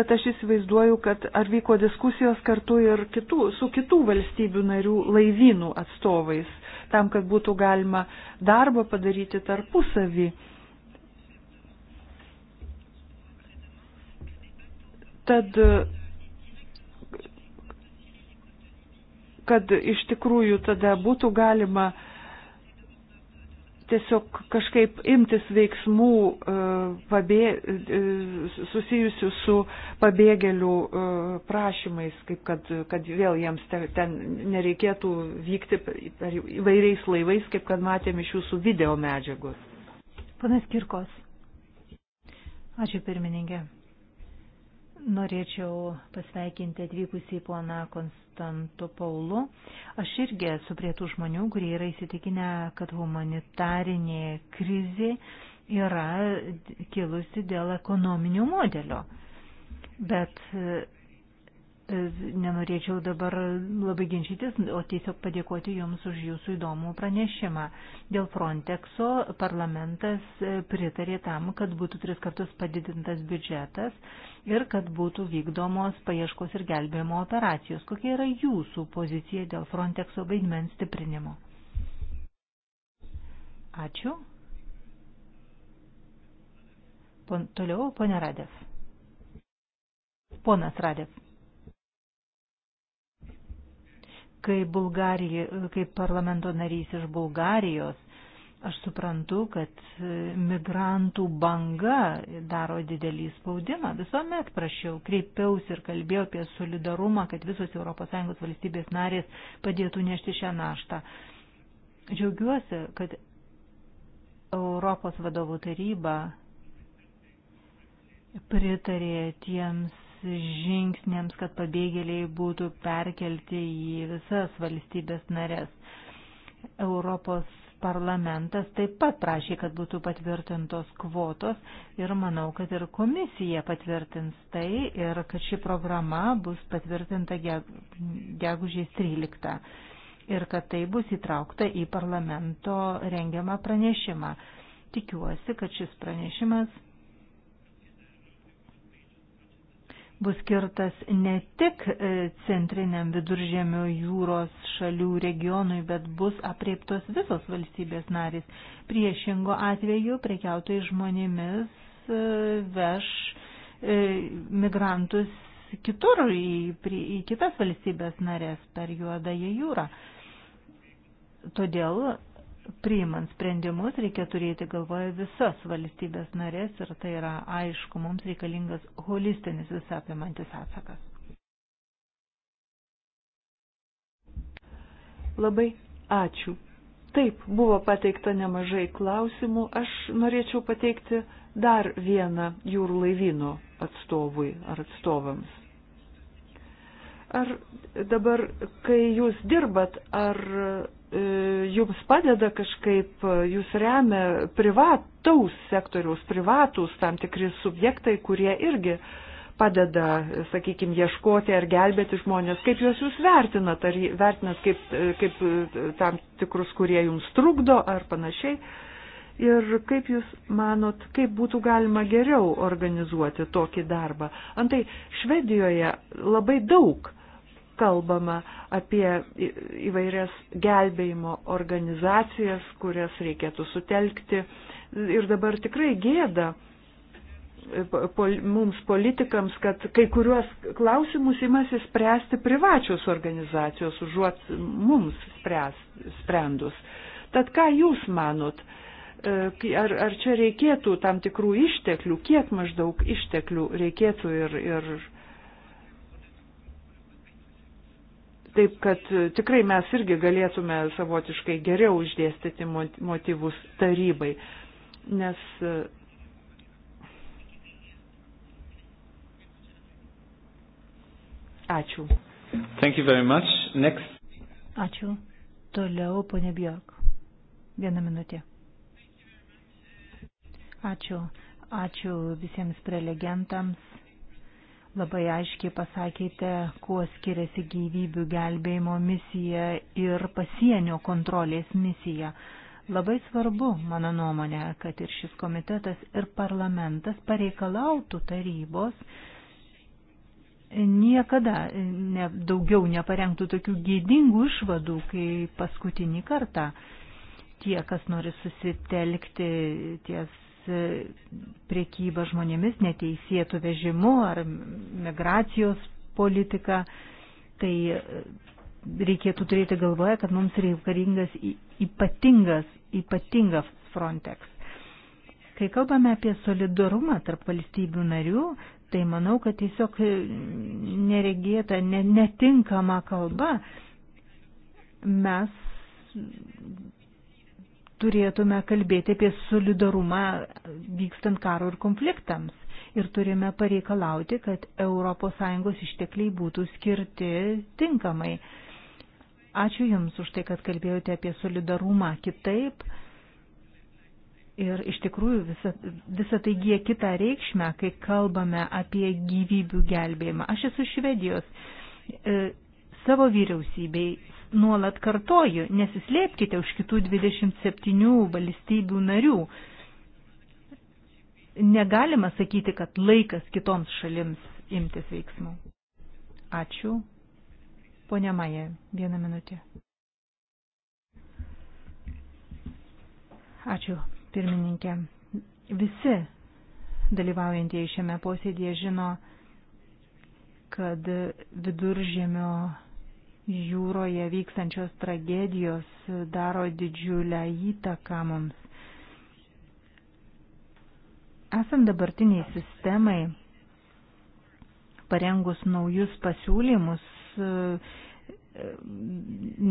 S1: bet aš įsivaizduoju, kad ar vyko diskusijos kartu ir kitų, su kitų valstybių narių laivynų atstovais, tam, kad būtų galima darbą padaryti tarpusavį. Tad kad iš tikrųjų tada būtų galima tiesiog kažkaip imtis veiksmų e, pabė, e, susijusių su pabėgėlių e, prašymais, kaip kad, kad vėl jiems ten nereikėtų vykti įvairiais laivais, kaip kad matėme iš jūsų video medžiagos.
S3: Panas Kirkos. Ačiū pirmininkė. Norėčiau pasveikinti atvykusį poną Konstantų Paulų. Aš irgi esu prie tų žmonių, kurie yra įsitikinę, kad humanitarinė krizė yra kilusi dėl ekonominio modelio. Bet nenorėčiau dabar labai ginčytis, o tiesiog padėkoti Jums už Jūsų įdomų pranešimą. Dėl Frontexo parlamentas e, pritarė tam, kad būtų tris kartus padidintas biudžetas ir kad būtų vykdomos paieškos ir gelbėjimo operacijos. Kokia yra Jūsų pozicija dėl Frontexo vaidmens stiprinimo? Ačiū. Pon, toliau, ponė Radėv. Ponas Radėv. kai, Bulgarija, kai parlamento narys iš Bulgarijos, aš suprantu, kad e, migrantų banga daro didelį spaudimą. Visuomet prašiau, kreipiausi ir kalbėjau apie solidarumą, kad visos ES valstybės narės padėtų nešti šią naštą. Džiaugiuosi, kad Europos vadovų taryba pritarė tiems žingsniams, kad pabėgėliai būtų perkelti į visas valstybės narės. Europos parlamentas taip pat prašė, kad būtų patvirtintos kvotos ir manau, kad ir komisija patvirtins tai ir kad ši programa bus patvirtinta gegužės 13 ir kad tai bus įtraukta į parlamento rengiamą pranešimą. Tikiuosi, kad šis pranešimas bus skirtas ne tik e, centriniam viduržėmio jūros šalių regionui, bet bus apreiptos visos valstybės narys. Priešingo atveju prekiautojai žmonėmis e, veš e, migrantus kitur į, į kitas valstybės narės per juodąją jūrą. Todėl priimant sprendimus reikia turėti galvoje visas valstybės narės ir tai yra aišku, mums reikalingas holistinis visapimantis atsakas. Labai ačiū.
S1: Taip, buvo pateikta nemažai klausimų. Aš norėčiau pateikti dar vieną jūrų laivyno atstovui ar atstovams. Ar dabar, kai jūs dirbat, ar E, jums padeda kažkaip, e, jūs remia privataus sektoriaus, privatus tam tikri subjektai, kurie irgi padeda, e, sakykime, ieškoti ar gelbėti žmonės. Kaip juos jūs vertinat? Ar vertinat kaip, kaip tam tikrus, kurie jums trukdo ar panašiai? Ir kaip jūs manot, kaip būtų galima geriau organizuoti tokį darbą? Antai Švedijoje labai daug kalbama apie įvairias gelbėjimo organizacijas, kurias reikėtų sutelkti. Ir dabar tikrai gėda e, pol, mums politikams, kad kai kuriuos klausimus imasi spręsti privačios organizacijos, užuot mums spręs, sprendus. Tad ką Jūs manot? E, ar, ar čia reikėtų tam tikrų išteklių, kiek maždaug išteklių reikėtų ir, ir Taip kad e, tikrai mes irgi galėtume savotiškai geriau išdėstyti motyvus tarybai, nes e, Ačiū.
S2: Thank you very much. Next.
S3: Ačiū. Toliau ponė Bjork. Vieną minutę. Ačiū. Ačiū visiems prelegentams Labai aiškiai pasakėte, kuo skiriasi gyvybių gelbėjimo misija ir pasienio kontrolės misija. Labai svarbu, mano nuomonė, kad ir šis komitetas, ir parlamentas pareikalautų tarybos niekada ne, daugiau neparengtų tokių gėdingų išvadų, kai paskutinį kartą tie, kas nori susitelkti ties priekyba žmonėmis, neteisėtų vežimu ar migracijos politika, tai reikėtų turėti galvoje, kad mums reikalingas ypatingas, ypatingas Frontex. Kai kalbame apie solidarumą tarp valstybių narių, tai manau, kad tiesiog neregėta, netinkama kalba mes turėtume kalbėti apie solidarumą vykstant karo ir konfliktams. Ir turime pareikalauti, kad ES ištekliai būtų skirti tinkamai. Ačiū Jums už tai, kad kalbėjote apie solidarumą kitaip. Ir iš tikrųjų visa, visa tai gyja kitą reikšmę, kai kalbame apie gyvybių gelbėjimą. Aš esu Švedijos. E, savo vyriausybei nuolat kartoju, nesislėpkite už kitų 27 valstybių narių. Negalima sakyti, kad laikas kitoms šalims imtis veiksmų. Ačiū. Pone Maja, vieną minutę. Ačiū, pirmininkė. Visi dalyvaujantieji šiame posėdėje žino, kad viduržėmio jūroje vykstančios tragedijos daro didžiulę įtaką mums. Esant dabartiniai sistemai, parengus naujus pasiūlymus,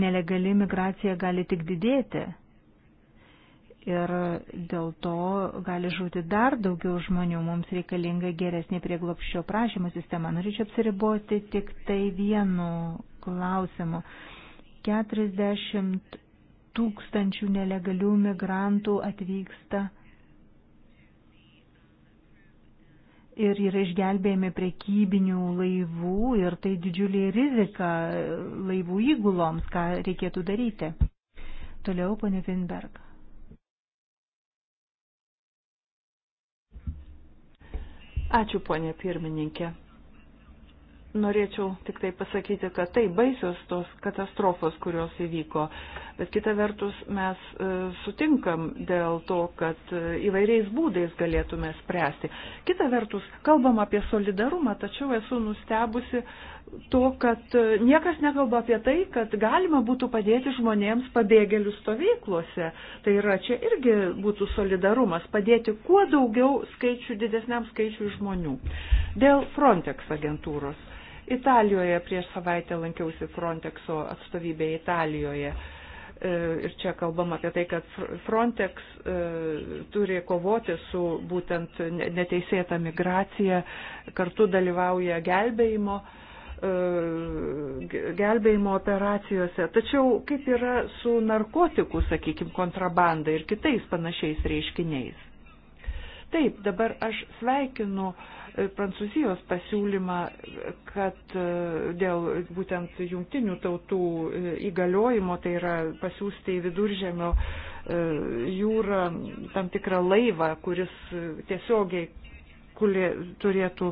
S3: nelegali migracija gali tik didėti. Ir dėl to gali žūti dar daugiau žmonių. Mums reikalinga geresnė prieglopščio prašymo sistema. Norėčiau apsiriboti tik tai vienu klausimų. 40 tūkstančių nelegalių migrantų atvyksta ir yra išgelbėjami prekybinių laivų ir tai didžiulė rizika laivų įguloms, ką reikėtų daryti. Toliau, ponė Vinberg.
S1: Ačiū, ponė pirmininkė norėčiau tik tai pasakyti, kad tai baisios tos katastrofos, kurios įvyko, bet kita vertus mes e, sutinkam dėl to, kad e, įvairiais būdais galėtume spręsti. Kita vertus, kalbam apie solidarumą, tačiau esu nustebusi to, kad e, niekas nekalba apie tai, kad galima būtų padėti žmonėms pabėgėlių stovyklose. Tai yra, čia irgi būtų solidarumas, padėti kuo daugiau skaičių, didesniam skaičiui žmonių. Dėl Frontex agentūros. Italijoje prieš savaitę lankiausi Frontexo atstovybėje Italijoje. E, ir čia kalbam apie tai, kad Frontex e, turi kovoti su būtent neteisėta migracija, kartu dalyvauja gelbėjimo e, gelbėjimo operacijose. Tačiau kaip yra su narkotikų, sakykime, kontrabanda ir kitais panašiais reiškiniais? Taip, dabar aš sveikinu Prancūzijos pasiūlymą, kad e, dėl būtent jungtinių tautų e, įgaliojimo, tai yra pasiūsti į viduržėmio e, jūrą tam tikrą laivą, kuris tiesiogiai kulė, turėtų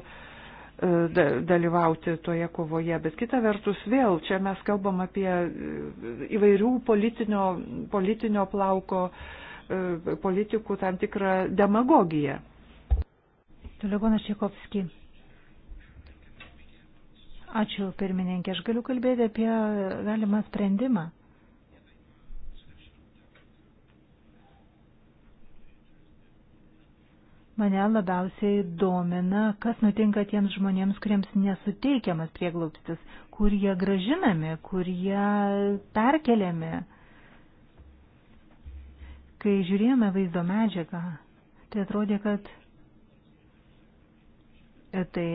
S1: dalyvauti toje kovoje. Bet kita vertus vėl, čia mes kalbam apie įvairių politinio, politinio plauko politikų tam tikrą demagogiją.
S3: Toliau ponas Čekovski. Ačiū, pirmininkė. Aš galiu kalbėti apie galimą sprendimą. Mane labiausiai domina, kas nutinka tiems žmonėms, kuriems nesuteikiamas prieglobstis, kur jie gražinami, kur jie perkeliami. Kai žiūrėjome vaizdo medžiagą, tai atrodė, kad Tai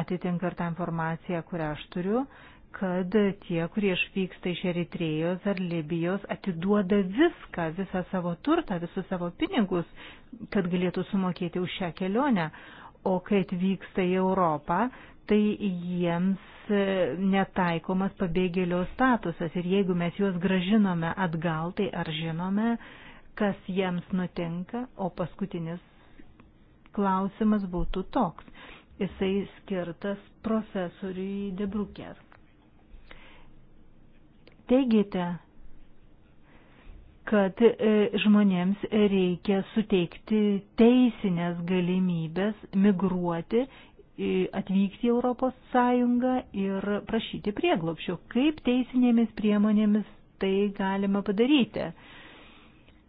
S3: atitinka ir tą informaciją, kurią aš turiu, kad tie, kurie išvyksta iš Eritrėjos ar Libijos, atiduoda viską, visą savo turtą, visus savo pinigus, kad galėtų sumokėti už šią kelionę. O kai atvyksta į Europą, tai jiems netaikomas pabėgėlio statusas. Ir jeigu mes juos gražinome atgal, tai ar žinome, kas jiems nutinka, o paskutinis klausimas būtų toks. Jisai skirtas profesoriui Debruker. Teigite, kad e, žmonėms reikia suteikti teisinės galimybės migruoti, e, atvykti į Europos Sąjungą ir prašyti prieglopšio. Kaip teisinėmis priemonėmis tai galima padaryti?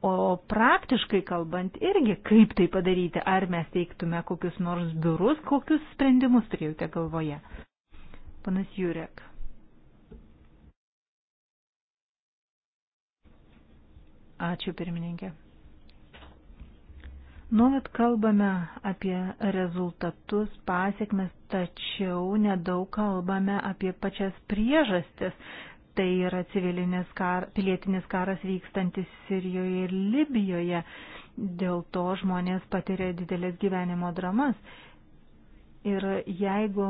S3: O praktiškai kalbant irgi, kaip tai padaryti, ar mes teiktume kokius nors biurus, kokius sprendimus turėjote galvoje. Panas Jurek. Ačiū pirmininkė. Nuolat kalbame apie rezultatus, pasiekmes, tačiau nedaug kalbame apie pačias priežastis, Tai yra civilinis kar, pilietinis karas vykstantis Sirijoje ir Libijoje. Dėl to žmonės patiria didelės gyvenimo dramas. Ir jeigu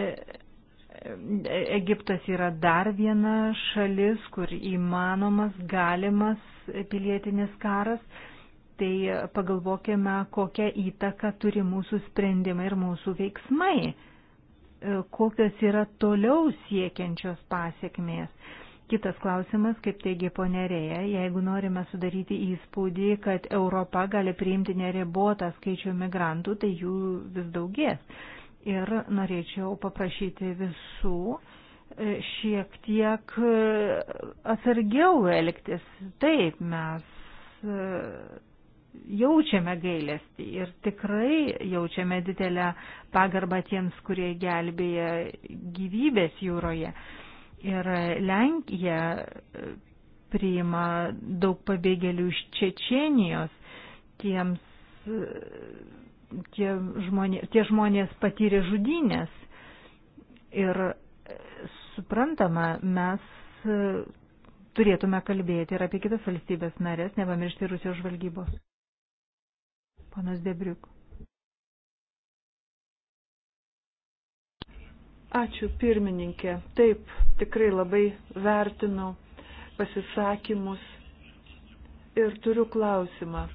S3: e, e, Egiptas yra dar viena šalis, kur įmanomas galimas pilietinis karas, tai pagalvokime, kokią įtaką turi mūsų sprendimai ir mūsų veiksmai. E, kokios yra toliau siekiančios pasiekmės. Kitas klausimas, kaip teigia ponerėja, jeigu norime sudaryti įspūdį, kad Europa gali priimti neribotą skaičių migrantų, tai jų vis daugės. Ir norėčiau paprašyti visų e, šiek tiek e, atsargiau elgtis. Taip, mes jaučiame gailestį ir tikrai jaučiame didelę pagarbą tiems, kurie gelbėja gyvybės jūroje. Ir Lenkija e, priima daug pabėgėlių iš Čečienijos. Tiems, e, tie, žmonės, tie žmonės patyrė žudynės. Ir e, suprantama, mes turėtume kalbėti ir apie kitas valstybės narės, nepamiršti Rusijos žvalgybos. Panas Debriuk.
S1: Ačiū pirmininkė. Taip, tikrai labai vertinu pasisakymus ir turiu klausimą.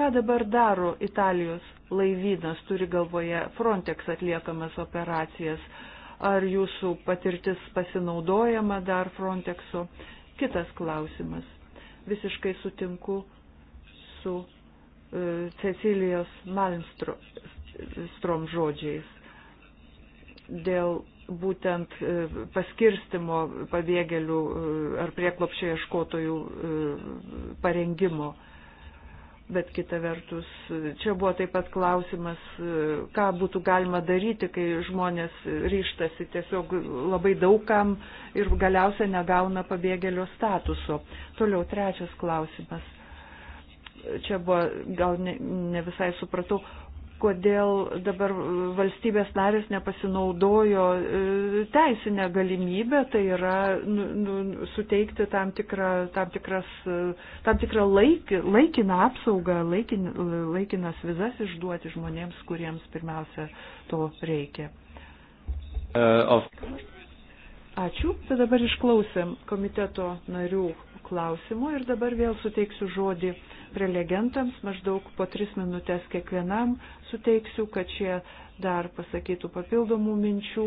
S1: Ką dabar daro Italijos laivynas, turi galvoje Frontex atliekamas operacijas? Ar jūsų patirtis pasinaudojama dar Frontexu? Kitas klausimas. Visiškai sutinku su e, Cecilijos Malmstrom žodžiais dėl būtent e, paskirstimo pabėgėlių e, ar prieklopšio ieškotojų parengimo. Bet kita vertus, čia buvo taip pat klausimas, ką būtų galima daryti, kai žmonės ryštasi tiesiog labai daugam ir galiausia negauna pabėgėlio statuso. Toliau trečias klausimas čia buvo, gal ne, ne visai supratau, kodėl dabar valstybės narės nepasinaudojo e, teisinę galimybę, tai yra nu, nu, suteikti tam, tikrą, tam, tikras, e, tam tikrą laik, laikiną apsaugą, laikin, laikinas vizas išduoti žmonėms, kuriems pirmiausia to reikia. Uh, Ačiū, tai dabar išklausėm komiteto narių klausimų ir dabar vėl suteiksiu žodį prelegentams, maždaug po tris minutės kiekvienam suteiksiu, kad šie dar pasakytų papildomų minčių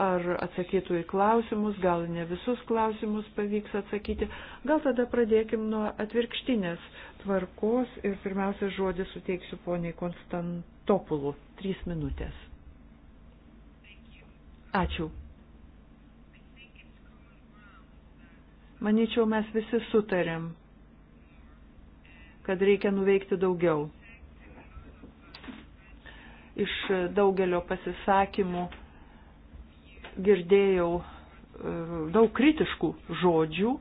S1: ar atsakytų į klausimus, gal ne visus klausimus pavyks atsakyti. Gal tada pradėkim nuo atvirkštinės tvarkos ir pirmiausia žodį suteiksiu poniai Konstantopulų. Trys minutės. Ačiū, Manyčiau, mes visi sutarėm, kad reikia nuveikti daugiau. Iš daugelio pasisakymų girdėjau e, daug kritiškų žodžių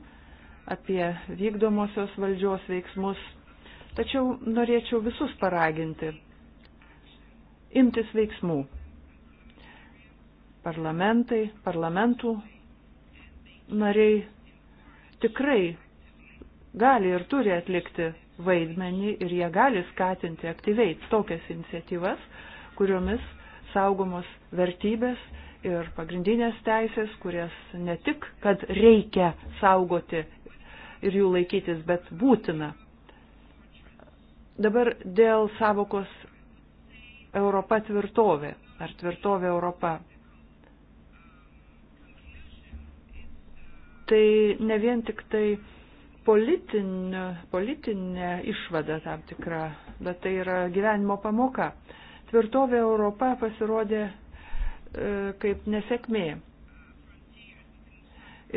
S1: apie vykdomosios valdžios veiksmus, tačiau norėčiau visus paraginti imtis veiksmų. Parlamentai, parlamentų nariai tikrai gali ir turi atlikti vaidmenį ir jie gali skatinti aktyviai tokias iniciatyvas, kuriomis saugomos vertybės ir pagrindinės teisės, kurias ne tik, kad reikia saugoti ir jų laikytis, bet būtina. Dabar dėl savokos Europa tvirtovė ar tvirtovė Europa. tai ne vien tik tai politinė, politinė išvada tam tikra, bet tai yra gyvenimo pamoka. Tvirtovė Europa pasirodė e, kaip nesėkmė.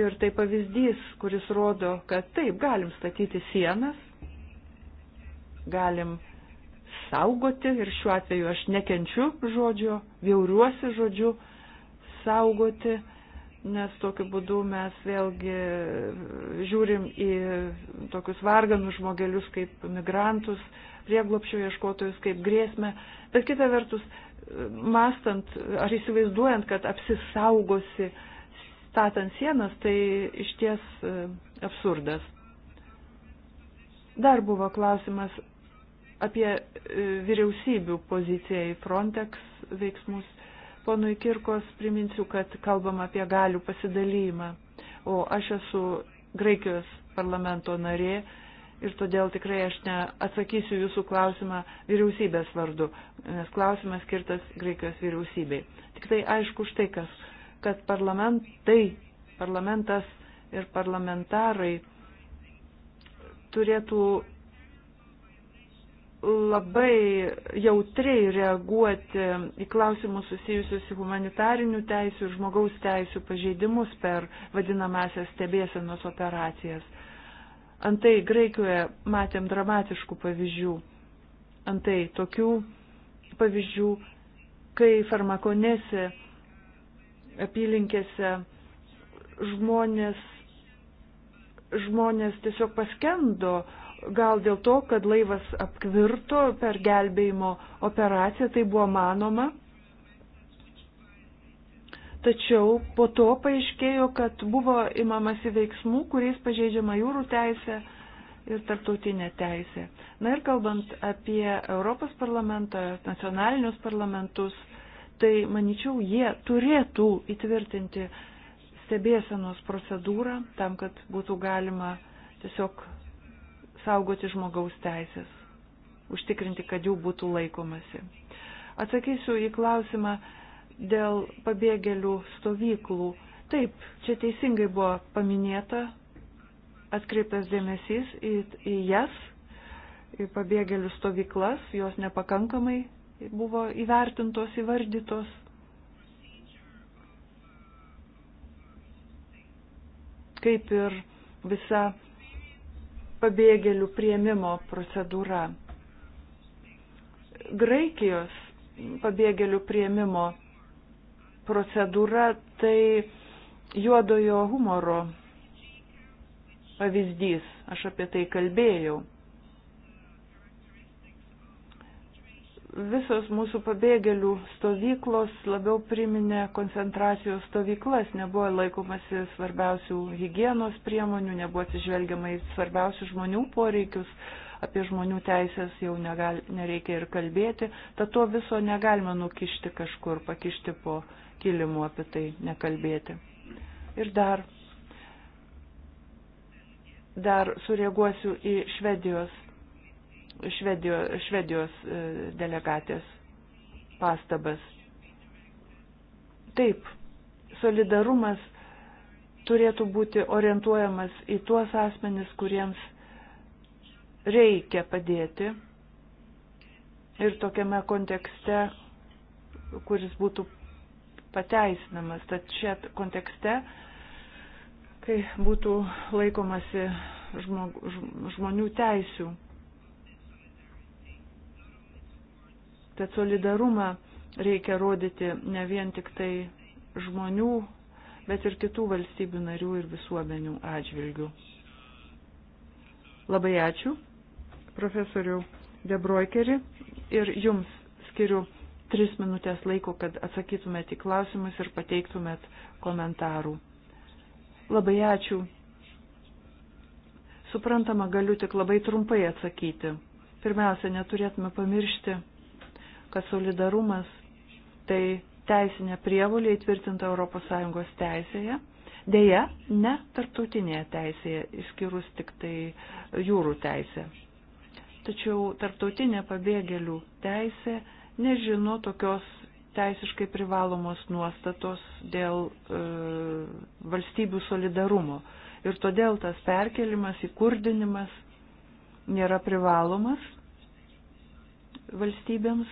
S1: Ir tai pavyzdys, kuris rodo, kad taip, galim statyti sienas, galim saugoti, ir šiuo atveju aš nekenčiu žodžio, jauriuosi žodžiu, saugoti nes tokiu būdu mes vėlgi žiūrim į tokius varganus žmogelius kaip migrantus, prieglopšio ieškotojus kaip grėsmę, bet kita vertus, mastant ar įsivaizduojant, kad apsisaugosi statant sienas, tai iš ties e, absurdas. Dar buvo klausimas apie e, vyriausybių poziciją į Frontex veiksmus ponui Kirkos priminsiu, kad kalbam apie galių pasidalymą. O aš esu Graikijos parlamento narė ir todėl tikrai aš neatsakysiu jūsų klausimą vyriausybės vardu, nes klausimas skirtas Graikijos vyriausybei. Tik tai aišku štai kas, kad parlamentai, parlamentas ir parlamentarai turėtų labai jautriai reaguoti į klausimus susijusius į humanitarinių teisų ir žmogaus teisų pažeidimus per vadinamąsias stebėsenos operacijas. Antai Graikijoje matėm dramatiškų pavyzdžių. Antai tokių pavyzdžių, kai farmakonėse apylinkėse žmonės, žmonės tiesiog paskendo gal dėl to, kad laivas apkvirto per gelbėjimo operaciją, tai buvo manoma. Tačiau po to paaiškėjo, kad buvo imamasi veiksmų, kuriais pažeidžiama jūrų teisė ir tarptautinė teisė. Na ir kalbant apie Europos parlamentą, nacionalinius parlamentus, tai manyčiau, jie turėtų įtvirtinti stebėsenos procedūrą tam, kad būtų galima tiesiog saugoti žmogaus teisės, užtikrinti, kad jų būtų laikomasi. Atsakysiu į klausimą dėl pabėgėlių stovyklų. Taip, čia teisingai buvo paminėta, atkreiptas dėmesys į, į jas, į pabėgėlių stovyklas, jos nepakankamai buvo įvertintos, įvardytos. Kaip ir visa pabėgėlių prieimimo procedūra. Graikijos pabėgėlių prieimimo procedūra tai juodojo humoro pavyzdys, aš apie tai kalbėjau. visos mūsų pabėgėlių stovyklos labiau priminė koncentracijos stovyklas, nebuvo laikomasi svarbiausių hygienos priemonių, nebuvo atsižvelgiama į svarbiausių žmonių poreikius, apie žmonių teisės jau negal, nereikia ir kalbėti, tad to viso negalima nukišti kažkur, pakišti po kilimu apie tai nekalbėti. Ir dar, dar sureaguosiu į Švedijos Švedijo, Švedijos e, delegatės pastabas. Taip, solidarumas turėtų būti orientuojamas į tuos asmenis, kuriems reikia padėti. Ir tokiame kontekste, kuris būtų pateisinamas, tad čia kontekste, kai būtų laikomasi žmog, žmonių teisių Tad solidarumą reikia rodyti ne vien tik tai žmonių, bet ir kitų valstybių narių ir visuomenių atžvilgių. Labai ačiū, profesoriu Debroikeri, ir jums skiriu tris minutės laiko, kad atsakytumėt į klausimus ir pateiktumėt komentarų. Labai ačiū. Suprantama, galiu tik labai trumpai atsakyti. Pirmiausia, neturėtume pamiršti, kad solidarumas tai teisinė prievolė įtvirtinta ES teisėje, dėja ne tarptautinėje teisėje, išskyrus tik tai jūrų teisę. Tačiau tarptautinė pabėgėlių teisė nežino tokios teisiškai privalomos nuostatos dėl e, valstybių solidarumo. Ir todėl tas perkelimas, įkurdinimas nėra privalomas valstybėms,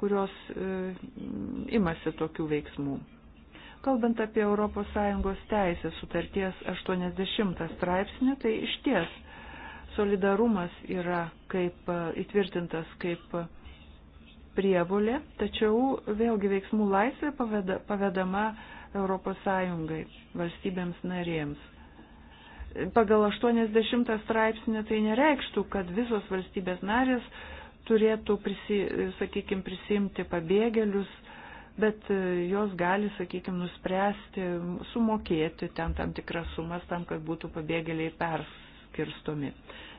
S1: kurios e, imasi tokių veiksmų. Kalbant apie ES teisės sutarties 80 straipsnį, tai iš ties solidarumas yra kaip e, įtvirtintas kaip prievolė, tačiau vėlgi veiksmų laisvė paveda, pavedama ES valstybėms narėms. Pagal 80 straipsnį tai nereikštų, kad visos valstybės narės turėtų, prisi, sakykime, prisimti pabėgėlius, bet e, jos gali, sakykime, nuspręsti sumokėti ten tam tikras sumas tam, kad būtų pabėgėliai perskirstomi.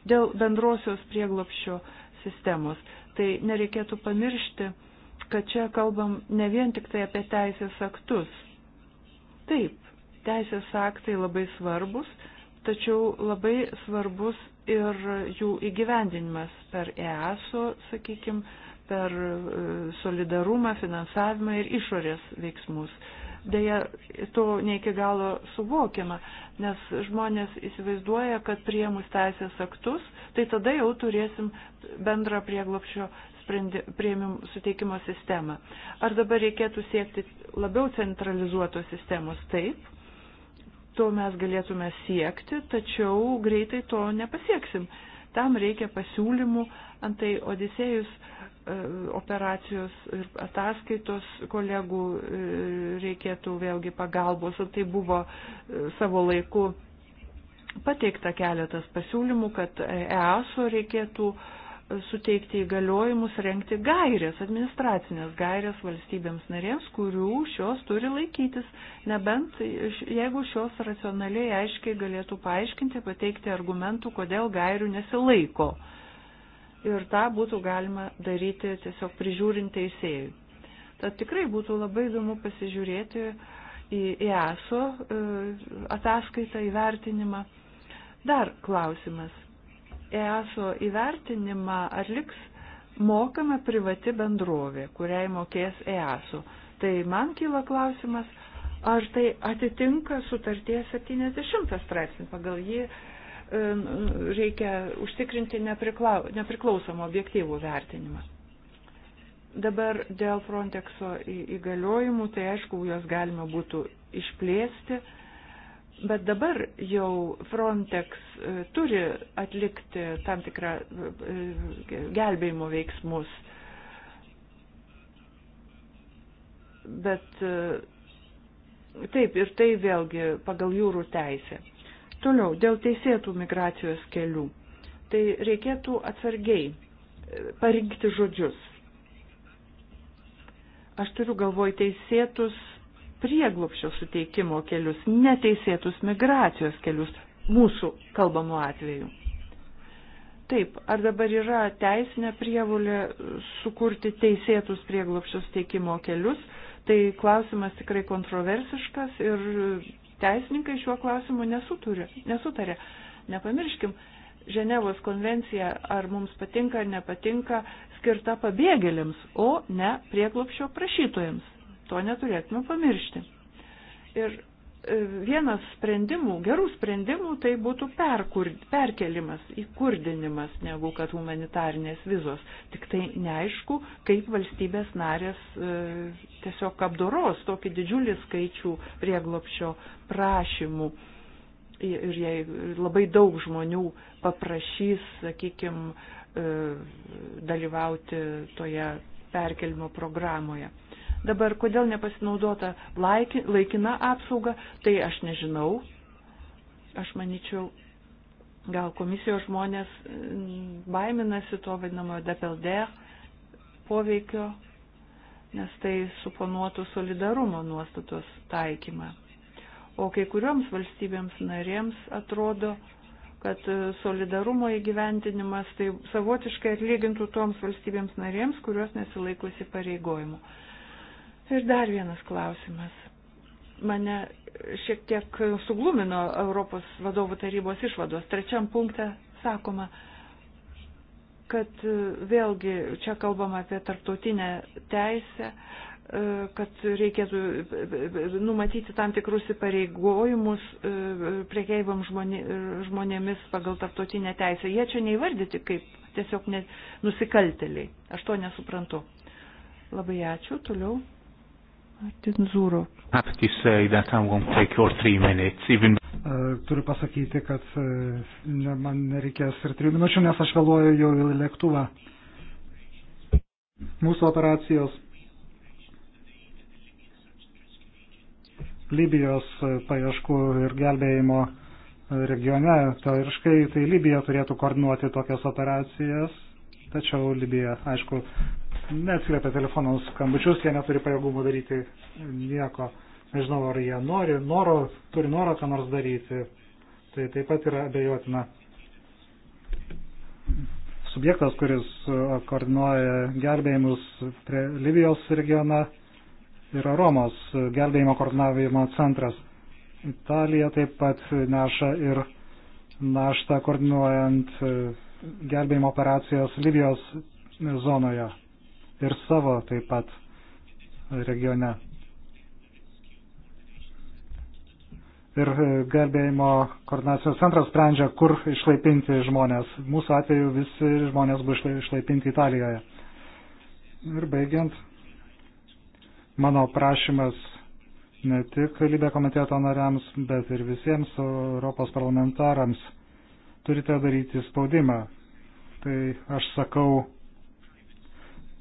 S1: Dėl bendrosios prieglopščio sistemos, tai nereikėtų pamiršti, kad čia kalbam ne vien tik tai apie teisės aktus. Taip, teisės aktai labai svarbus, tačiau labai svarbus ir jų įgyvendinimas per EASO, sakykime, per e, solidarumą, finansavimą ir išorės veiksmus. Deja, to ne iki galo suvokiama, nes žmonės įsivaizduoja, kad priemus teisės aktus, tai tada jau turėsim bendrą prieglopščio prieimim suteikimo sistemą. Ar dabar reikėtų siekti labiau centralizuotos sistemos? Taip, to mes galėtume siekti, tačiau greitai to nepasieksim. Tam reikia pasiūlymų, antai Odisėjus e, operacijos ir ataskaitos kolegų e, reikėtų vėlgi pagalbos. Tai buvo e, savo laiku pateikta keletas pasiūlymų, kad EASO reikėtų uh, suteikti įgaliojimus renkti gairės, administracinės gairės valstybėms narėms, kurių šios turi laikytis, nebent jeigu šios racionaliai aiškiai galėtų paaiškinti, pateikti argumentų, kodėl gairių nesilaiko. Ir tą būtų galima daryti tiesiog prižiūrint teisėjui. Tad tikrai būtų labai įdomu pasižiūrėti į ESO e, ataskaitą įvertinimą. Dar klausimas EASO įvertinimą atliks mokama privati bendrovė, kuriai mokės EASO. Tai man kyla klausimas, ar tai atitinka sutarties 70 straipsnį, pagal jį e, reikia užtikrinti nepriklau, nepriklausomą objektyvų vertinimą. Dabar dėl Frontexo įgaliojimų, tai aišku, juos galima būtų išplėsti Bet dabar jau Frontex e, turi atlikti tam tikrą e, gelbėjimo veiksmus. Bet e, taip ir tai vėlgi pagal jūrų teisę. Toliau, dėl teisėtų migracijos kelių. Tai reikėtų atsargiai parinkti žodžius. Aš turiu galvoj teisėtus prieglopščio suteikimo kelius, neteisėtus migracijos kelius mūsų kalbamų atveju. Taip, ar dabar yra teisinė prievulė sukurti teisėtus prieglopščio suteikimo kelius, tai klausimas tikrai kontroversiškas ir teisininkai šiuo klausimu nesuturi, nesutarė. Nepamirškim, Ženevos konvencija, ar mums patinka ar nepatinka, skirta pabėgėliams, o ne prieglopščio prašytojams. To neturėtume pamiršti. Ir e, vienas sprendimų, gerų sprendimų, tai būtų perkur, perkelimas, įkurdinimas, negu kad humanitarnės vizos. Tik tai neaišku, kaip valstybės narės e, tiesiog apdoros tokį didžiulį skaičių prieglopšio prašymų. Ir jei labai daug žmonių paprašys, sakykime, e, dalyvauti toje perkelimo programoje. Dabar kodėl nepasinaudota laikina apsauga, tai aš nežinau. Aš manyčiau, gal komisijos žmonės mm, baiminasi to vadinamojo depelder poveikio, nes tai suponuotų solidarumo nuostatos taikymą. O kai kurioms valstybėms narėms atrodo, kad e, solidarumo įgyventinimas tai savotiškai atlygintų toms valstybėms narėms, kurios nesilaikus įpareigojimų. Ir dar vienas klausimas. Mane šiek tiek suglumino Europos vadovų tarybos išvados. Trečiam punkte sakoma, kad e, vėlgi čia kalbama apie tarptautinę teisę, e, kad reikėtų e, numatyti tam tikrus įpareigojimus priekeivam žmonė, žmonėmis pagal tarptautinę teisę. Jie čia neįvardyti kaip tiesiog ne, nusikalteliai. Aš to nesuprantu. Labai
S2: ačiū. Toliau. Martin Zūro. Even... E, turiu pasakyti, kad e, ne, man nereikės ir trijų minučių, nes aš vėluoju jau į lėktuvą. Mūsų operacijos Libijos e, paieškų ir gelbėjimo regione, teoriškai tai Libija turėtų koordinuoti tokias operacijas, tačiau Libija, aišku, neatsiliepia telefonų skambučius, jie neturi pajėgumų daryti nieko. Nežinau, ar jie nori, noro, turi noro ką nors daryti. Tai taip pat yra abejotina. Subjektas, kuris e, koordinuoja gelbėjimus prie Libijos regioną, yra Romos gelbėjimo koordinavimo centras. Italija taip pat neša ir naštą koordinuojant e, gelbėjimo operacijas Libijos zonoje ir savo taip pat regione. Ir e, gelbėjimo koordinacijos centras sprendžia, kur išlaipinti žmonės. Mūsų atveju visi žmonės buvo išlaipinti Italijoje. Ir baigiant, mano prašymas ne tik lybė komiteto nariams, bet ir visiems Europos parlamentarams turite daryti spaudimą. Tai aš sakau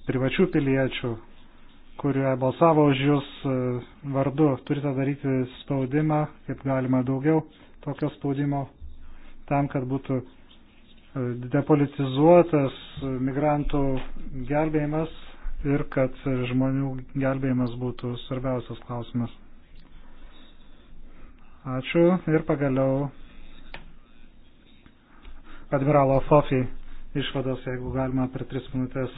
S2: privačių piliečių, kurie balsavo už jūs e, vardu. Turite daryti spaudimą, kaip galima daugiau tokio spaudimo, tam, kad būtų e, depolitizuotas migrantų gelbėjimas ir kad žmonių gelbėjimas būtų svarbiausias klausimas. Ačiū ir pagaliau admiralo Fofi išvados, jeigu galima per tris minutės.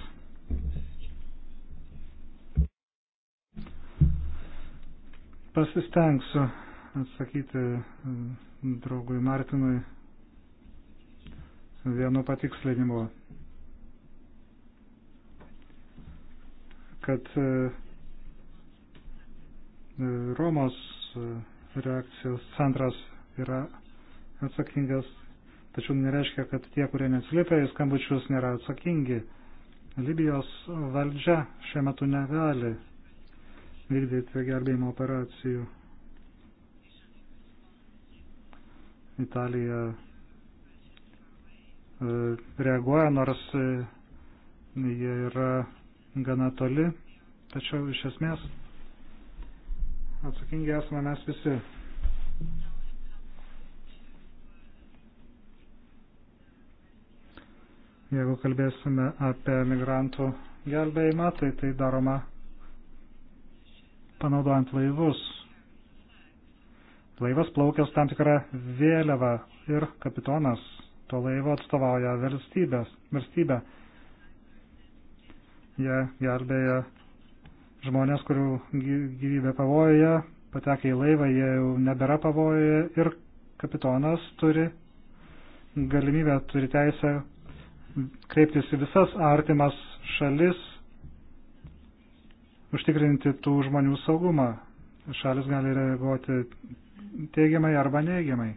S2: Pasistengsiu atsakyti mm, draugui Martinui vienu patikslinimu, kad e, Romos e, reakcijos centras yra atsakingas, tačiau nereiškia, kad tie, kurie neatsiliepia į skambučius, nėra atsakingi. Libijos valdžia šiuo metu negali vykdyti gerbėjimo operacijų. Italija e, reaguoja, nors e, jie yra gana toli, tačiau iš esmės atsakingi esame mes visi. Jeigu kalbėsime apie migrantų gelbėjimą, tai tai daroma panaudojant laivus. Laivas plaukęs tam tikrą vėliavą ir kapitonas to laivo atstovauja valstybės, valstybę. Jie gelbėja žmonės, kurių gyvybė pavojoje, patekia į laivą, jie jau nebėra pavojoje ir kapitonas turi galimybę, turi teisę kreiptis į visas artimas šalis, užtikrinti tų žmonių saugumą. Šalis gali reaguoti teigiamai arba neigiamai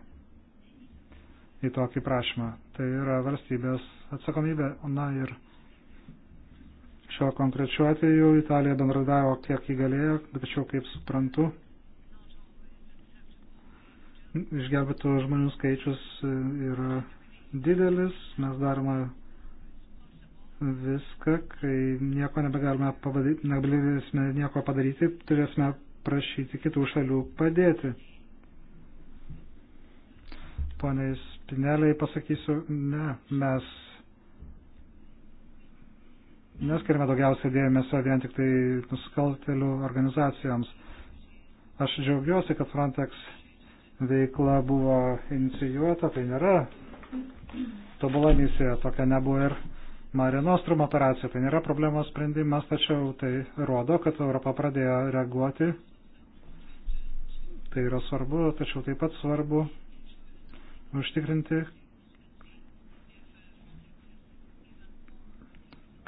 S2: į tokį prašymą. Tai yra valstybės atsakomybė. Na ir šiuo konkrečiu atveju Italija bendradavo kiek įgalėjo, tačiau kaip suprantu, išgelbėtų žmonių skaičius yra didelis, mes darome viską, kai nieko nebegalime padaryti, negalėsime nieko padaryti, turėsime prašyti kitų šalių padėti. Poniai Spineliai pasakysiu, ne, mes neskirime daugiausiai dėmesio vien tik tai nusikaltelių organizacijoms. Aš džiaugiuosi, kad Frontex veikla buvo inicijuota, tai nėra tobula misija, tokia nebuvo ir Mare Nostrum operacija. Tai nėra problemos sprendimas, tačiau tai rodo, kad Europa pradėjo reaguoti. Tai yra svarbu, tačiau taip pat svarbu užtikrinti,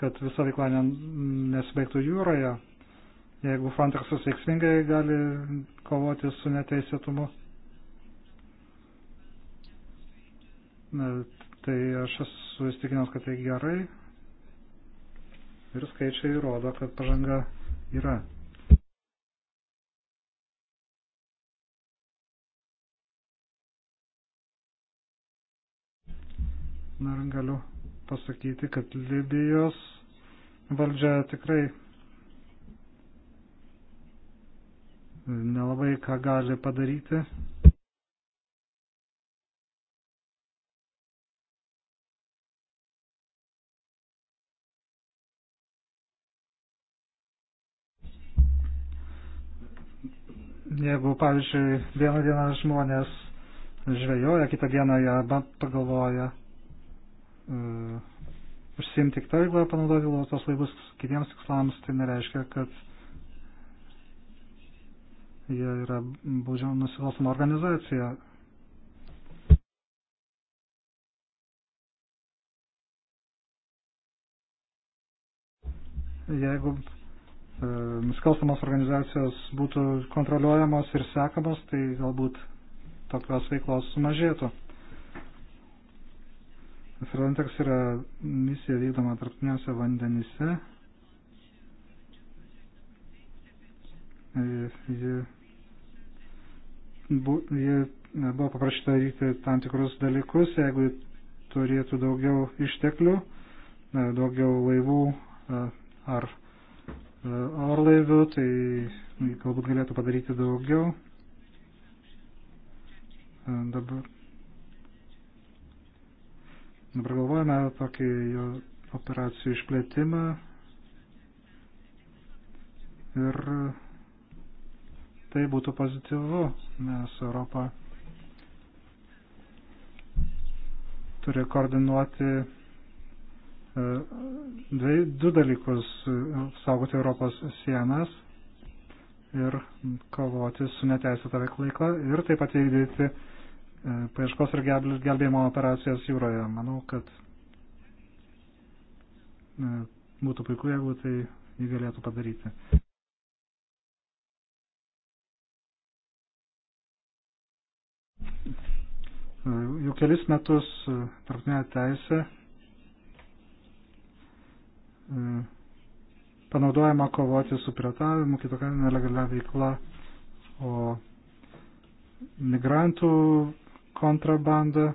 S2: kad visa veikla nesibaigtų jūroje. Jeigu Frontexas veiksmingai gali kovoti su neteisėtumu, Tai aš esu įstikinęs, kad tai gerai ir skaičiai rodo, kad pažanga yra. Na ir galiu pasakyti, kad Libijos valdžia tikrai nelabai ką gali padaryti. Jeigu, pavyzdžiui, vieną dieną žmonės žvejoja, kitą dieną jie pagalvoja uh, e, užsimti kitą veiklą, panaudoti tos laivus kitiems tikslams, tai nereiškia, kad jie yra būdžiama nusikalstama organizacija. Jeigu E, nusikalstamos organizacijos būtų kontroliuojamos ir sekamos, tai galbūt tokios veiklos sumažėtų. Frontex yra misija vykdoma tarptautiniuose vandenyse. E, ji, bu, ji e, buvo paprašyta vykti tam tikrus dalykus, jeigu turėtų daugiau išteklių, daugiau laivų ar orlaivių, tai galbūt galėtų padaryti daugiau. E, dabar, dabar galvojame tokį jo operacijų išplėtimą ir tai būtų pozityvu, nes Europa turi koordinuoti du dalykus e, - saugoti Europos sienas ir kovoti su neteisėta veikla ir taip pat vykdyti e, paieškos ir gelbėjimo operacijas jūroje. Manau, kad e, būtų puiku, jeigu tai jį galėtų padaryti. Jau kelis metus tarptautinė teisė Mm, panaudojama kovoti su piratavimu, kitokia nelegalia veikla, o migrantų kontrabanda.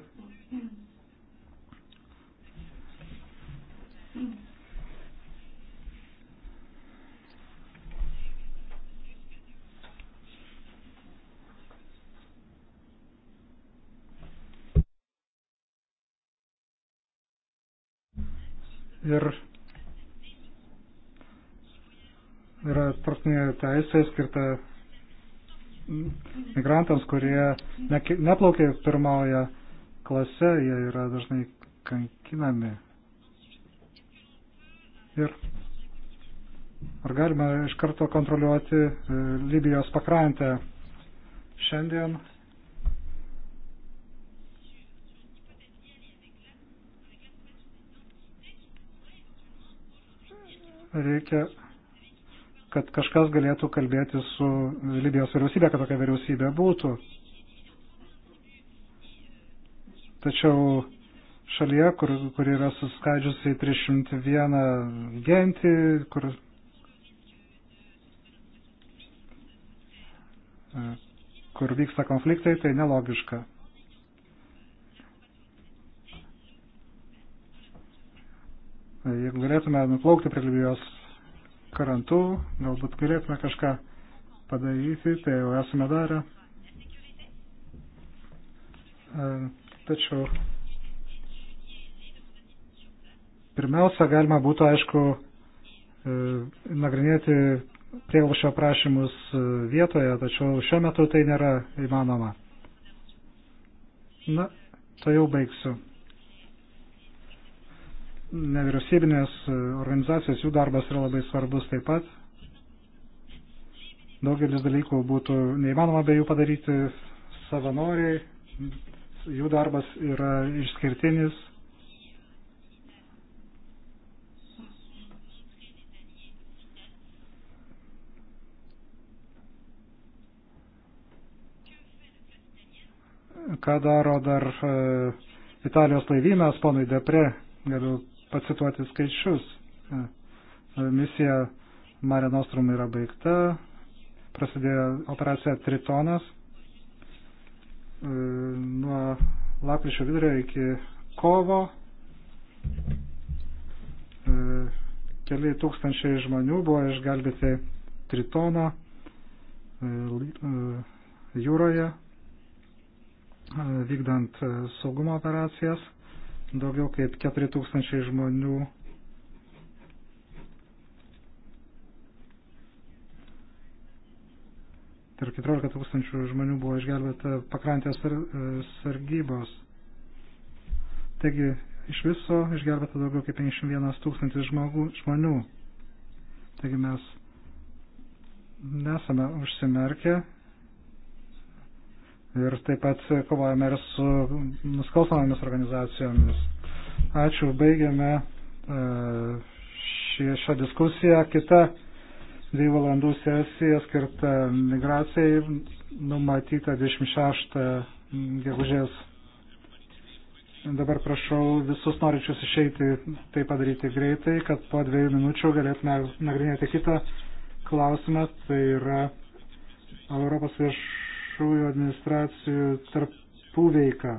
S2: Ir tarptautinė teisė skirta migrantams, kurie ne, neplaukia pirmauja klase, jie yra dažnai kankinami. Ir ar galima iš karto kontroliuoti e, Libijos pakrantę šiandien? Reikia kad kažkas galėtų kalbėti su Libijos vyriausybė, kad tokia vyriausybė būtų. Tačiau šalyje, kur, kur yra suskaidžiusi 301 gentį, kur kur vyksta konfliktai, tai nelogiška. Jeigu galėtume nuplaukti prie Libijos karantų, galbūt galėtume kažką padaryti, tai jau esame darę. E, tačiau pirmiausia, galima būtų, aišku, e, nagrinėti prieglobščio prašymus e, vietoje, tačiau šiuo metu tai nėra įmanoma. Na, to jau baigsiu nevyriausybinės e, organizacijos, jų darbas yra labai svarbus taip pat. Daugelis dalykų būtų neįmanoma be jų padaryti savanoriai, jų darbas yra išskirtinis. Ką daro dar e, Italijos laivynas, ponui Depre, galiu pacituoti skaičius. E, misija Mare Nostrum yra baigta, prasidėjo operacija Tritonas e, nuo lapkričio vidurio iki kovo e, keli tūkstančiai žmonių buvo išgelbėti Tritono jūroje, vykdant saugumo operacijas. Daugiau kaip 4000 žmonių ir 14 tūkstančių žmonių buvo išgelbėta pakrantės e, sargybos. Taigi iš viso išgelbėta daugiau kaip 51 tūkstantis žmonių. Taigi mes nesame užsimerkę ir taip pat kovojame ir su nuskausmomis organizacijomis. Ačiū, baigiame e, šį, šią diskusiją. Kita dviejų valandų sesija skirta migracijai numatyta 26 gegužės. Dabar prašau visus norinčius išeiti tai padaryti greitai, kad po dviejų minučių galėtume nagrinėti kitą klausimą, tai yra Europos viešų viešųjų administracijų tarpų veiką.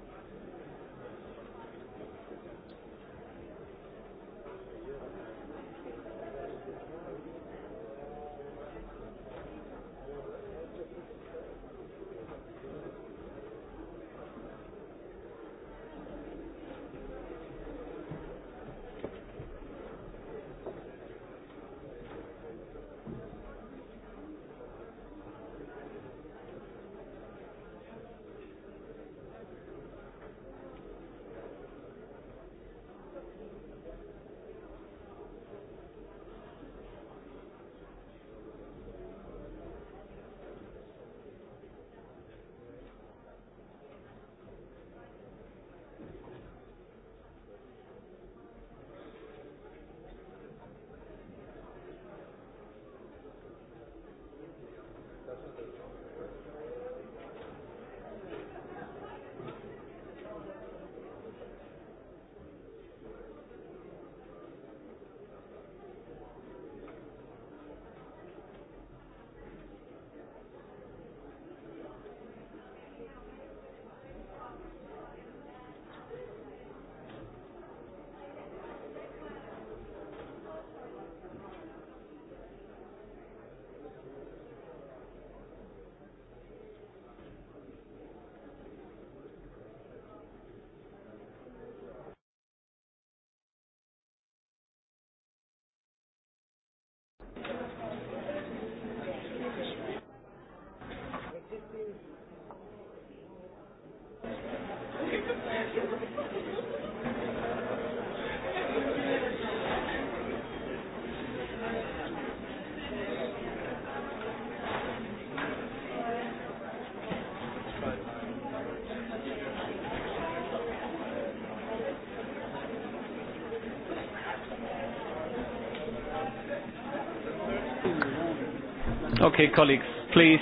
S2: Okay, colleagues, please.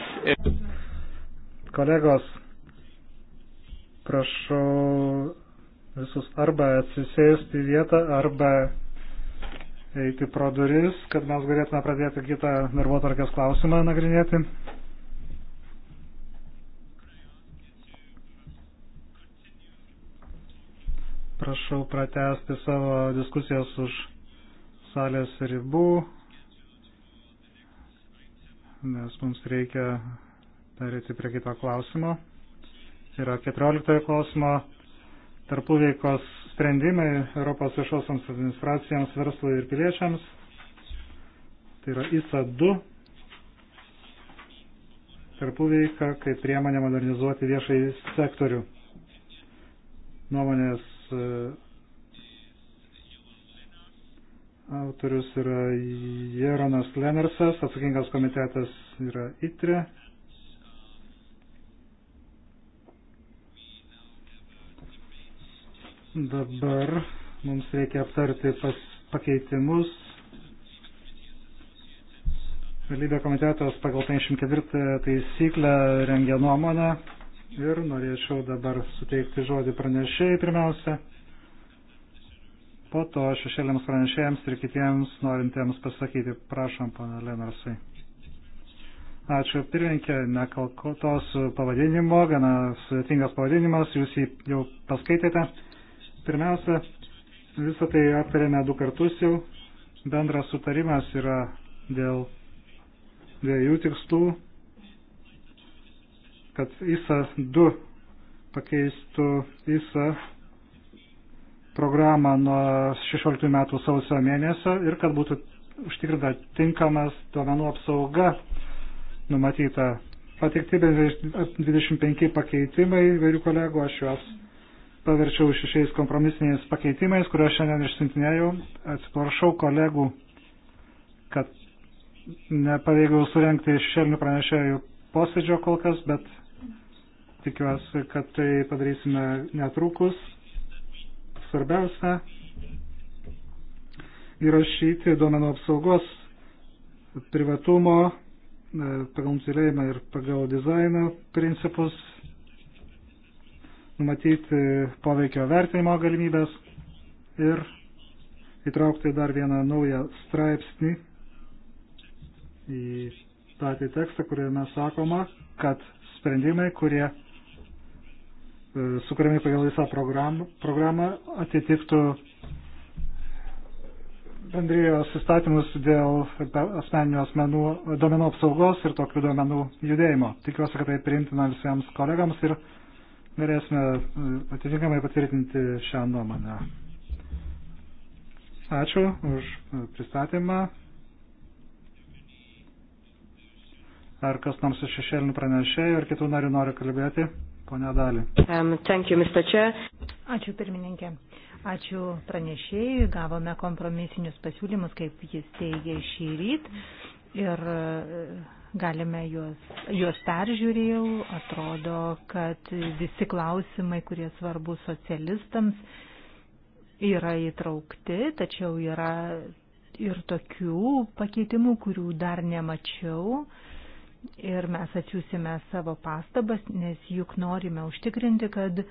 S2: Kolegos, prašau visus arba atsisėsti į vietą, arba eiti pro duris, kad mes galėtume pradėti kitą darbotvarkės klausimą nagrinėti. Prašau pratesti savo diskusijas už salės ribų nes mums reikia perėti prie kito klausimo. Yra 14 klausimo tarpuveikos sprendimai Europos viešosioms administracijoms, verslui ir piliečiams. Tai yra ISA 2 tarpuveika kaip priemonė modernizuoti viešai sektorių. Nuomonės e, Autorius yra Jeronas Lenersas, atsakingas komitetas yra ITRE. Dabar mums reikia aptarti pas, pakeitimus. Lybė komitetas pagal 54 taisyklę rengia nuomonę ir norėčiau dabar suteikti žodį pranešėjai pirmiausia. Po to šešėliams pranešėjams ir kitiems norintiems pasakyti. Prašom, pana Lenarsai. Ačiū pirmininkė, nekalkotos pavadinimo, gana sudėtingas pavadinimas, jūs jį jau paskaitėte. Pirmiausia, visą tai aptarėme du kartus jau. Bendras sutarimas yra dėl dviejų tikslų, kad ISA 2 pakeistų ISA programą nuo 16 metų sausio mėnesio ir kad būtų užtikrinta tinkamas duomenų apsauga numatyta. Pateikti 25 pakeitimai vairių kolegų, aš juos paverčiau šešiais kompromisiniais pakeitimais, kuriuos šiandien išsintinėjau. Atsiprašau kolegų, kad nepaveikiau surenkti šešėlinių pranešėjų posėdžio kol kas, bet tikiuosi, kad tai padarysime netrukus. Svarbiausia įrašyti duomenų apsaugos privatumo e, pagal nutylėjimą ir pagal dizainą principus, numatyti poveikio vertinimo galimybės ir įtraukti dar vieną naują straipsnį į patį tekstą, kuriame sakoma, kad sprendimai, kurie E, sukūrimi pagal visą programą, programą atitiktų bendrijos įstatymus dėl asmeninių asmenų duomenų apsaugos ir tokių duomenų judėjimo. Tikiuosi, kad tai priimtina visiems kolegams ir galėsime e, atitinkamai patvirtinti šią nuomonę. Ačiū už e, pristatymą. Ar kas nors iš šešėlinių pranešėjų ir kitų narių nori kalbėti? Pone Dali. Um, thank you, Mr. Chair.
S3: Ačiū pirmininkė. Ačiū pranešėjai. Gavome kompromisinius pasiūlymus, kaip jis teigia šį ryt. Ir uh, galime juos, juos peržiūrėjau. Atrodo, kad visi klausimai, kurie svarbu socialistams, yra įtraukti, tačiau yra ir tokių pakeitimų, kurių dar nemačiau. Uh, ir mes atsiūsime savo pastabas, nes juk norime užtikrinti, kad e,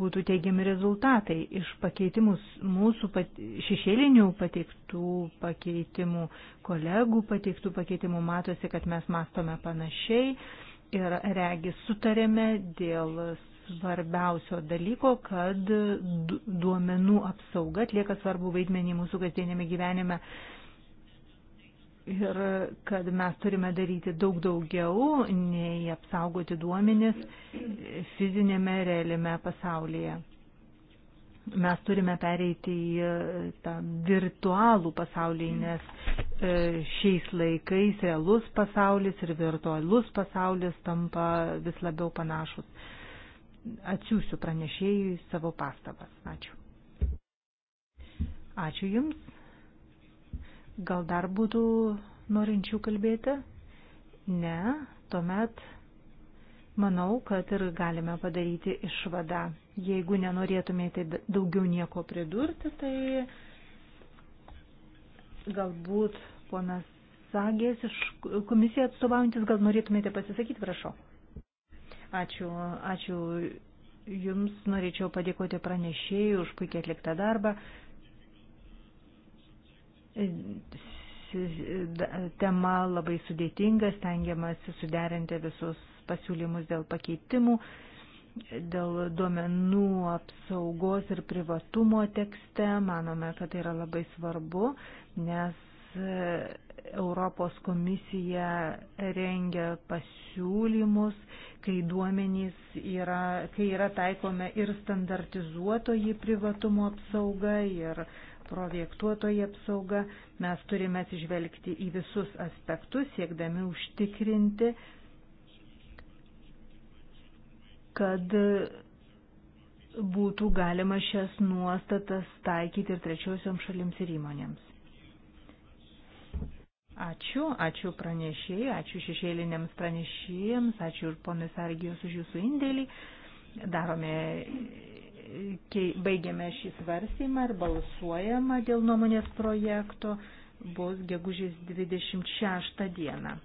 S3: būtų teigiami rezultatai iš pakeitimų mūsų šešėlinių pateiktų pakeitimų, kolegų pateiktų pakeitimų matosi, kad mes mastome panašiai ir regis sutarėme dėl svarbiausio dalyko, kad duomenų apsauga atlieka svarbu vaidmenį mūsų kasdienėme gyvenime ir kad mes turime daryti daug daugiau, nei apsaugoti duomenis fizinėme realime pasaulyje. Mes turime pereiti į e, tą virtualų pasaulį, nes e, šiais laikais realus pasaulis ir virtualus pasaulis tampa vis labiau panašus. Atsiųsiu pranešėjui savo pastabas. Ačiū. Ačiū Jums. Gal dar būtų norinčių kalbėti? Ne, tuomet manau, kad ir galime padaryti išvadą. Jeigu nenorėtumėte daugiau nieko pridurti, tai galbūt ponas Sagės iš komisiją atstovaujantis, gal norėtumėte pasisakyti, prašau. Ačiū, ačiū Jums norėčiau padėkoti pranešėjai už puikiai atliktą darbą tema labai sudėtinga, stengiamasi suderinti visus pasiūlymus dėl pakeitimų, dėl duomenų apsaugos ir privatumo tekste. Manome, kad tai yra labai svarbu, nes e, Europos komisija rengia pasiūlymus, kai duomenys yra, kai yra taikome ir standartizuotoji privatumo apsauga, ir uh, projektuotojai apsauga, mes turime atsižvelgti į visus aspektus, siekdami užtikrinti, kad būtų galima šias nuostatas taikyti ir trečiosiam šalims ir įmonėms. Ačiū, ačiū pranešėjai, ačiū šešėliniams pranešėjams, ačiū ir pomis Argijos už jūsų indėlį. Darome baigiame šį svarstymą ir balsuojama dėl nuomonės projekto bus gegužės 26 dieną.